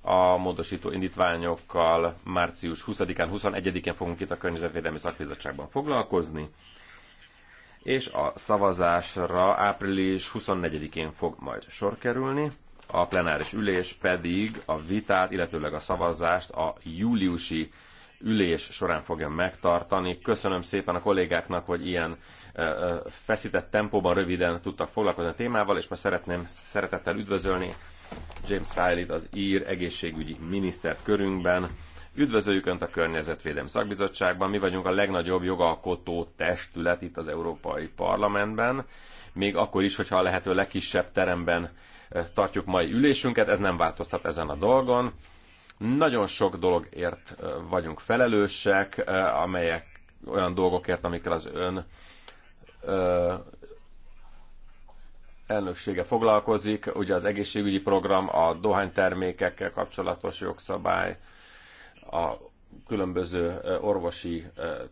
a módosító indítványokkal március 20-án, 21-én fogunk itt a Környezetvédelmi Szakbizottságban foglalkozni, és a szavazásra április 24-én fog majd sor kerülni, a plenáris ülés pedig a vitát, illetőleg a szavazást a júliusi ülés során fogja megtartani. Köszönöm szépen a kollégáknak, hogy ilyen feszített tempóban röviden tudtak foglalkozni a témával, és most szeretném szeretettel üdvözölni James riley az ír egészségügyi minisztert körünkben. Üdvözöljük Önt a Környezetvédelmi Szakbizottságban. Mi vagyunk a legnagyobb jogalkotó testület itt az Európai Parlamentben. Még akkor is, hogyha a lehető legkisebb teremben tartjuk mai ülésünket, ez nem változtat ezen a dolgon. Nagyon sok dologért vagyunk felelősek, amelyek olyan dolgokért, amikkel az ön elnöksége foglalkozik, ugye az egészségügyi program, a dohánytermékekkel kapcsolatos jogszabály, a különböző orvosi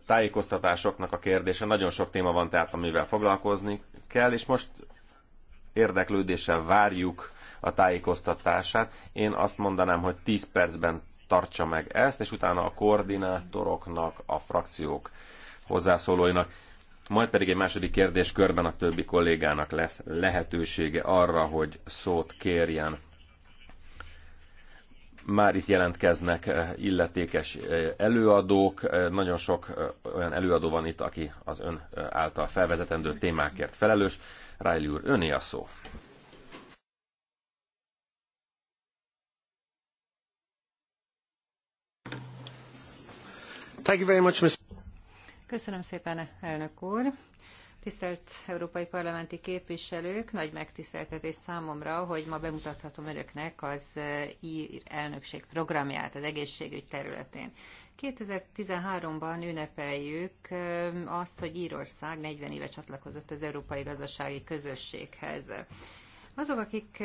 tájékoztatásoknak a kérdése. Nagyon sok téma van tehát, amivel foglalkozni kell, és most érdeklődéssel várjuk a tájékoztatását. Én azt mondanám, hogy 10 percben tartsa meg ezt, és utána a koordinátoroknak, a frakciók hozzászólóinak, majd pedig egy második kérdés körben a többi kollégának lesz lehetősége arra, hogy szót kérjen. Már itt jelentkeznek eh, illetékes eh, előadók, eh, nagyon sok olyan előadó van itt, aki az ön által felvezetendő témákért felelős. Rájli úr, öné a szó. Köszönöm szépen, elnök úr. Tisztelt európai parlamenti képviselők, nagy megtiszteltetés számomra, hogy ma bemutathatom önöknek az eh, ír elnökség programját az egészségügy területén. 2013-ban ünnepeljük eh, azt, hogy Írország 40 éve csatlakozott az Európai Gazdasági Közösséghez. Azok, akik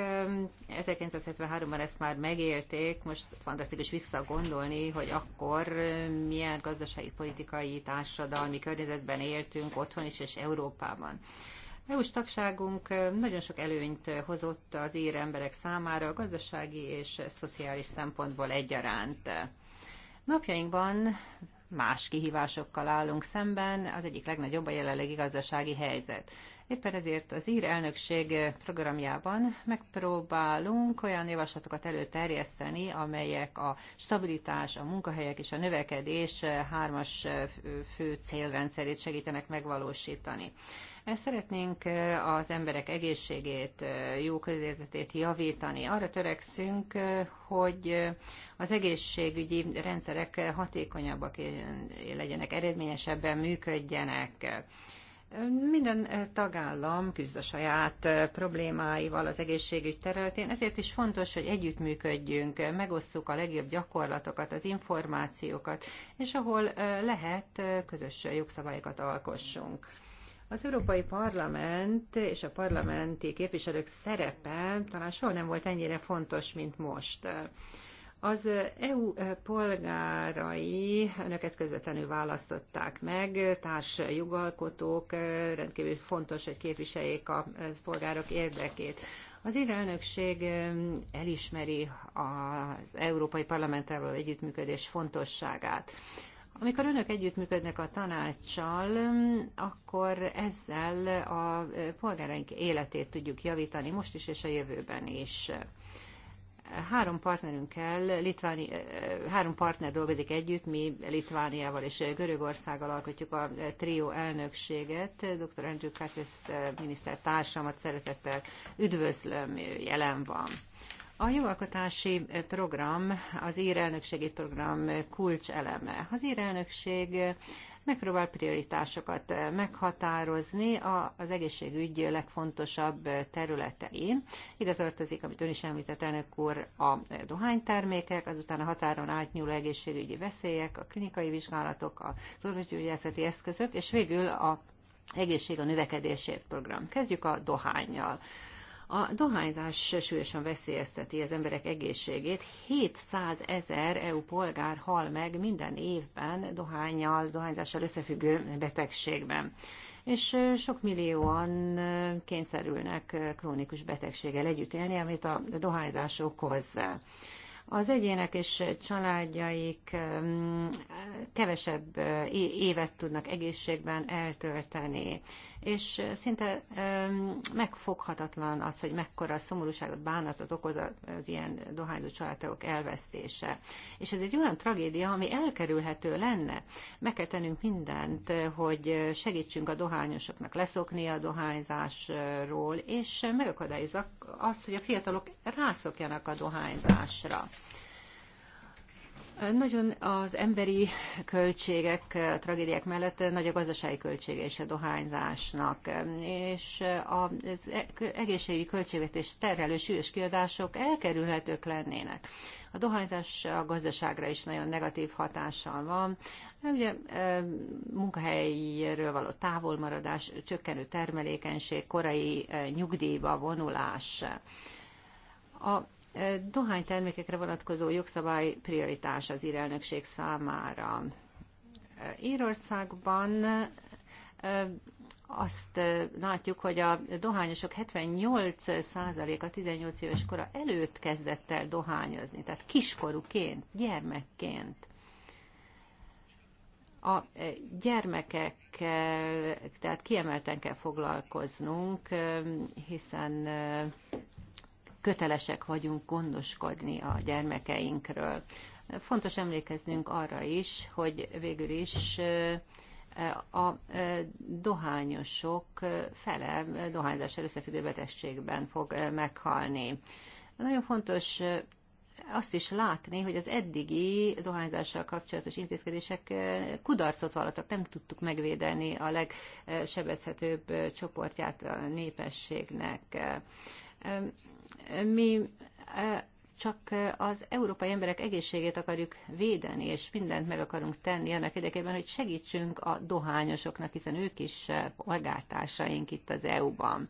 1973-ban ezt már megélték, most fantasztikus visszagondolni, hogy akkor milyen gazdasági, politikai, társadalmi környezetben éltünk otthon is és Európában. EU-s tagságunk nagyon sok előnyt hozott az ír emberek számára, gazdasági és szociális szempontból egyaránt. Napjainkban más kihívásokkal állunk szemben, az egyik legnagyobb a jelenlegi gazdasági helyzet. Éppen ezért az ír elnökség programjában megpróbálunk olyan javaslatokat előterjeszteni, amelyek a stabilitás, a munkahelyek és a növekedés hármas fő célrendszerét segítenek megvalósítani. Ezt Szeretnénk az emberek egészségét, jó közérzetét javítani. Arra törekszünk, hogy az egészségügyi rendszerek hatékonyabbak legyenek, eredményesebben működjenek minden eh, tagállam küzd a saját eh, problémáival az egészségügy területén, ezért is fontos, hogy együttműködjünk, eh, megosszuk a legjobb gyakorlatokat, az információkat, és ahol lehet, közös jogszabályokat alkossunk. Az Európai Parlament és a parlamenti képviselők szerepe talán soha nem volt ennyire fontos, mint most. Az EU polgárai önöket közvetlenül választották meg, társ jogalkotók, eh, rendkívül fontos, hogy képviseljék a eh, polgárok érdekét. Az ír elnökség eh, elismeri az Európai Parlamenttel való együttműködés fontosságát. Amikor önök együttműködnek a tanácssal, mm, akkor ezzel a polgáraink életét tudjuk javítani most is és a jövőben is. Három partnerünkkel, Litváni, eh, három partner dolgozik együtt, mi Litvániával és Görögországgal alkotjuk a trió elnökséget. Dr. Andrew Katis eh, miniszter társamat szeretettel üdvözlöm, jelen van. A jogalkotási program, az ír elnökségi program kulcseleme. Az ír elnökség megpróbál prioritásokat eh, meghatározni az egészségügy legfontosabb eh, területein. Ide tartozik, amit ön is említett, elnök úr, a eh, dohánytermékek, azután a határon átnyúló egészségügyi veszélyek, a klinikai vizsgálatok, a orvosgyógyászati eszközök, és végül a Egészség a növekedésért program. Kezdjük a dohányjal. A dohányzás súlyosan veszélyezteti az emberek egészségét. 700 ezer EU polgár hal meg minden évben dohányjal, dohányzással összefüggő betegségben és sok millióan kényszerülnek krónikus betegséggel együtt élni, amit a dohányzás okoz az egyének és családjaik kevesebb évet tudnak egészségben eltölteni és szinte megfoghatatlan az, hogy mekkora szomorúságot, bánatot okoz az ilyen dohányzó családok elvesztése. És ez egy olyan tragédia, ami elkerülhető lenne. Meg kell tennünk mindent, hogy segítsünk a dohányosoknak leszokni a dohányzásról, és megakadályozzak azt, hogy a fiatalok rászokjanak a dohányzásra. Nagyon az emberi költségek, a tragédiák mellett nagy a gazdasági költsége is a dohányzásnak, és az egészségügyi költségvetés terhelő súlyos kiadások elkerülhetők lennének. A dohányzás a gazdaságra is nagyon negatív hatással van. Ugye munkahelyről való távolmaradás, csökkenő termelékenység, korai nyugdíjba vonulás. A Dohánytermékekre vonatkozó jogszabály prioritás az írelnökség számára. Írországban azt látjuk, hogy a dohányosok 78%-a 18 éves kora előtt kezdett el dohányozni, tehát kiskorúként, gyermekként. A gyermekekkel, tehát kiemelten kell foglalkoznunk, hiszen kötelesek vagyunk gondoskodni a gyermekeinkről. Fontos emlékeznünk arra is, hogy végül is a dohányosok fele dohányzással összefüggő betegségben fog meghalni. Nagyon fontos azt is látni, hogy az eddigi dohányzással kapcsolatos intézkedések kudarcot vallottak, nem tudtuk megvédeni a legsebezhetőbb csoportját a népességnek mi e, csak az európai emberek egészségét akarjuk védeni, és mindent meg akarunk tenni annak érdekében, hogy segítsünk a dohányosoknak, hiszen ők is e, polgártársaink itt az EU-ban.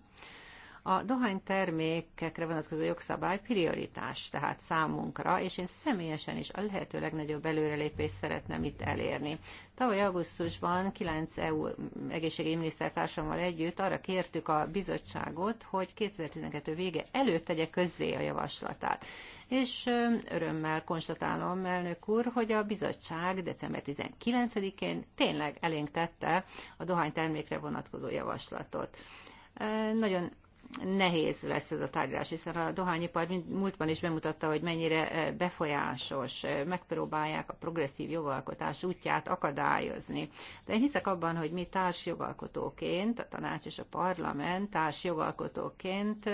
A Dohány termékekre vonatkozó jogszabály prioritás tehát számunkra, és én személyesen is a lehető legnagyobb előrelépést szeretném itt elérni. Tavaly augusztusban kilenc EU egészségügyi minisztertársammal együtt arra kértük a bizottságot, hogy 2012 vége előtt tegye közzé a javaslatát. És örömmel konstatálom, elnök úr, hogy a bizottság december 19-én tényleg elénk tette a dohánytermékre vonatkozó javaslatot. Nagyon nehéz lesz ez a tárgyalás, hiszen a dohányipar múltban is bemutatta, hogy mennyire eh, befolyásos, eh, megpróbálják a progresszív jogalkotás útját akadályozni. De én hiszek abban, hogy mi társjogalkotóként, a tanács és a parlament társjogalkotóként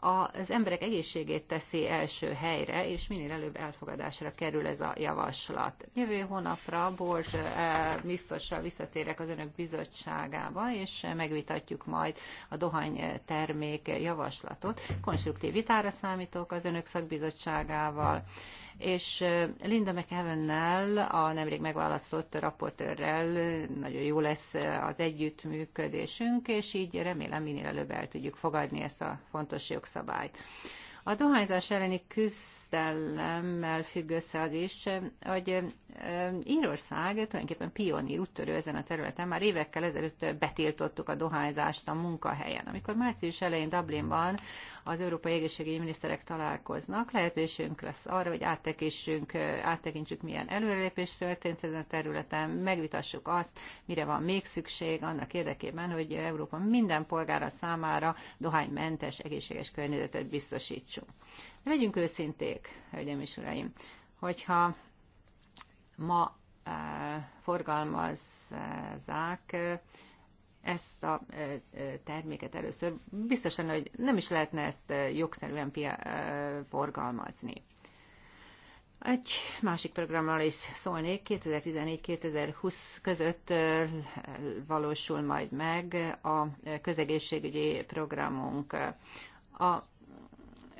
az emberek egészségét teszi első helyre, és minél előbb elfogadásra kerül ez a javaslat. Jövő hónapra Borz eh, biztossal visszatérek az önök bizottságába, és megvitatjuk majd a dohány eh, termék javaslatot. Konstruktív vitára számítok az önök szakbizottságával és eh, Linda McEvennel, a nemrég megválasztott raportőrrel nagyon jó lesz eh, az együttműködésünk, és így remélem minél előbb el tudjuk fogadni ezt a fontos jogszabályt. A dohányzás elleni küzd szellemmel függ össze az is, hogy Írország tulajdonképpen pionír, úttörő ezen a területen. Már évekkel ezelőtt betiltottuk a dohányzást a munkahelyen. Amikor március elején Dublinban az európai egészségügyi miniszterek találkoznak, lehetőségünk lesz arra, hogy áttekintsünk, áttekintsük, milyen előrelépés történt ezen a területen, megvitassuk azt, mire van még szükség annak érdekében, hogy Európa minden polgára számára dohánymentes, egészséges környezetet biztosítsunk. Legyünk őszinték, hölgyeim és uraim, hogyha ma e, forgalmazzák e, ezt a e, terméket először, biztosan, hogy nem is lehetne ezt jogszerűen forgalmazni. Egy másik programmal is szólnék, 2014-2020 között valósul majd meg a közegészségügyi programunk. A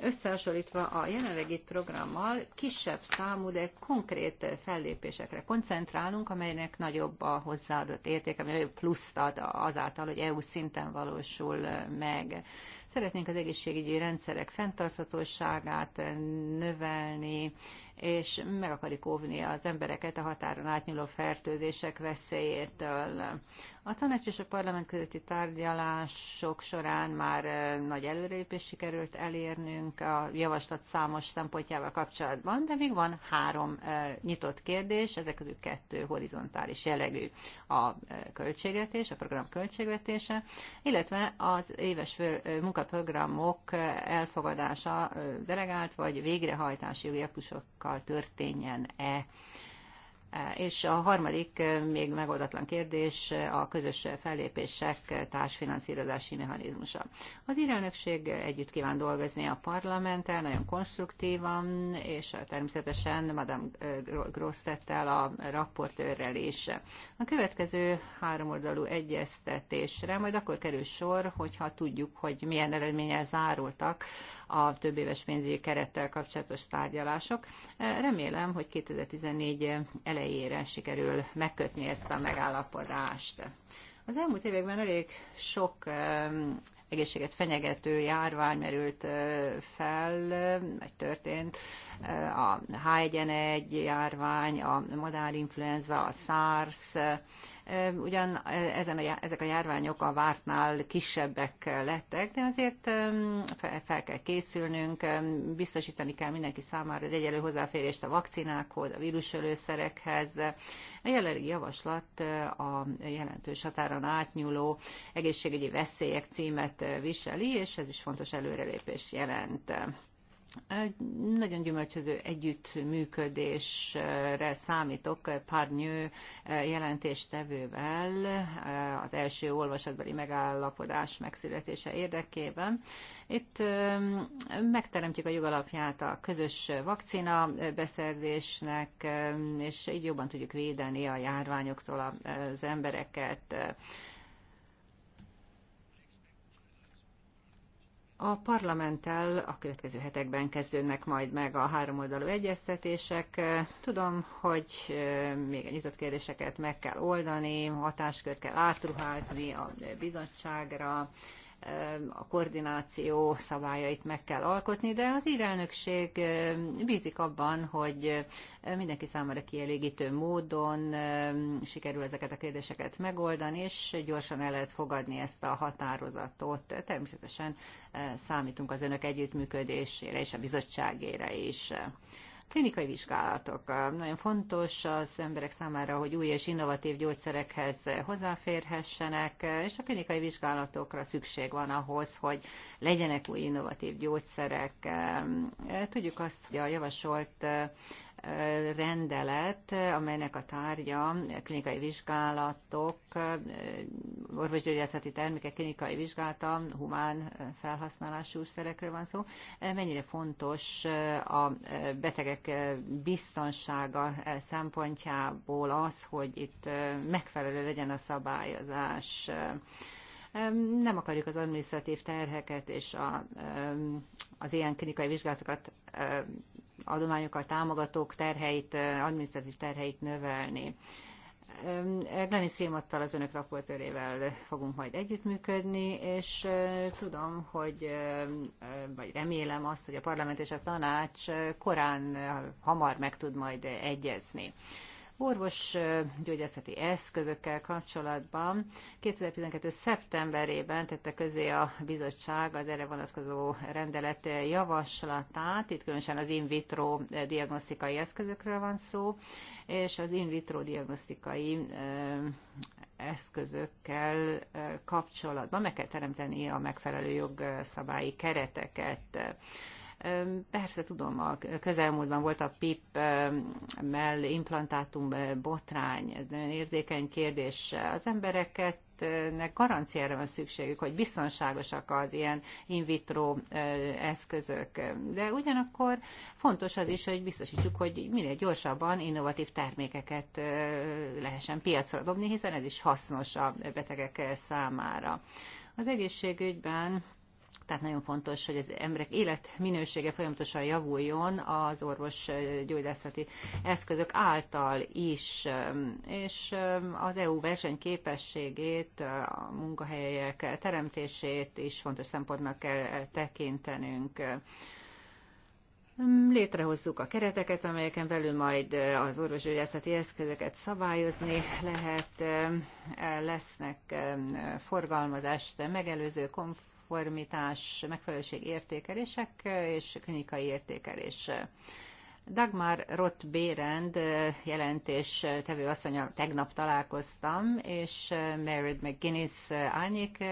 összehasonlítva a jelenlegi programmal kisebb számú, de konkrét fellépésekre koncentrálunk, amelynek nagyobb a hozzáadott értéke, ami nagyobb pluszt ad azáltal, hogy EU szinten valósul meg. Szeretnénk az egészségügyi rendszerek fenntarthatóságát növelni, és meg akarjuk óvni az embereket a határon átnyúló fertőzések veszélyétől. A tanács és a parlament közötti tárgyalások során már eh, nagy előrelépés sikerült elérnünk a javaslat számos szempontjával kapcsolatban, de még van három eh, nyitott kérdés, ezek közül kettő horizontális jellegű a eh, költségvetés, a program költségvetése, illetve az éves munkaprogramok elfogadása delegált vagy végrehajtási jogi bankokkal történjen-e. És a harmadik eh, még megoldatlan kérdés eh, a közös fellépések társfinanszírozási mechanizmusa. Az irelnökség együtt kíván dolgozni a parlamenttel, nagyon konstruktívan, és eh, természetesen Madame Grosztettel a rapportőrrel is. A következő háromoldalú egyeztetésre majd akkor kerül sor, hogyha tudjuk, hogy milyen eredménnyel zárultak a több éves pénzügyi kerettel kapcsolatos tárgyalások. E, remélem, hogy 2014 elejére sikerül megkötni ezt a megállapodást. Az elmúlt években elég sok e, egészséget fenyegető járvány merült e, fel, vagy történt, a H1N1 járvány, a madárinfluenza, a SARS, Ugyan ezen a, ezek a járványok a vártnál kisebbek lettek, de azért fel kell készülnünk, biztosítani kell mindenki számára egy egyelő hozzáférést a vakcinákhoz, a vírusölőszerekhez. A jelenlegi javaslat a jelentős határon átnyúló egészségügyi veszélyek címet viseli, és ez is fontos előrelépés jelent. Nagyon gyümölcsöző együttműködésre számítok Párnyő eh, jelentéstevővel eh, az első olvasatbeli megállapodás megszületése érdekében. Itt eh, megteremtjük a jogalapját a közös vakcina beszerzésnek, és így jobban tudjuk védeni a járványoktól az embereket A parlamenttel a következő hetekben kezdődnek majd meg a háromoldalú egyeztetések. Tudom, hogy még egy nyitott kérdéseket meg kell oldani, hatáskört kell átruházni a bizottságra, a koordináció szabályait meg kell alkotni, de az írelnökség bízik abban, hogy mindenki számára kielégítő módon sikerül ezeket a kérdéseket megoldani, és gyorsan el lehet fogadni ezt a határozatot. Természetesen számítunk az önök együttműködésére és a bizottságére is klinikai vizsgálatok. Nagyon fontos az emberek számára, hogy új és innovatív gyógyszerekhez hozzáférhessenek, és a klinikai vizsgálatokra szükség van ahhoz, hogy legyenek új innovatív gyógyszerek. Tudjuk azt, hogy a javasolt rendelet, amelynek a tárgya klinikai vizsgálatok, orvosgyógyászati termékek klinikai vizsgálata, humán felhasználású szerekről van szó, mennyire fontos a betegek biztonsága szempontjából az, hogy itt megfelelő legyen a szabályozás. Nem akarjuk az administratív terheket és a, az ilyen klinikai vizsgálatokat adományokkal támogatók terheit, adminisztratív terheit növelni. Glenis Filmattal az önök raportőrével fogunk majd együttműködni, és tudom, hogy, vagy remélem azt, hogy a parlament és a tanács korán hamar meg tud majd egyezni orvos gyógyászati eszközökkel kapcsolatban 2012. szeptemberében tette közé a bizottság az erre vonatkozó rendelet javaslatát, itt különösen az in vitro diagnosztikai eszközökről van szó, és az in vitro diagnosztikai eszközökkel kapcsolatban meg kell teremteni a megfelelő jogszabályi kereteket. Persze tudom, a közelmúltban volt a PIP mell implantátum botrány, érzékeny kérdés. Az embereket garanciára van szükségük, hogy biztonságosak az ilyen in vitro eszközök. De ugyanakkor fontos az is, hogy biztosítsuk, hogy minél gyorsabban innovatív termékeket lehessen piacra dobni, hiszen ez is hasznos a betegek számára. Az egészségügyben tehát nagyon fontos, hogy az emberek életminősége folyamatosan javuljon az orvos gyógyászati eszközök által is, és az EU versenyképességét, a munkahelyek teremtését is fontos szempontnak kell tekintenünk. Létrehozzuk a kereteket, amelyeken belül majd az orvosgyógyászati eszközöket szabályozni lehet, lesznek forgalmazást megelőző konf- konformitás, megfelelőség értékelések és klinikai értékelés. Dagmar Roth Bérend jelentés tevő asszonya tegnap találkoztam, és Meredith McGuinness Ányik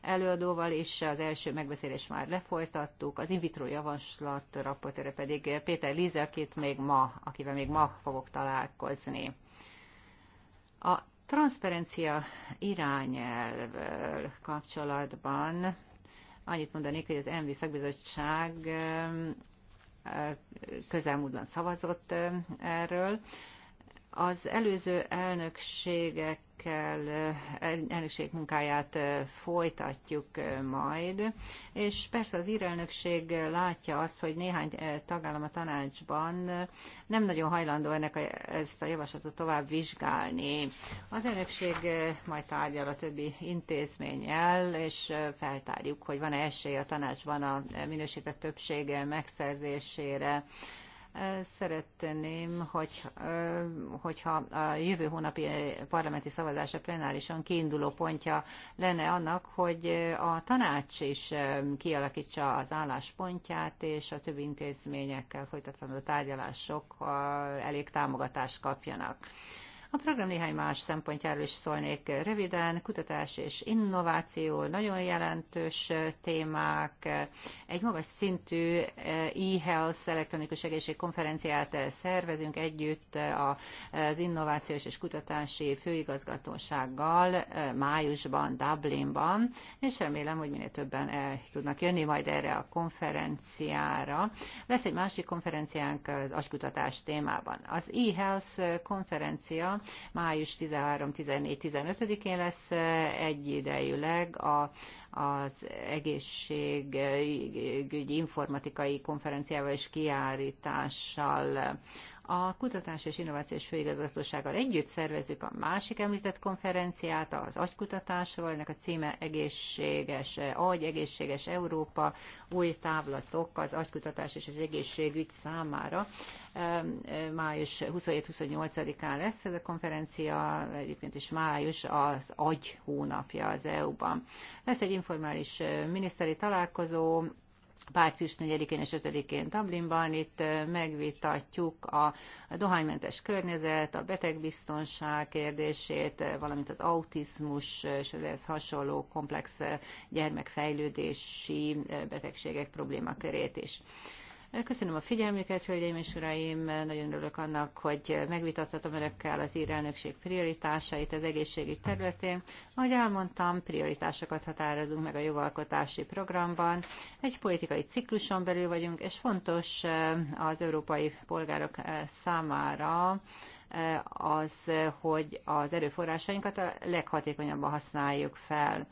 előadóval is az első megbeszélést már lefolytattuk, az in vitro javaslat rapportőre pedig Péter Lize, akit még ma, akivel még ma fogok találkozni. A transzferencia irányelvvel kapcsolatban annyit mondanék, hogy az ENVI szakbizottság közelmúltban szavazott erről. Az előző elnökségek elnökkel, eh, elnökség munkáját eh, folytatjuk eh, majd, és persze az írelnökség látja azt, hogy néhány tagállam a tanácsban nem nagyon hajlandó ennek a, ezt a javaslatot tovább vizsgálni. Az elnökség majd tárgyal a többi intézménnyel, és feltárjuk, hogy van-e esély a tanácsban a minősített többség megszerzésére, Szeretném, hogy, hogyha a jövő hónapi parlamenti szavazása plenárisan kiinduló pontja lenne annak, hogy a tanács is kialakítsa az álláspontját, és a többi intézményekkel folytatandó tárgyalások elég támogatást kapjanak. A program néhány más szempontjáról is szólnék röviden. Kutatás és innováció nagyon jelentős témák. Egy magas szintű eh, e-health elektronikus egészségkonferenciát eh, szervezünk együtt eh, az innovációs és kutatási főigazgatósággal májusban, Dublinban, és remélem, hogy minél többen el tudnak jönni majd erre a konferenciára. Lesz egy másik konferenciánk az agykutatás témában. Az e-health konferencia Május 13-14-15-én lesz egyidejűleg a, az egészségügyi informatikai konferenciával és kiállítással a Kutatás és Innovációs Főigazgatósággal együtt szervezzük a másik említett konferenciát, az agykutatásról, ennek a címe Egészséges Agy, Egészséges Európa, új távlatok az agykutatás és az egészségügy számára. Május 27-28-án lesz ez a konferencia, egyébként is május az agy hónapja az EU-ban. Lesz egy informális eh, miniszteri találkozó, március 4-én és 5-én Dublinban. Itt megvitatjuk a dohánymentes környezet, a betegbiztonság kérdését, valamint az autizmus és az ehhez hasonló komplex gyermekfejlődési betegségek problémakörét is. Köszönöm a figyelmüket, hölgyeim és uraim. Nagyon örülök annak, hogy megvitathatom önökkel az elnökség prioritásait az egészségügy területén. Ahogy elmondtam, prioritásokat határozunk meg a jogalkotási programban. Egy politikai cikluson belül vagyunk, és fontos eh, az európai polgárok eh, számára, eh, az, hogy az erőforrásainkat a leghatékonyabban használjuk fel.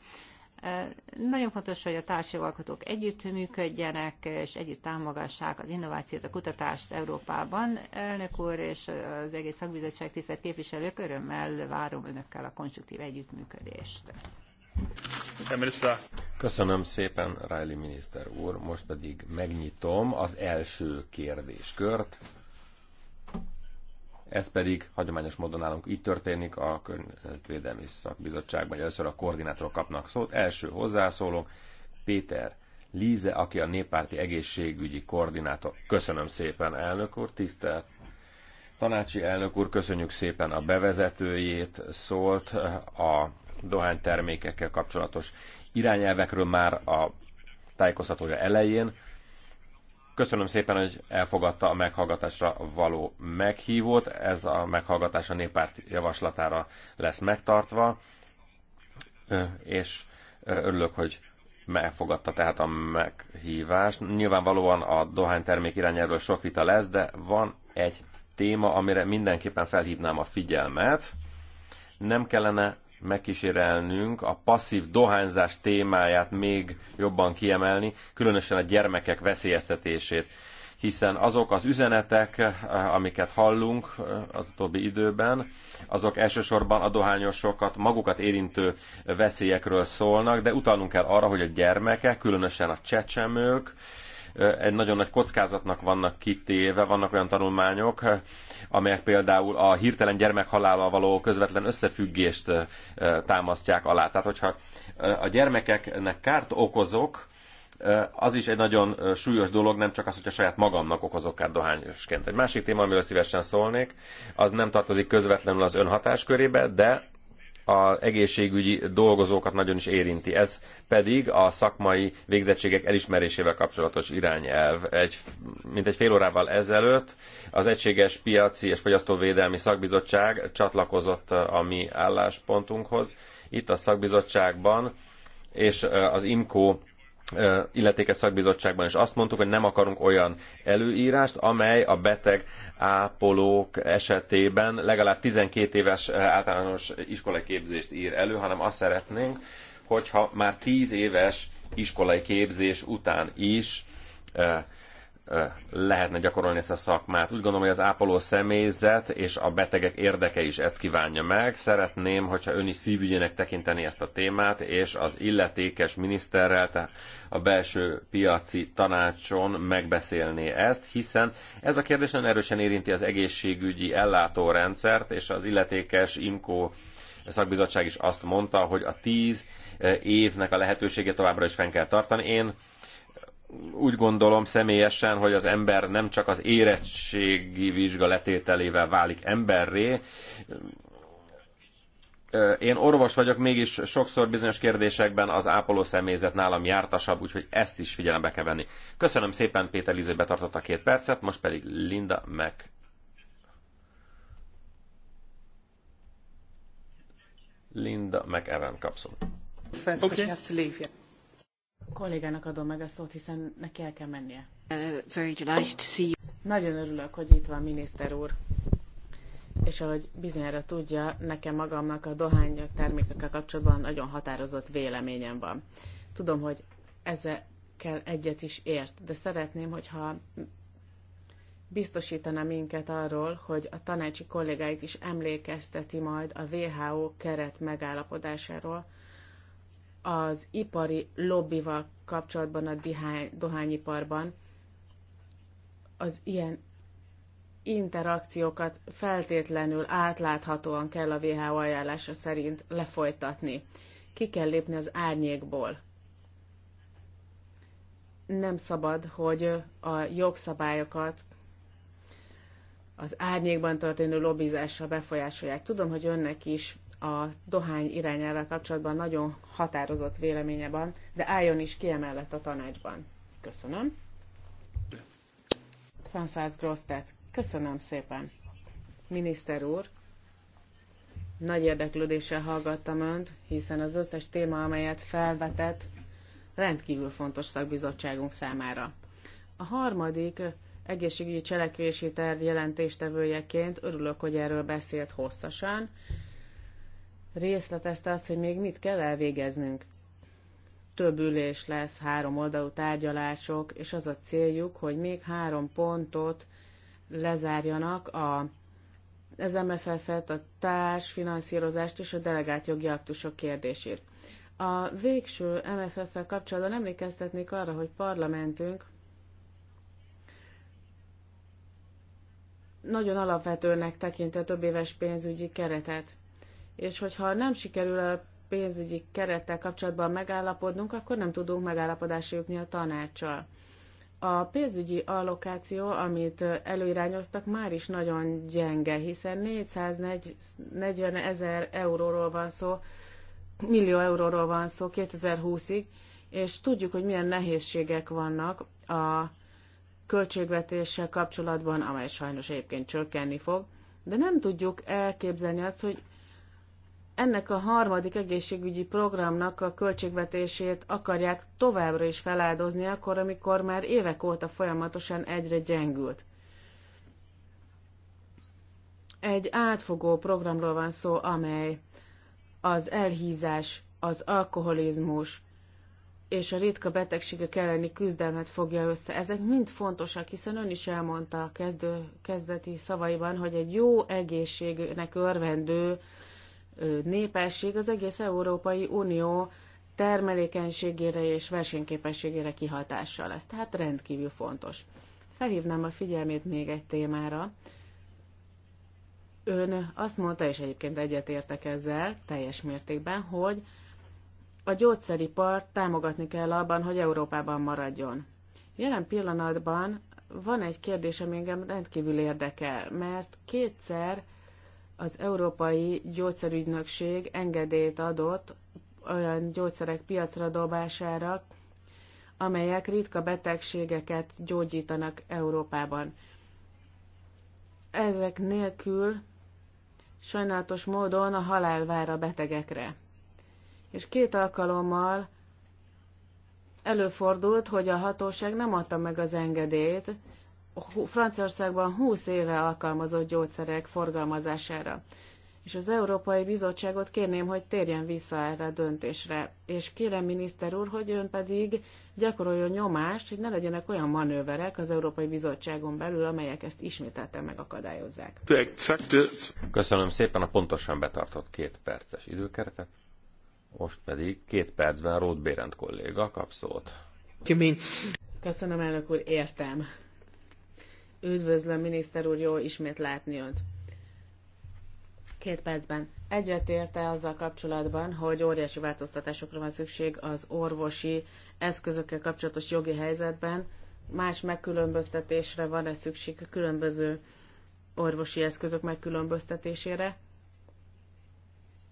Nagyon fontos, hogy a társjogalkotók együttműködjenek, és együtt támogassák az innovációt, a kutatást Európában. Elnök úr és az egész szakbizottság tisztelt képviselők, örömmel várom önökkel a konstruktív együttműködést. Köszönöm szépen, Riley miniszter úr. Most pedig megnyitom az első kérdéskört. Ez pedig hagyományos módon nálunk így történik, a Környezetvédelmi Szakbizottságban először a koordinátorok kapnak szót. Első hozzászóló Péter Líze, aki a néppárti egészségügyi koordinátor. Köszönöm szépen, elnök úr, tisztelt tanácsi elnök úr, köszönjük szépen a bevezetőjét, szólt a dohánytermékekkel kapcsolatos irányelvekről már a tájékoztatója elején. Köszönöm szépen, hogy elfogadta a meghallgatásra való meghívót. Ez a meghallgatás a néppárt javaslatára lesz megtartva, és örülök, hogy elfogadta tehát a meghívást. Nyilvánvalóan a dohánytermék irányáról sok vita lesz, de van egy téma, amire mindenképpen felhívnám a figyelmet. Nem kellene megkísérelnünk a passzív dohányzás témáját még jobban kiemelni, különösen a gyermekek veszélyeztetését hiszen azok az üzenetek, amiket hallunk eh, az utóbbi időben, azok elsősorban a dohányosokat, magukat érintő veszélyekről szólnak, de utalnunk kell arra, hogy a gyermekek, különösen a csecsemők, egy nagyon nagy kockázatnak vannak kitéve. Vannak olyan tanulmányok, amelyek például a hirtelen gyermekhalállal való közvetlen összefüggést támasztják alá. Tehát, hogyha a gyermekeknek kárt okozok, az is egy nagyon súlyos dolog, nem csak az, hogy a saját magamnak okozok kárt dohányosként. Egy másik téma, amiről szívesen szólnék, az nem tartozik közvetlenül az önhatás körébe, de az egészségügyi dolgozókat nagyon is érinti. Ez pedig a szakmai végzettségek elismerésével kapcsolatos irányelv. Egy, mint egy fél órával ezelőtt az Egységes Piaci és Fogyasztóvédelmi Szakbizottság csatlakozott a mi álláspontunkhoz. Itt a szakbizottságban és az IMCO illetékes szakbizottságban is azt mondtuk, hogy nem akarunk olyan előírást, amely a beteg ápolók esetében legalább 12 éves általános iskolai képzést ír elő, hanem azt szeretnénk, hogyha már 10 éves iskolai képzés után is lehetne gyakorolni ezt a szakmát. Úgy gondolom, hogy az ápoló személyzet és a betegek érdeke is ezt kívánja meg. Szeretném, hogyha ön is szívügyének tekinteni ezt a témát, és az illetékes miniszterrel, tehát a belső piaci tanácson megbeszélni ezt, hiszen ez a kérdés nagyon erősen érinti az egészségügyi ellátórendszert, és az illetékes IMCO a szakbizottság is azt mondta, hogy a tíz évnek a lehetőségét továbbra is fenn kell tartani. Én úgy gondolom személyesen, hogy az ember nem csak az érettségi vizsga letételével válik emberré. Én orvos vagyok, mégis sokszor bizonyos kérdésekben az ápoló személyzet nálam jártasabb, úgyhogy ezt is figyelembe kell venni. Köszönöm szépen Péter Liző, betartotta két percet, most pedig Linda meg. Linda McEwen kapszol. Okay kollégának adom meg a szót, hiszen neki el kell mennie. Uh, very delighted to see you. Nagyon örülök, hogy itt van miniszter úr. És ahogy bizonyára tudja, nekem magamnak a dohány termékekkel kapcsolatban nagyon határozott véleményem van. Tudom, hogy ezekkel egyet is ért, de szeretném, hogyha biztosítana minket arról, hogy a tanácsi kollégáit is emlékezteti majd a WHO keret megállapodásáról, az ipari lobbival kapcsolatban a dihány, dohányiparban az ilyen interakciókat feltétlenül átláthatóan kell a WHO ajánlása szerint lefolytatni. Ki kell lépni az árnyékból. Nem szabad, hogy a jogszabályokat az árnyékban történő lobbizással befolyásolják. Tudom, hogy önnek is a dohány irányával kapcsolatban nagyon határozott véleménye van, de álljon is ki a tanácsban. Köszönöm. François Grosztet, köszönöm szépen. Miniszter úr, nagy érdeklődéssel hallgattam Önt, hiszen az összes téma, amelyet felvetett, rendkívül fontos szakbizottságunk számára. A harmadik egészségügyi cselekvési terv jelentéstevőjeként örülök, hogy erről beszélt hosszasan, részletezte azt, hogy még mit kell elvégeznünk. Több ülés lesz, három oldalú tárgyalások, és az a céljuk, hogy még három pontot lezárjanak a az MFF-et, a társfinanszírozást és a delegált jogi aktusok kérdését. A végső MFF-fel kapcsolatban emlékeztetnék arra, hogy parlamentünk nagyon alapvetőnek tekint a több éves pénzügyi keretet és hogyha nem sikerül a pénzügyi kerettel kapcsolatban megállapodnunk, akkor nem tudunk megállapodásra jutni a tanácssal. A pénzügyi allokáció, amit előirányoztak, már is nagyon gyenge, hiszen 440 ezer euróról van szó, millió euróról van szó 2020-ig, és tudjuk, hogy milyen nehézségek vannak a költségvetéssel kapcsolatban, amely sajnos egyébként csökkenni fog, de nem tudjuk elképzelni azt, hogy ennek a harmadik egészségügyi programnak a költségvetését akarják továbbra is feláldozni, akkor, amikor már évek óta folyamatosan egyre gyengült. Egy átfogó programról van szó, amely az elhízás, az alkoholizmus és a ritka betegségek elleni küzdelmet fogja össze. Ezek mind fontosak, hiszen ön is elmondta a kezdő, kezdeti szavaiban, hogy egy jó egészségnek örvendő, népesség az egész Európai Unió termelékenységére és versenyképességére kihatással lesz. Tehát rendkívül fontos. Felhívnám a figyelmét még egy témára. Ön azt mondta, és egyébként egyetértek ezzel teljes mértékben, hogy a gyógyszeripart támogatni kell abban, hogy Európában maradjon. Jelen pillanatban van egy kérdés, ami engem rendkívül érdekel, mert kétszer az Európai Gyógyszerügynökség engedélyt adott olyan gyógyszerek piacra dobására, amelyek ritka betegségeket gyógyítanak Európában. Ezek nélkül sajnálatos módon a halál vár a betegekre. És két alkalommal előfordult, hogy a hatóság nem adta meg az engedélyt, Franciaországban 20 éve alkalmazott gyógyszerek forgalmazására. És az Európai Bizottságot kérném, hogy térjen vissza erre a döntésre. És kérem miniszter úr, hogy ön pedig gyakoroljon nyomást, hogy ne legyenek olyan manőverek az Európai Bizottságon belül, amelyek ezt ismételten megakadályozzák. Köszönöm szépen a pontosan betartott két perces időkeretet. Most pedig két percben Ród Bérend kolléga kap szót. Köszönöm, elnök úr, értem. Üdvözlöm, miniszter úr, jó ismét látni önt. Két percben. egyet érte azzal kapcsolatban, hogy óriási változtatásokra van szükség az orvosi eszközökkel kapcsolatos jogi helyzetben. Más megkülönböztetésre van-e szükség a különböző orvosi eszközök megkülönböztetésére?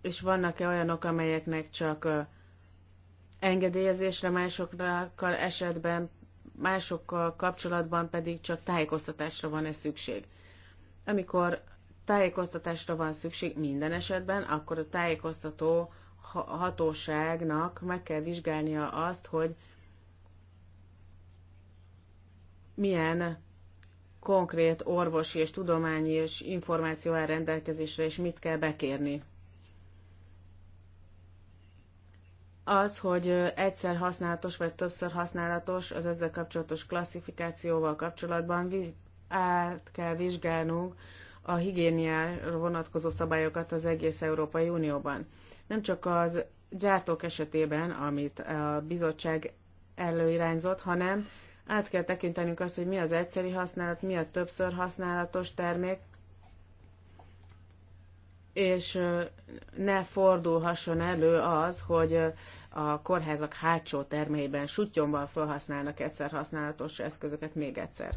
És vannak-e olyanok, amelyeknek csak engedélyezésre másokra esetben másokkal kapcsolatban pedig csak tájékoztatásra van-e szükség. Amikor tájékoztatásra van szükség minden esetben, akkor a tájékoztató hatóságnak meg kell vizsgálnia azt, hogy milyen konkrét orvosi és tudományi és információ áll rendelkezésre, és mit kell bekérni. az, hogy egyszer használatos vagy többször használatos, az ezzel kapcsolatos klasszifikációval kapcsolatban át kell vizsgálnunk a higiéniára vonatkozó szabályokat az egész Európai Unióban. Nem csak az gyártók esetében, amit a bizottság előirányzott, hanem át kell tekintenünk azt, hogy mi az egyszeri használat, mi a többször használatos termék, és ne fordulhasson elő az, hogy a kórházak hátsó termeiben sutyomban felhasználnak egyszer használatos eszközöket még egyszer.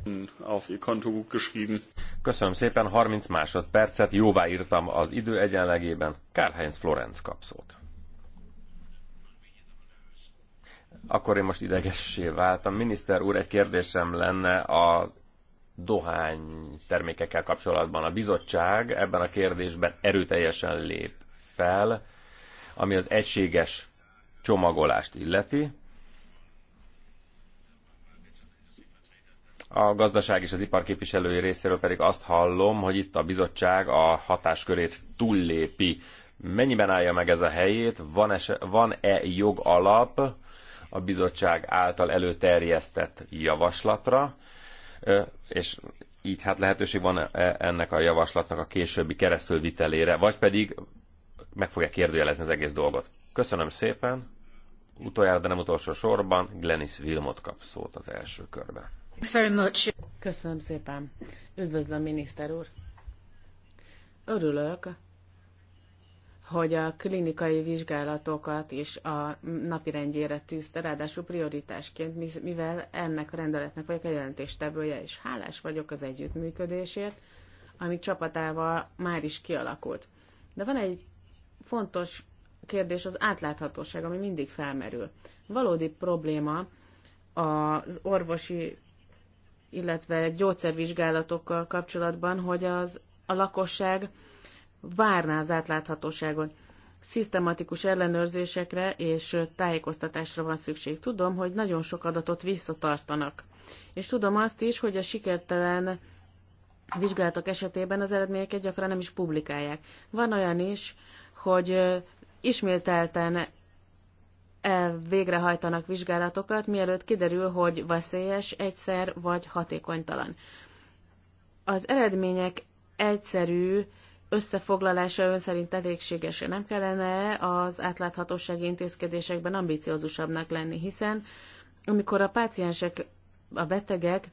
Köszönöm szépen, 30 másodpercet jóvá írtam az idő egyenlegében. Kárhányz Florenc kapszót. Akkor én most idegessé váltam. Miniszter úr, egy kérdésem lenne a dohány termékekkel kapcsolatban. A bizottság ebben a kérdésben erőteljesen lép fel, ami az egységes csomagolást illeti. A gazdaság és az ipar képviselői részéről pedig azt hallom, hogy itt a bizottság a hatáskörét túllépi. Mennyiben állja meg ez a helyét? Van-e, van-e jogalap a bizottság által előterjesztett javaslatra? és így hát lehetőség van e, ennek a javaslatnak a későbbi keresztülvitelére, vagy pedig meg fogja kérdőjelezni az egész dolgot. Köszönöm szépen. Utoljára, de nem utolsó sorban, Glenis Vilmot kap szót az első körben. Köszönöm szépen. Üdvözlöm, miniszter úr. Örülök, hogy a klinikai vizsgálatokat is a rendjére tűzte, ráadásul prioritásként, mivel ennek a rendeletnek vagyok a jelentéstevője, és hálás vagyok az együttműködésért, ami csapatával már is kialakult. De van egy fontos kérdés, az átláthatóság, ami mindig felmerül. Valódi probléma az orvosi, illetve gyógyszervizsgálatokkal kapcsolatban, hogy az, a lakosság várná az átláthatóságon. Szisztematikus ellenőrzésekre és tájékoztatásra van szükség. Tudom, hogy nagyon sok adatot visszatartanak. És tudom azt is, hogy a sikertelen vizsgálatok esetében az eredményeket gyakran nem is publikálják. Van olyan is, hogy ismételten végrehajtanak vizsgálatokat, mielőtt kiderül, hogy veszélyes egyszer vagy hatékonytalan. Az eredmények egyszerű összefoglalása ön szerint elégséges, nem kellene az átláthatósági intézkedésekben ambiciózusabbnak lenni, hiszen amikor a páciensek, a betegek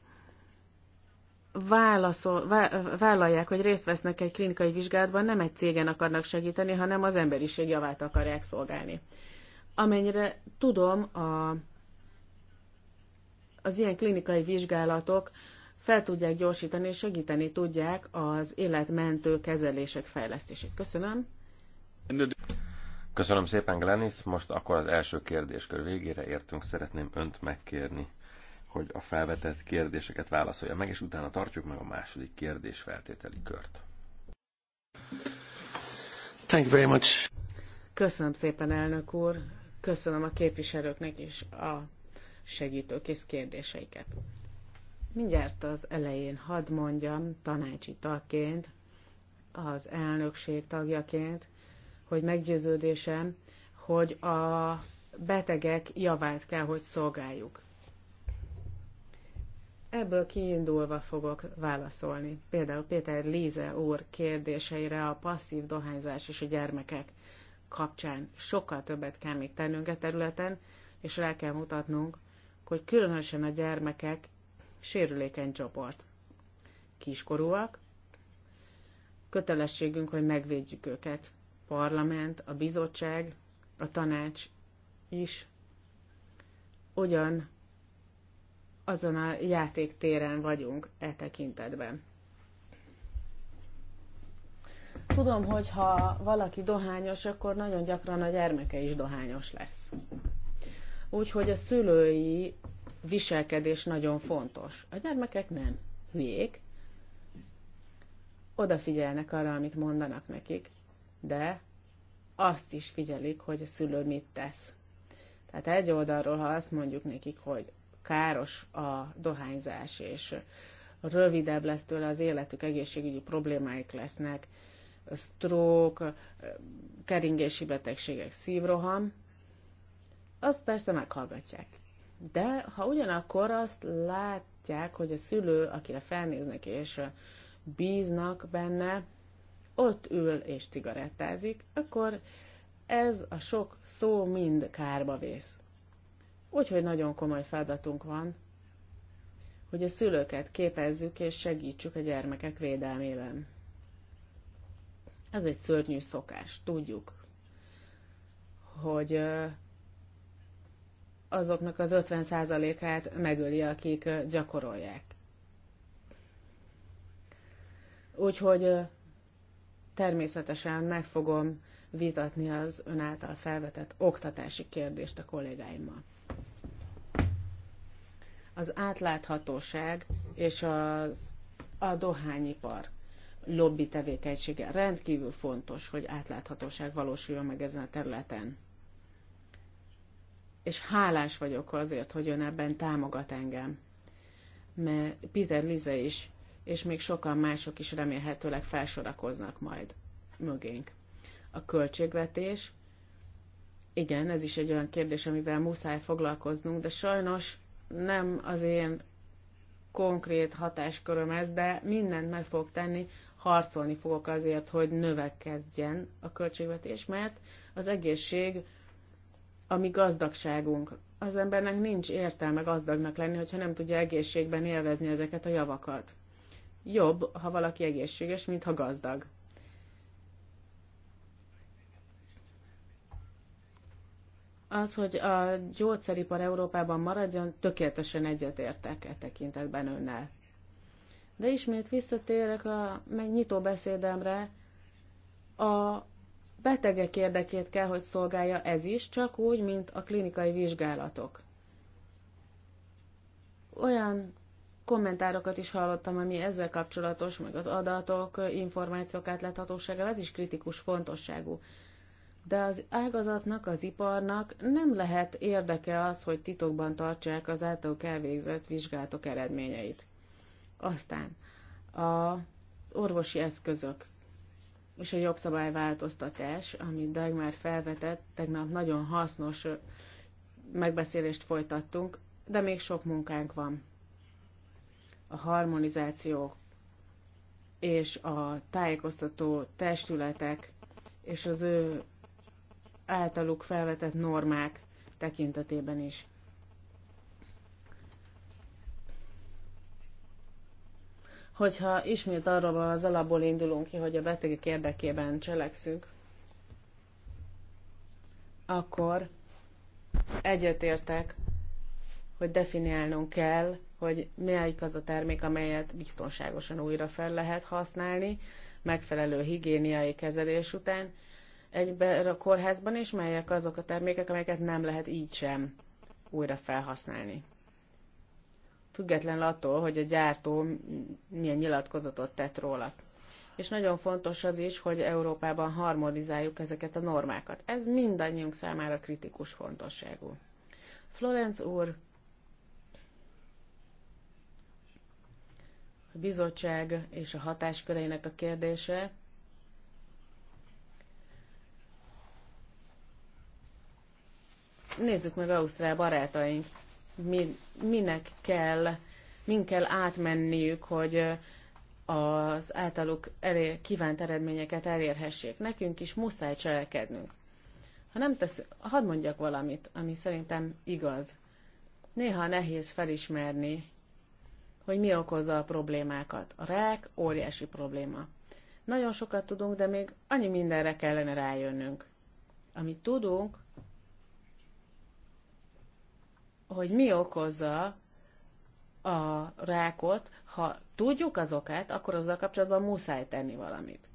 válaszol, vá, vállalják, hogy részt vesznek egy klinikai vizsgálatban, nem egy cégen akarnak segíteni, hanem az emberiség javát akarják szolgálni. Amennyire tudom, a, az ilyen klinikai vizsgálatok fel tudják gyorsítani és segíteni tudják az életmentő kezelések fejlesztését. Köszönöm. Köszönöm szépen, Glenis. Most akkor az első kérdéskör végére értünk. Szeretném önt megkérni, hogy a felvetett kérdéseket válaszolja meg, és utána tartjuk meg a második kérdés feltételi kört. Thank you very much. Köszönöm szépen, elnök úr. Köszönöm a képviselőknek is a segítőkész kérdéseiket. Mindjárt az elején hadd mondjam tanácsi tagként, az elnökség tagjaként, hogy meggyőződésem, hogy a betegek javát kell, hogy szolgáljuk. Ebből kiindulva fogok válaszolni. Például Péter Líze úr kérdéseire a passzív dohányzás és a gyermekek kapcsán sokkal többet kell még tennünk a e területen, és rá kell mutatnunk, hogy különösen a gyermekek sérülékeny csoport. Kiskorúak, kötelességünk, hogy megvédjük őket. Parlament, a bizottság, a tanács is ugyan azon a játéktéren vagyunk e tekintetben. Tudom, hogy ha valaki dohányos, akkor nagyon gyakran a gyermeke is dohányos lesz. Úgyhogy a szülői viselkedés nagyon fontos. A gyermekek nem hülyék, odafigyelnek arra, amit mondanak nekik, de azt is figyelik, hogy a szülő mit tesz. Tehát egy oldalról, ha azt mondjuk nekik, hogy káros a dohányzás, és rövidebb lesz tőle az életük, egészségügyi problémáik lesznek, stroke, keringési betegségek, szívroham, azt persze meghallgatják. De ha ugyanakkor azt látják, hogy a szülő, akire felnéznek és bíznak benne, ott ül és cigarettázik, akkor ez a sok szó mind kárba vész. Úgyhogy nagyon komoly feladatunk van, hogy a szülőket képezzük és segítsük a gyermekek védelmében. Ez egy szörnyű szokás, tudjuk, hogy azoknak az 50%-át megöli, akik gyakorolják. Úgyhogy természetesen meg fogom vitatni az ön által felvetett oktatási kérdést a kollégáimmal. Az átláthatóság és az, a dohányipar lobby tevékenysége rendkívül fontos, hogy átláthatóság valósuljon meg ezen a területen és hálás vagyok azért, hogy ön ebben támogat engem. Mert Peter Lize is, és még sokan mások is remélhetőleg felsorakoznak majd mögénk. A költségvetés, igen, ez is egy olyan kérdés, amivel muszáj foglalkoznunk, de sajnos nem az én konkrét hatásköröm ez, de mindent meg fogok tenni, harcolni fogok azért, hogy növekedjen a költségvetés, mert az egészség a mi gazdagságunk. Az embernek nincs értelme gazdagnak lenni, hogyha nem tudja egészségben élvezni ezeket a javakat. Jobb, ha valaki egészséges, mint ha gazdag. Az, hogy a gyógyszeripar Európában maradjon, tökéletesen egyetértek e tekintetben önnel. De ismét visszatérek a megnyitó beszédemre, a betegek érdekét kell, hogy szolgálja ez is, csak úgy, mint a klinikai vizsgálatok. Olyan kommentárokat is hallottam, ami ezzel kapcsolatos, meg az adatok, információk átláthatósága, ez is kritikus fontosságú. De az ágazatnak, az iparnak nem lehet érdeke az, hogy titokban tartsák az általuk elvégzett vizsgálatok eredményeit. Aztán az orvosi eszközök és a jogszabályváltoztatás, amit Dagmar felvetett, tegnap nagyon hasznos megbeszélést folytattunk, de még sok munkánk van. A harmonizáció és a tájékoztató testületek és az ő általuk felvetett normák tekintetében is. hogyha ismét arról az alapból indulunk ki, hogy a betegek érdekében cselekszünk, akkor egyetértek, hogy definiálnunk kell, hogy melyik az a termék, amelyet biztonságosan újra fel lehet használni, megfelelő higiéniai kezelés után, egyben a kórházban is, melyek azok a termékek, amelyeket nem lehet így sem újra felhasználni független attól, hogy a gyártó milyen nyilatkozatot tett róla. És nagyon fontos az is, hogy Európában harmonizáljuk ezeket a normákat. Ez mindannyiunk számára kritikus fontosságú. Florence úr, a bizottság és a hatásköreinek a kérdése, nézzük meg Ausztrál barátaink mi, minek kell, min kell átmenniük, hogy az általuk elé, kívánt eredményeket elérhessék. Nekünk is muszáj cselekednünk. Ha nem tesz, hadd mondjak valamit, ami szerintem igaz. Néha nehéz felismerni, hogy mi okozza a problémákat. A rák óriási probléma. Nagyon sokat tudunk, de még annyi mindenre kellene rájönnünk. Amit tudunk, hogy mi okozza a rákot, ha tudjuk az okát, akkor azzal kapcsolatban muszáj tenni valamit.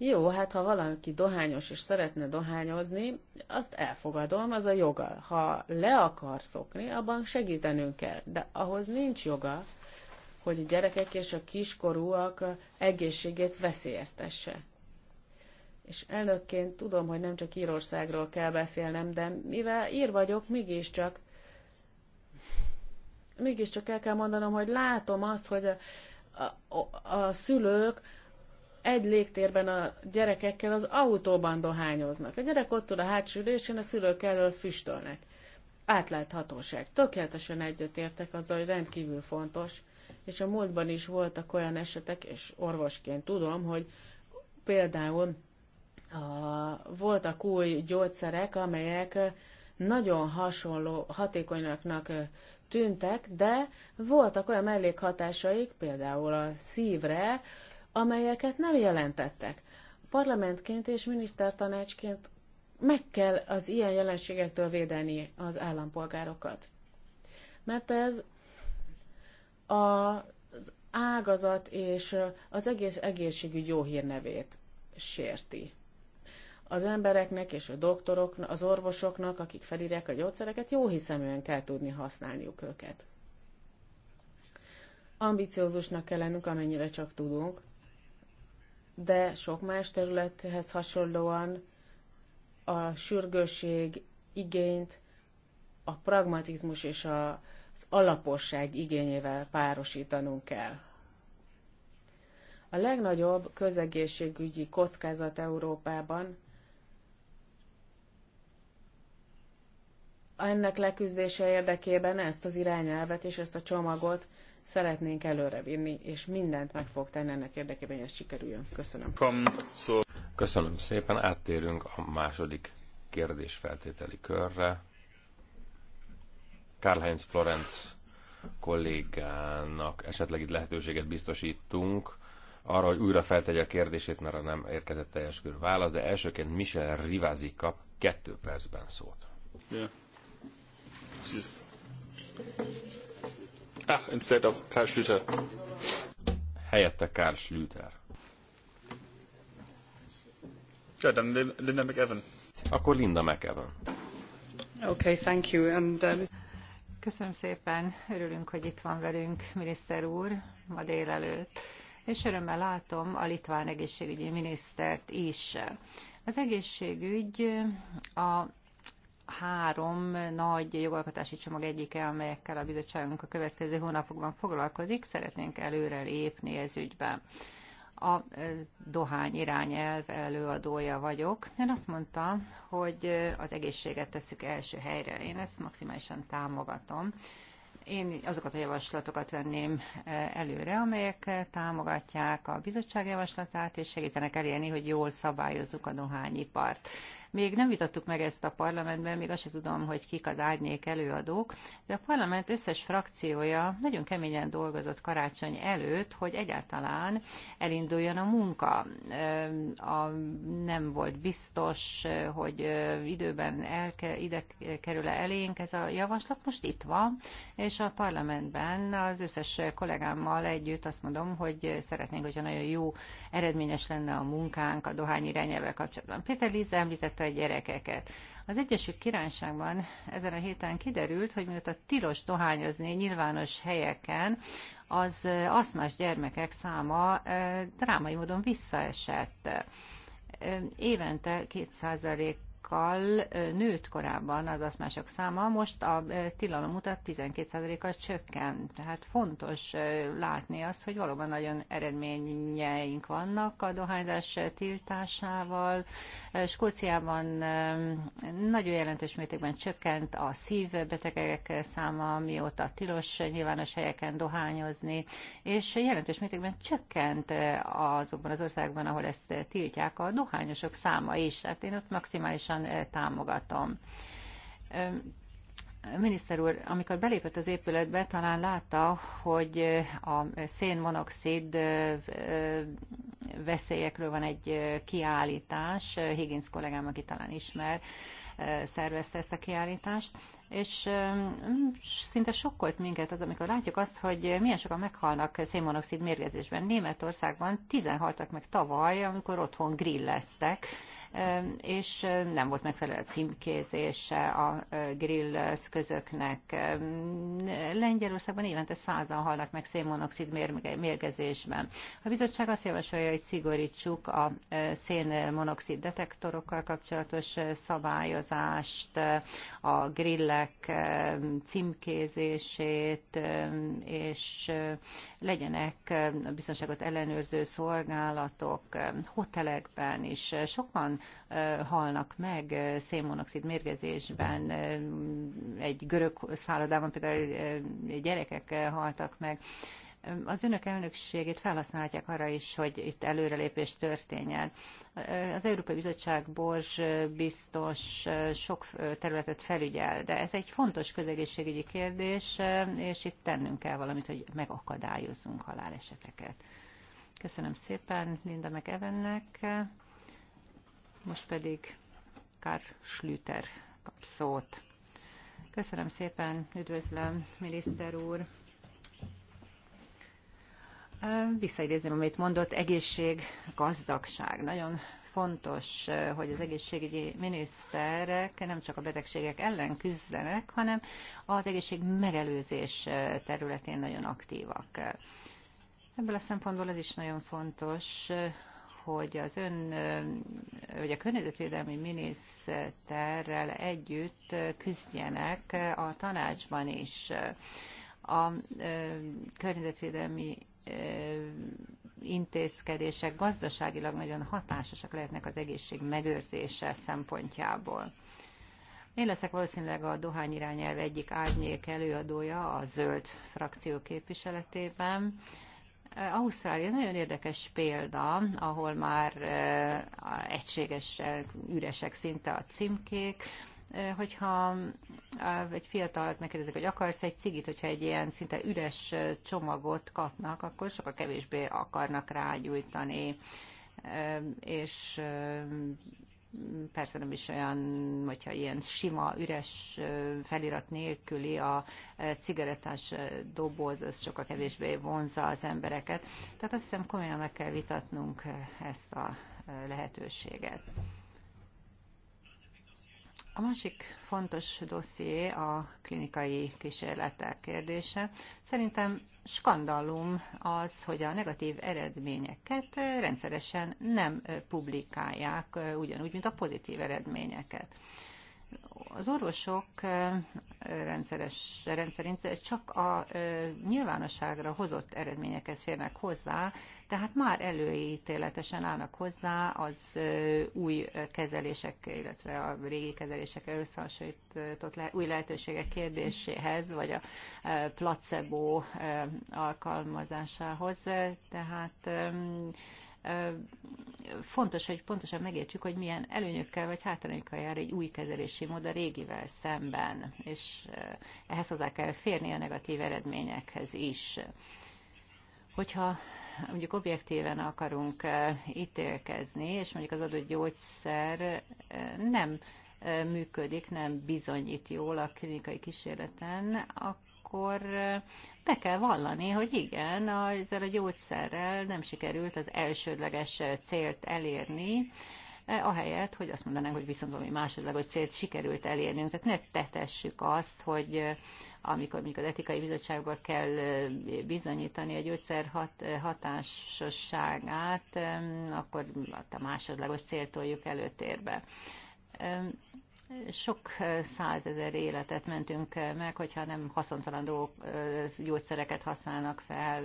Jó, hát ha valaki dohányos és szeretne dohányozni, azt elfogadom, az a joga. Ha le akar szokni, abban segítenünk kell. De ahhoz nincs joga, hogy a gyerekek és a kiskorúak egészségét veszélyeztesse és elnökként tudom, hogy nem csak Írországról kell beszélnem, de mivel ír vagyok, mégiscsak, mégiscsak el kell mondanom, hogy látom azt, hogy a, a, a szülők egy légtérben a gyerekekkel az autóban dohányoznak. A gyerek ott ül a hátsülésén, a szülők elől füstölnek. Átláthatóság. Tökéletesen egyetértek azzal, hogy rendkívül fontos. És a múltban is voltak olyan esetek, és orvosként tudom, hogy például a, voltak új gyógyszerek, amelyek nagyon hasonló hatékonyaknak tűntek, de voltak olyan mellékhatásaik, például a szívre, amelyeket nem jelentettek. Parlamentként és minisztertanácsként meg kell az ilyen jelenségektől védeni az állampolgárokat. Mert ez az ágazat és az egész egészségügy jó hírnevét sérti az embereknek és a doktoroknak, az orvosoknak, akik felírják a gyógyszereket, jó hiszeműen kell tudni használniuk őket. Ambiciózusnak kell lennünk, amennyire csak tudunk, de sok más területhez hasonlóan a sürgősség igényt a pragmatizmus és a, az alaposság igényével párosítanunk kell. A legnagyobb közegészségügyi kockázat Európában ennek leküzdése érdekében ezt az irányelvet és ezt a csomagot szeretnénk előrevinni, és mindent meg fog tenni ennek érdekében, hogy ez sikerüljön. Köszönöm. Köszönöm szépen. Áttérünk a második kérdésfeltételi körre. Karl-Heinz Florenz kollégának esetleg itt lehetőséget biztosítunk arra, hogy újra feltegye a kérdését, mert nem érkezett teljes körű válasz, de elsőként Michel Rivázi kap kettő percben szót. Yeah. Ach, instead of Karl Schlüter. Helyette Karl Schlüter. Ja, dann Linda McEwan. Akkor Linda McEwan. Okay, thank you. And, um... Köszönöm szépen, örülünk, hogy itt van velünk miniszter úr ma délelőtt, és örömmel látom a litván egészségügyi minisztert is. Az egészségügy a három nagy jogalkotási csomag egyike, amelyekkel a bizottságunk a következő hónapokban foglalkozik. Szeretnénk előre lépni ez ügyben. A e, dohány irányelv előadója vagyok. Én azt mondtam, hogy az egészséget tesszük első helyre. Én ezt maximálisan támogatom én azokat a javaslatokat venném e, előre, amelyek támogatják a bizottság javaslatát, és segítenek elérni, hogy jól szabályozzuk a dohányipart. Még nem vitattuk meg ezt a parlamentben, még azt sem tudom, hogy kik az árnyék előadók, de a parlament összes frakciója nagyon keményen dolgozott karácsony előtt, hogy egyáltalán elinduljon a munka. A, nem volt biztos, hogy időben elke, ide kerül-e elénk ez a javaslat, most itt van, és a parlamentben az összes kollégámmal együtt azt mondom, hogy szeretnénk, hogyha nagyon jó, eredményes lenne a munkánk a dohány irányelvvel kapcsolatban. Péter Liz említett megtámadta a gyerekeket. Az Egyesült Királyságban ezen a héten kiderült, hogy a tilos dohányozni nyilvános helyeken, az aszmás gyermekek száma drámai módon visszaesett évente 2% százalékkal nőtt korábban az aszmások száma, most a tilalom mutat 12%-kal csökkent. Tehát fontos látni azt, hogy valóban nagyon eredményeink vannak a dohányzás tiltásával. Skóciában nagyon jelentős mértékben csökkent a szívbetegek száma, mióta tilos nyilvános helyeken dohányozni, és jelentős mértékben csökkent azokban az országban, ahol ezt tiltják a dohányosok száma is. Hát én ott maximálisan szorosan eh, támogatom. Miniszter úr, amikor belépett az épületbe, talán látta, hogy eh, a szénmonoxid eh, veszélyekről van egy kiállítás. Higgins kollégám, aki talán ismer, szervezte ezt a kiállítást. És mm, szinte sokkolt minket az, amikor látjuk azt, hogy milyen sokan meghalnak szénmonoxid mérgezésben. Németországban 16-ak meg tavaly, amikor otthon grilleztek, és nem volt megfelelő a címkézése a grill eszközöknek. Lengyelországban évente százan halnak meg szénmonoxid mérgezésben. A bizottság azt javasolja, hogy szigorítsuk a szénmonoxid detektorokkal kapcsolatos szabályozást, a grillek címkézését, és legyenek a biztonságot ellenőrző szolgálatok hotelekben is. Sokan halnak meg szénmonoxid mérgezésben. Egy görög szállodában például gyerekek haltak meg az önök elnökségét felhasználhatják arra is, hogy itt előrelépés történjen. Az Európai Bizottság Borzs biztos sok területet felügyel, de ez egy fontos közegészségügyi kérdés, és itt tennünk kell valamit, hogy megakadályozzunk haláleseteket. Köszönöm szépen Linda meg Evennek. Most pedig Karl Schlüter kap szót. Köszönöm szépen, üdvözlöm, miniszter úr. Visszaidézem, amit mondott, egészség, gazdagság. Nagyon fontos, hogy az egészségügyi miniszterek nem csak a betegségek ellen küzdenek, hanem az egészség megelőzés területén nagyon aktívak. Ebből a szempontból az is nagyon fontos, hogy az ön, vagy a környezetvédelmi miniszterrel együtt küzdjenek a tanácsban is. A környezetvédelmi intézkedések gazdaságilag nagyon hatásosak lehetnek az egészség megőrzése szempontjából. Én leszek valószínűleg a dohány irányelv egyik árnyék előadója a zöld frakció képviseletében. Eh, Ausztrália nagyon érdekes példa, ahol már eh, egységesek, üresek szinte a címkék, eh, hogyha egy fiatal megkérdezik, hogy akarsz egy cigit, hogyha egy ilyen szinte üres csomagot kapnak, akkor sokkal kevésbé akarnak rágyújtani és persze nem is olyan, hogyha ilyen sima, üres felirat nélküli a cigarettás doboz, az sokkal kevésbé vonza az embereket. Tehát azt hiszem komolyan meg kell vitatnunk ezt a lehetőséget. A másik fontos dosszié a klinikai kísérletek kérdése. Szerintem skandalum az, hogy a negatív eredményeket rendszeresen nem publikálják, ugyanúgy, mint a pozitív eredményeket. Az orvosok rendszeres, rendszerint csak a nyilvánosságra hozott eredményekhez férnek hozzá, tehát már előítéletesen állnak hozzá az új kezelések, illetve a régi kezelések összehasonlított le, új lehetőségek kérdéséhez, vagy a placebo alkalmazásához. Tehát fontos, hogy pontosan megértsük, hogy milyen előnyökkel vagy hátrányokkal jár egy új kezelési mód a régivel szemben, és ehhez hozzá kell férni a negatív eredményekhez is. Hogyha mondjuk objektíven akarunk ítélkezni, és mondjuk az adott gyógyszer nem működik, nem bizonyít jól a klinikai kísérleten, akkor akkor be kell vallani, hogy igen, ezzel a gyógyszerrel nem sikerült az elsődleges célt elérni, ahelyett, hogy azt mondanánk, hogy viszont valami másodlagos célt sikerült elérnünk. Tehát ne tetessük azt, hogy amikor mondjuk az etikai bizottságban kell bizonyítani a gyógyszer hat, hatásosságát, akkor a másodlagos célt toljuk előtérbe sok százezer életet mentünk meg, hogyha nem haszontalan gyógyszereket használnak fel,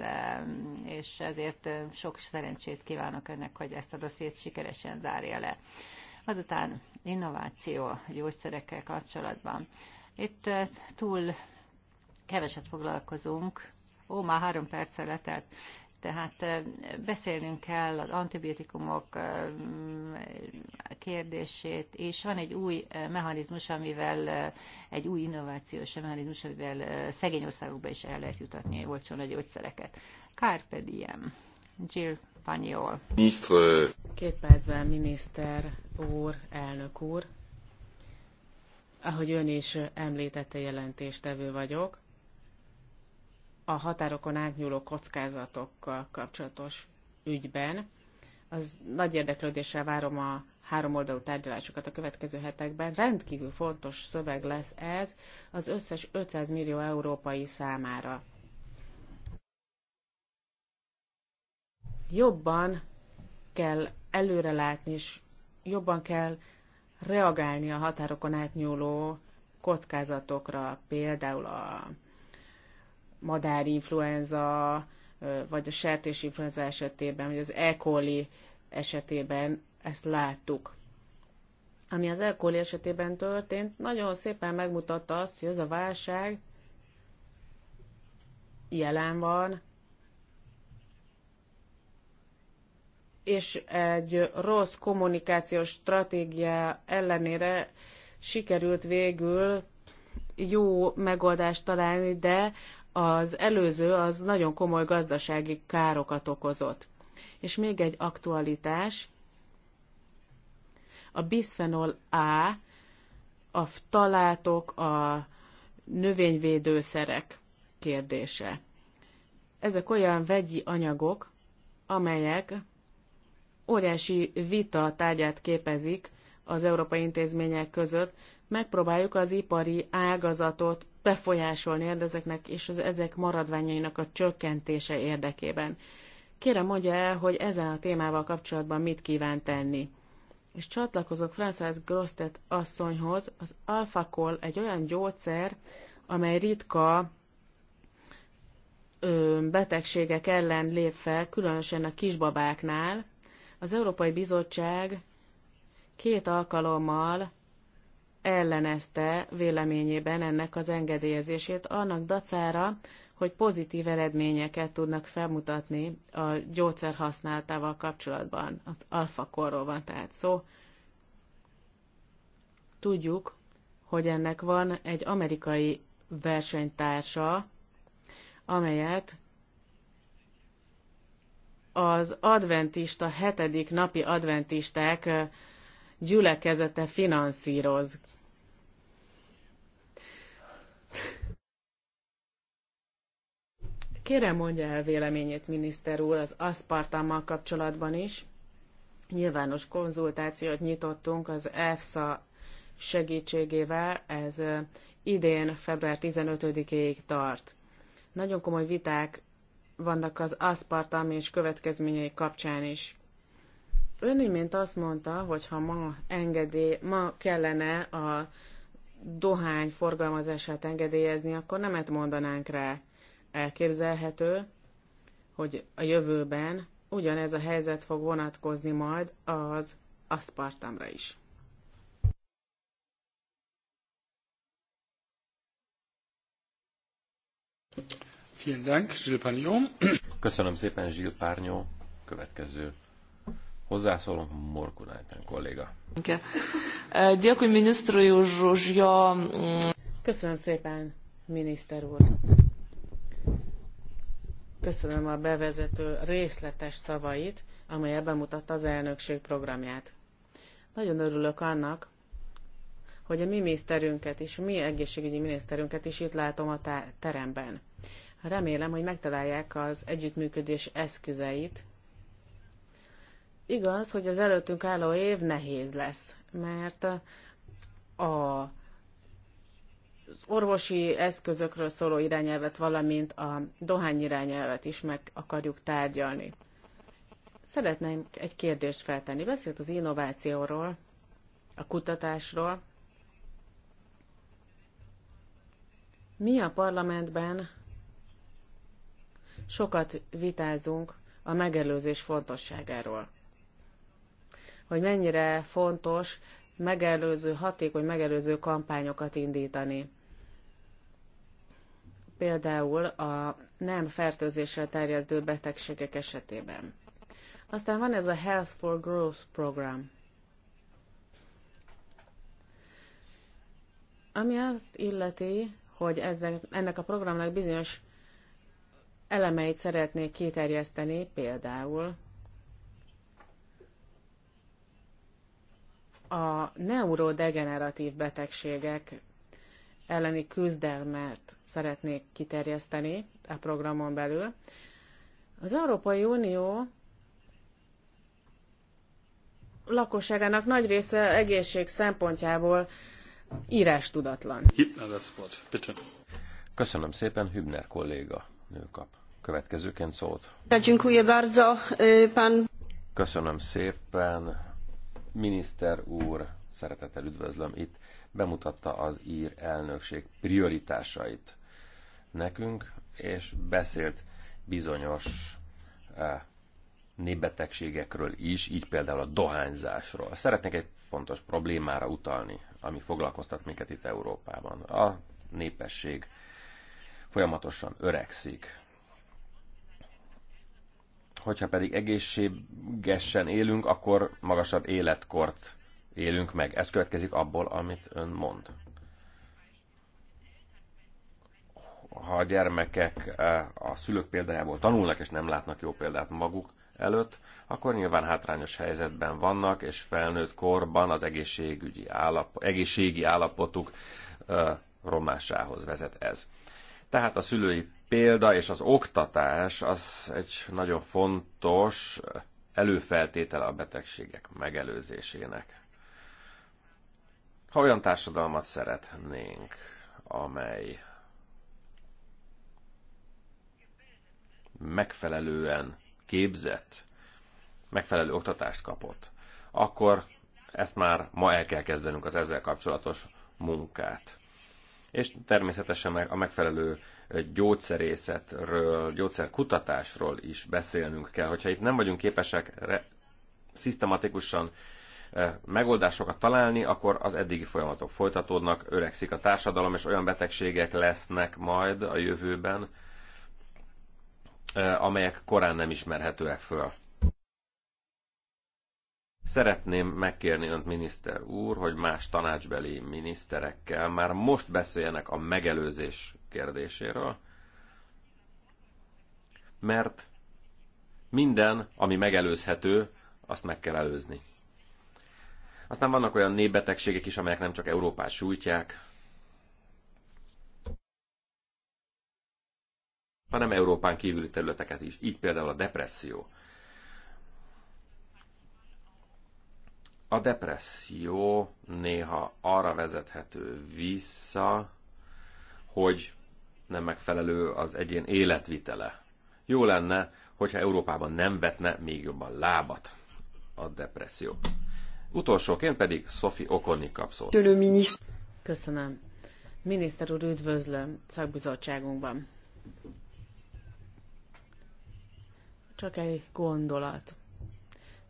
és ezért sok szerencsét kívánok önnek, hogy ezt a dossziét sikeresen zárja le. Azután innováció gyógyszerekkel kapcsolatban. Itt túl keveset foglalkozunk. Ó, már három perccel letelt. Tehát beszélnünk kell az antibiotikumok kérdését, és van egy új mechanizmus, amivel egy új innovációs mechanizmus, amivel szegény országokba is el lehet jutatni olcsón a gyógyszereket. Carpe diem. Jill Panyol. Két percben miniszter úr, elnök úr. Ahogy ön is említette, jelentéstevő vagyok a határokon átnyúló kockázatokkal kapcsolatos ügyben. Az nagy érdeklődéssel várom a három oldalú tárgyalásokat a következő hetekben. Rendkívül fontos szöveg lesz ez az összes 500 millió európai számára. Jobban kell előrelátni, és jobban kell reagálni a határokon átnyúló kockázatokra, például a madárinfluenza, vagy a sertésinfluenza esetében, vagy az E. coli esetében ezt láttuk. Ami az E. coli esetében történt, nagyon szépen megmutatta azt, hogy ez a válság jelen van, és egy rossz kommunikációs stratégia ellenére sikerült végül jó megoldást találni, de az előző az nagyon komoly gazdasági károkat okozott. És még egy aktualitás, a bisphenol A, a talátok, a növényvédőszerek kérdése. Ezek olyan vegyi anyagok, amelyek óriási vita tárgyát képezik az európai intézmények között. Megpróbáljuk az ipari ágazatot befolyásolni ezeknek és az ezek maradványainak a csökkentése érdekében. Kérem mondja el, hogy ezen a témával kapcsolatban mit kíván tenni. És csatlakozok Frances Grostet asszonyhoz, az alfakol egy olyan gyógyszer, amely ritka ö, betegségek ellen lép fel, különösen a kisbabáknál. Az Európai Bizottság két alkalommal ellenezte véleményében ennek az engedélyezését annak dacára, hogy pozitív eredményeket tudnak felmutatni a gyógyszer használatával kapcsolatban. Az alfakorról van tehát szó. Tudjuk, hogy ennek van egy amerikai versenytársa, amelyet az adventista, hetedik napi adventisták gyülekezete finanszíroz. Kérem mondja el véleményét, miniszter úr, az aszpartammal kapcsolatban is. Nyilvános konzultációt nyitottunk az EFSA segítségével, ez idén február 15-ig tart. Nagyon komoly viták vannak az aszpartam és következményei kapcsán is. Ön imént azt mondta, hogy ha ma engedé, ma kellene a dohány forgalmazását engedélyezni, akkor nemet mondanánk rá elképzelhető, hogy a jövőben ugyanez a helyzet fog vonatkozni majd az aszpartamra is. Köszönöm szépen, Gilles Párnyó. Következő hozzászóló Morkunájten kolléga. Mm, Köszönöm szépen, miniszter úr. Köszönöm a bevezető részletes szavait, amelyel bemutatta az elnökség programját. Nagyon örülök annak, hogy a mi miniszterünket is, a mi egészségügyi miniszterünket is itt látom a teremben. Remélem, hogy megtalálják az együttműködés eszközeit. Igaz, hogy az előttünk álló év nehéz lesz, mert a az orvosi eszközökről szóló irányelvet, valamint a dohány irányelvet is meg akarjuk tárgyalni. Szeretném egy kérdést feltenni. Beszélt az innovációról, a kutatásról. Mi a parlamentben sokat vitázunk a megelőzés fontosságáról. Hogy mennyire fontos megelőző, hatékony megelőző kampányokat indítani például a nem fertőzéssel terjedő betegségek esetében. Aztán van ez a Health for Growth program, ami azt illeti, hogy ezzel, ennek a programnak bizonyos elemeit szeretnék kiterjeszteni, például a neurodegeneratív betegségek elleni küzdelmet szeretnék kiterjeszteni a programon belül. Az Európai Unió lakosságának nagy része egészség szempontjából írás tudatlan. Köszönöm szépen, Hübner kolléga Nőkap. Következőként szólt. Köszönöm szépen, miniszter úr, szeretettel üdvözlöm itt, bemutatta az ír elnökség prioritásait nekünk, és beszélt bizonyos eh, népbetegségekről is, így például a dohányzásról. Szeretnék egy fontos problémára utalni, ami foglalkoztat minket itt Európában. A népesség folyamatosan öregszik. Hogyha pedig egészségesen élünk, akkor magasabb életkort élünk meg. Ez következik abból, amit ön mond. ha a gyermekek eh, a szülők példájából tanulnak, és nem látnak jó példát maguk előtt, akkor nyilván hátrányos helyzetben vannak, és felnőtt korban az egészségügyi állap, egészségi állapotuk eh, romásához vezet ez. Tehát a szülői példa és az oktatás az egy nagyon fontos előfeltétele a betegségek megelőzésének. Ha olyan társadalmat szeretnénk, amely megfelelően képzett, megfelelő oktatást kapott, akkor ezt már ma el kell kezdenünk az ezzel kapcsolatos munkát. És természetesen a megfelelő gyógyszerészetről, gyógyszerkutatásról is beszélnünk kell. Hogyha itt nem vagyunk képesek re- szisztematikusan megoldásokat találni, akkor az eddigi folyamatok folytatódnak, öregszik a társadalom, és olyan betegségek lesznek majd a jövőben, Eh, amelyek korán nem ismerhetőek föl. Szeretném megkérni önt, miniszter úr, hogy más tanácsbeli miniszterekkel már most beszéljenek a megelőzés kérdéséről, mert minden, ami megelőzhető, azt meg kell előzni. Aztán vannak olyan népbetegségek is, amelyek nem csak Európát sújtják, hanem Európán kívüli területeket is, így például a depresszió. A depresszió néha arra vezethető vissza, hogy nem megfelelő az egyén életvitele. Jó lenne, hogyha Európában nem vetne még jobban lábat a depresszió. Utolsóként pedig Sophie Okoni kap szót. Köszönöm. Miniszter úr, üdvözlöm szakbizottságunkban. Csak egy gondolat.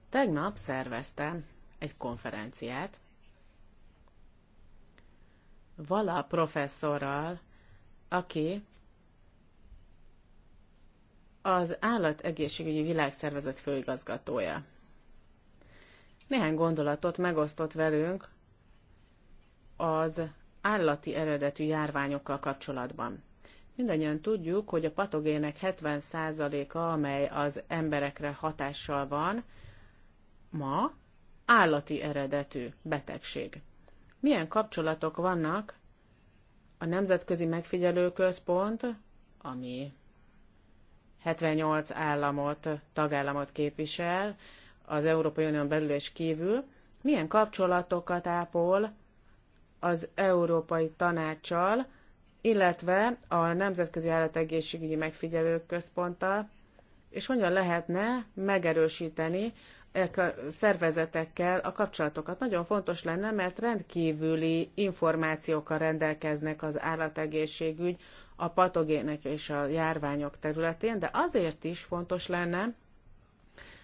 Tegnap szerveztem egy konferenciát, vala professzorral, aki az Állategészségügyi Világszervezet főigazgatója. Néhány gondolatot megosztott velünk az állati eredetű járványokkal kapcsolatban. Mindannyian tudjuk, hogy a patogének 70%-a, amely az emberekre hatással van, ma állati eredetű betegség. Milyen kapcsolatok vannak a Nemzetközi Megfigyelő Központ, ami 78 államot, tagállamot képvisel az Európai Unión belül és kívül, milyen kapcsolatokat ápol az Európai Tanácssal, illetve a Nemzetközi Állategészségügyi Megfigyelő Központtal, és hogyan lehetne megerősíteni e szervezetekkel a kapcsolatokat. Nagyon fontos lenne, mert rendkívüli információkkal rendelkeznek az állategészségügy a patogének és a járványok területén, de azért is fontos lenne,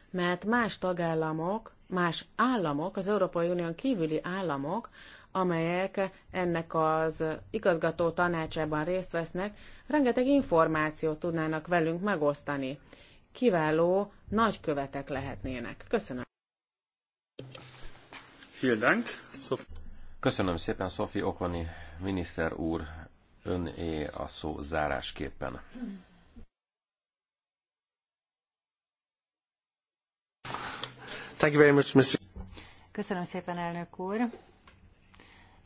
mert más tagállamok, más államok, az Európai Unión kívüli államok amelyek ennek az igazgató tanácsában részt vesznek, rengeteg információt tudnának velünk megosztani. Kiváló nagykövetek lehetnének. Köszönöm. Köszönöm szépen, Szofi Okoni miniszter úr, ön é a szó zárásképpen. Thank you very much, Mr. Köszönöm szépen, elnök úr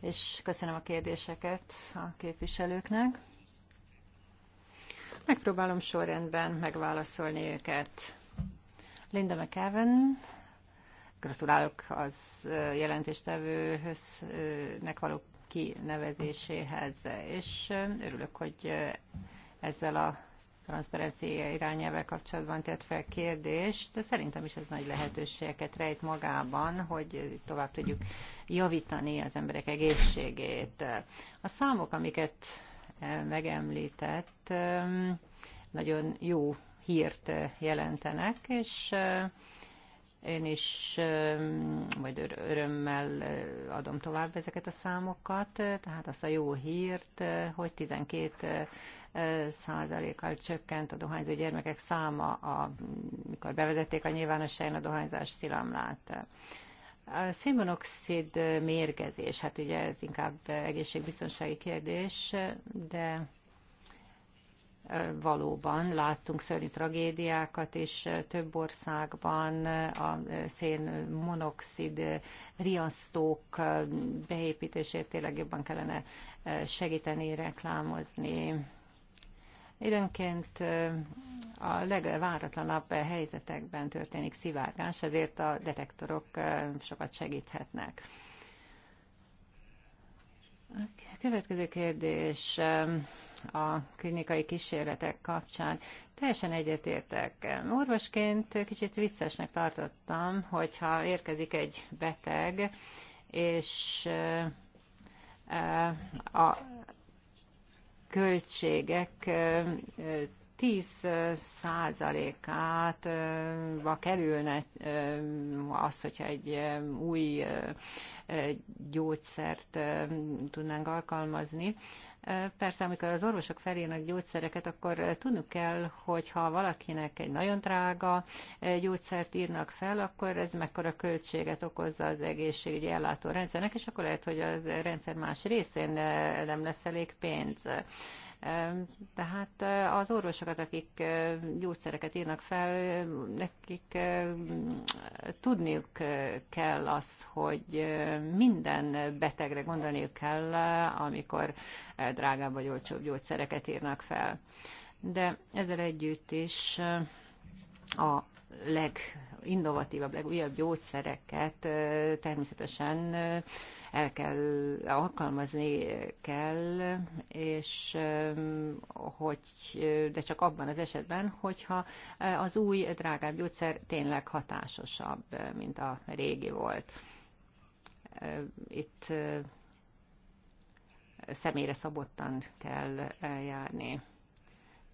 és köszönöm a kérdéseket a képviselőknek. Megpróbálom sorrendben megválaszolni őket. Linda McEwen, gratulálok az nek való kinevezéséhez, és örülök, hogy ezzel a transzparencia irányelvvel kapcsolatban tett fel kérdést, de szerintem is ez nagy lehetőségeket rejt magában, hogy tovább tudjuk javítani az emberek egészségét. A számok, amiket megemlített, nagyon jó hírt jelentenek, és én is majd örömmel adom tovább ezeket a számokat, tehát azt a jó hírt, hogy 12 százalékkal csökkent a dohányzó gyermekek száma, a, mikor bevezették a nyilvánosságon a dohányzás tilamlát. A szénmonoxid mérgezés, hát ugye ez inkább egészségbiztonsági kérdés, de valóban láttunk szörnyű tragédiákat, és több országban a szénmonoxid riasztók beépítését tényleg jobban kellene segíteni, reklámozni. Időnként a legváratlanabb helyzetekben történik szivárgás, ezért a detektorok sokat segíthetnek. Okay. Következő kérdés a klinikai kísérletek kapcsán. Teljesen egyetértek. Orvosként kicsit viccesnek tartottam, hogyha érkezik egy beteg, és a költségek 10 százalékát kerülne az, hogyha egy új gyógyszert tudnánk alkalmazni. Persze, amikor az orvosok felírnak gyógyszereket, akkor tudnunk kell, hogy ha valakinek egy nagyon drága gyógyszert írnak fel, akkor ez mekkora költséget okozza az egészségügyi ellátórendszernek, és akkor lehet, hogy a rendszer más részén nem lesz elég pénz. Tehát az orvosokat, akik gyógyszereket írnak fel, nekik tudniuk kell azt, hogy minden betegre gondolniuk kell, amikor drágább vagy olcsóbb gyógyszereket írnak fel. De ezzel együtt is a leg innovatívabb, legújabb gyógyszereket természetesen el kell, alkalmazni kell, és hogy, de csak abban az esetben, hogyha az új, drágább gyógyszer tényleg hatásosabb, mint a régi volt. Itt személyre szabottan kell eljárni.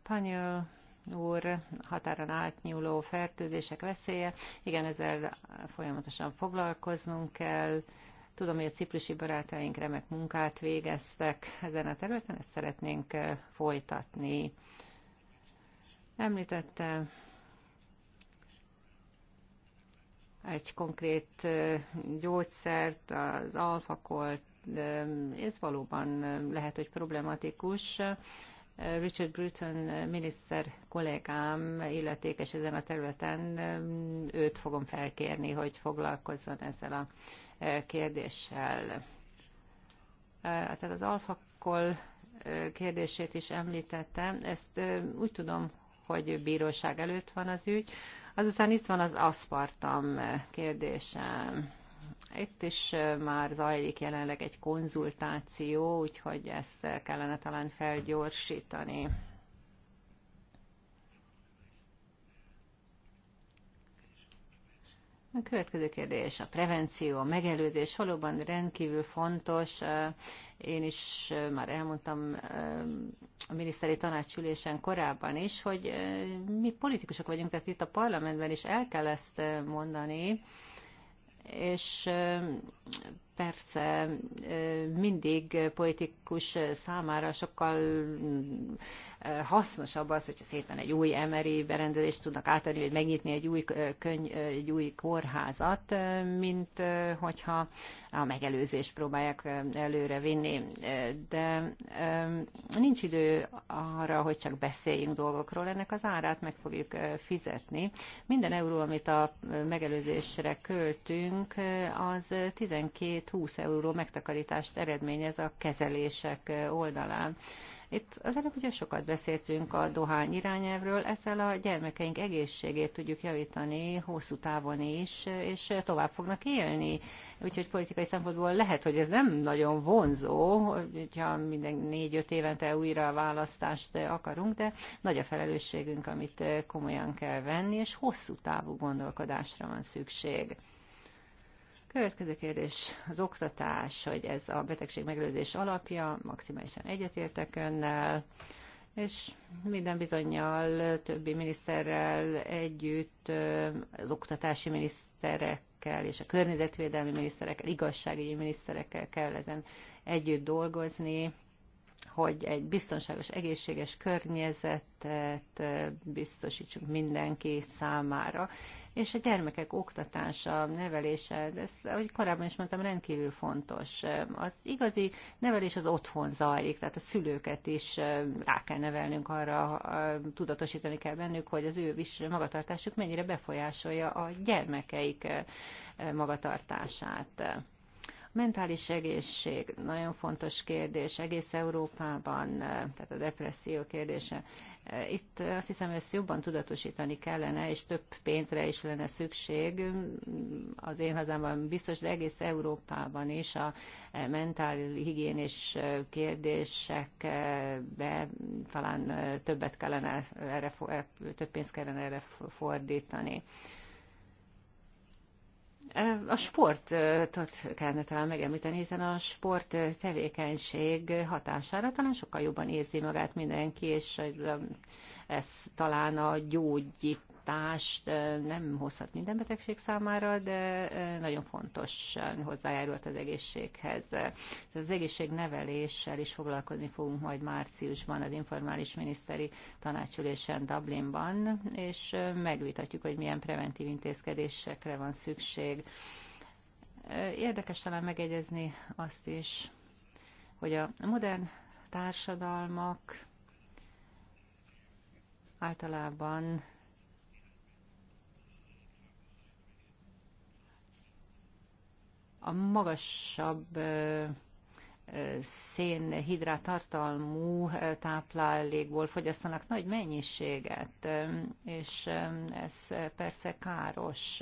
Panyol úr, határon átnyúló fertőzések veszélye. Igen, ezzel folyamatosan foglalkoznunk kell. Tudom, hogy a ciprusi barátaink remek munkát végeztek ezen a területen, ezt szeretnénk eh, folytatni. Említette egy konkrét eh, gyógyszert, az alfakolt, eh, ez valóban lehet, hogy problematikus. Richard Bruton miniszter kollégám illetékes ezen a területen, őt fogom felkérni, hogy foglalkozzon ezzel a e, kérdéssel. E, tehát az alfakol e, kérdését is említettem, ezt úgy tudom, hogy bíróság előtt van az ügy. Azután itt van az aszpartam kérdésem. Itt is már zajlik jelenleg egy konzultáció, úgyhogy ezt kellene talán felgyorsítani. A következő kérdés, a prevenció, a megelőzés valóban rendkívül fontos. Én is már elmondtam a miniszteri tanácsülésen korábban is, hogy mi politikusok vagyunk, tehát itt a parlamentben is el kell ezt mondani, és persze mindig politikus számára sokkal hasznosabb az, hogyha szépen egy új emeri berendezést tudnak átadni, vagy megnyitni egy új, könyv, egy új kórházat, mint hogyha a megelőzést próbálják előre vinni, de nincs idő arra, hogy csak beszéljünk dolgokról, ennek az árát meg fogjuk fizetni. Minden euró, amit a megelőzésre költünk, az 12-20 euró megtakarítást eredményez a kezelések oldalán. Itt az előbb ugye sokat beszéltünk a dohány irányelvről, ezzel a gyermekeink egészségét tudjuk javítani hosszú távon is, és tovább fognak élni úgyhogy politikai szempontból lehet, hogy ez nem nagyon vonzó, hogyha minden négy-öt évente újra választást akarunk, de nagy a felelősségünk, amit komolyan kell venni, és hosszú távú gondolkodásra van szükség. Következő kérdés, az oktatás, hogy ez a betegség megelőzés alapja, maximálisan egyetértek önnel, és minden bizonyal többi miniszterrel együtt, az oktatási miniszterek miniszterekkel és a környezetvédelmi miniszterekkel, igazságügyi miniszterekkel kell ezen együtt dolgozni, hogy egy biztonságos, egészséges környezetet biztosítsunk mindenki számára. És a gyermekek oktatása, nevelése, ez, ahogy korábban is mondtam, rendkívül fontos. Az igazi nevelés az otthon zajlik, tehát a szülőket is rá kell nevelnünk arra, tudatosítani kell bennük, hogy az ő magatartásuk mennyire befolyásolja a gyermekeik magatartását. Mentális egészség nagyon fontos kérdés egész Európában, eh, tehát a depresszió kérdése. Eh, itt azt hiszem, ezt jobban tudatosítani kellene, és több pénzre is lenne szükség. Az én hazámban biztos, de egész Európában is a eh, mentális higiénés kérdésekbe talán többet kellene erre, több pénzt kellene erre fordítani. A sportot kellene talán megemlíteni, hiszen a sport tevékenység hatására talán sokkal jobban érzi magát mindenki, és ez talán a gyógyít hatást nem hozhat minden betegség számára, de nagyon fontosan hozzájárult az egészséghez. Az egészségneveléssel is foglalkozni fogunk majd márciusban az informális miniszteri tanácsülésen Dublinban, és megvitatjuk, hogy milyen preventív intézkedésekre van szükség. Érdekes talán megegyezni azt is, hogy a modern társadalmak általában a magasabb szénhidrát tartalmú táplálékból fogyasztanak nagy mennyiséget, és ez persze káros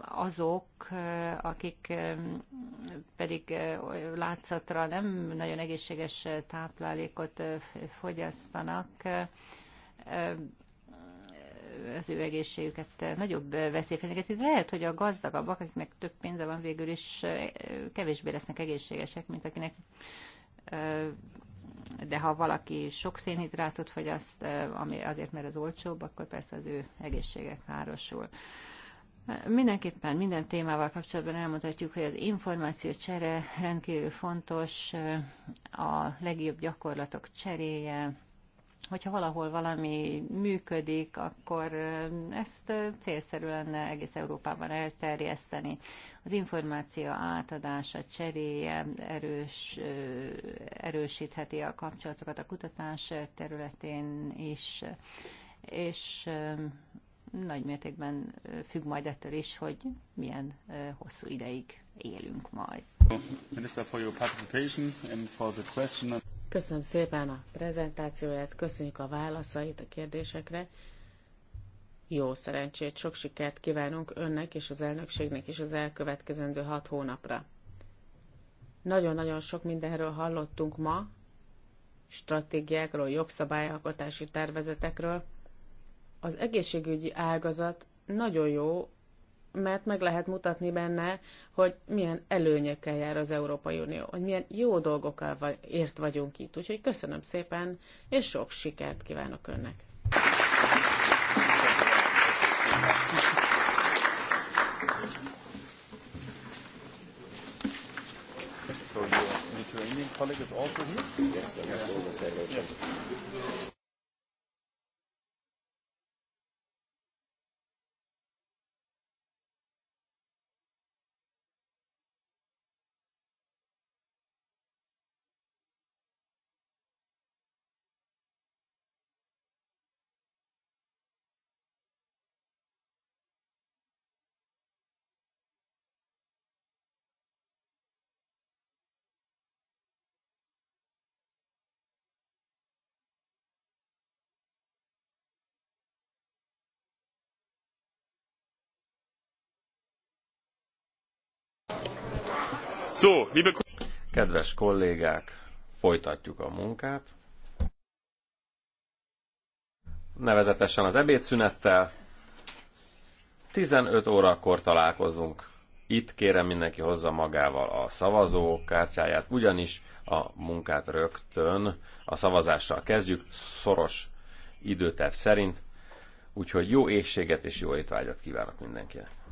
azok, akik pedig látszatra nem nagyon egészséges táplálékot fogyasztanak, az ő egészségüket eh, nagyobb eh, veszély fenyegeti. Lehet, hogy a gazdagabbak, akiknek több pénze van, végül is eh, kevésbé lesznek egészségesek, mint akinek de ha valaki sok szénhidrátot fogyaszt, ami azért, mert az olcsóbb, akkor persze az ő egészsége károsul. Mindenképpen minden témával kapcsolatban elmondhatjuk, hogy az információ csere rendkívül fontos, a legjobb gyakorlatok cseréje, hogyha valahol valami működik, akkor ezt célszerű lenne egész Európában elterjeszteni. Az információ átadása, cseréje erős, erősítheti a kapcsolatokat a kutatás területén is, és nagy mértékben függ majd ettől is, hogy milyen hosszú ideig élünk majd. Minister, for your participation and for the question. Köszönöm szépen a prezentációját, köszönjük a válaszait a kérdésekre. Jó szerencsét, sok sikert kívánunk önnek és az elnökségnek is az elkövetkezendő hat hónapra. Nagyon-nagyon sok mindenről hallottunk ma, stratégiákról, jogszabályalkotási tervezetekről. Az egészségügyi ágazat nagyon jó mert meg lehet mutatni benne, hogy milyen előnyekkel jár az Európai Unió, hogy milyen jó dolgokkal ért vagyunk itt. Úgyhogy köszönöm szépen, és sok sikert kívánok önnek! So your Lithuanian colleague is also here? Yes, yes. So, liebe... Kedves kollégák, folytatjuk a munkát. Nevezetesen az ebédszünettel. 15 órakor találkozunk. Itt kérem mindenki hozza magával a kártyáját, ugyanis a munkát rögtön a szavazással kezdjük, szoros időterv szerint. Úgyhogy jó éjséget és jó étvágyat kívánok mindenkinek!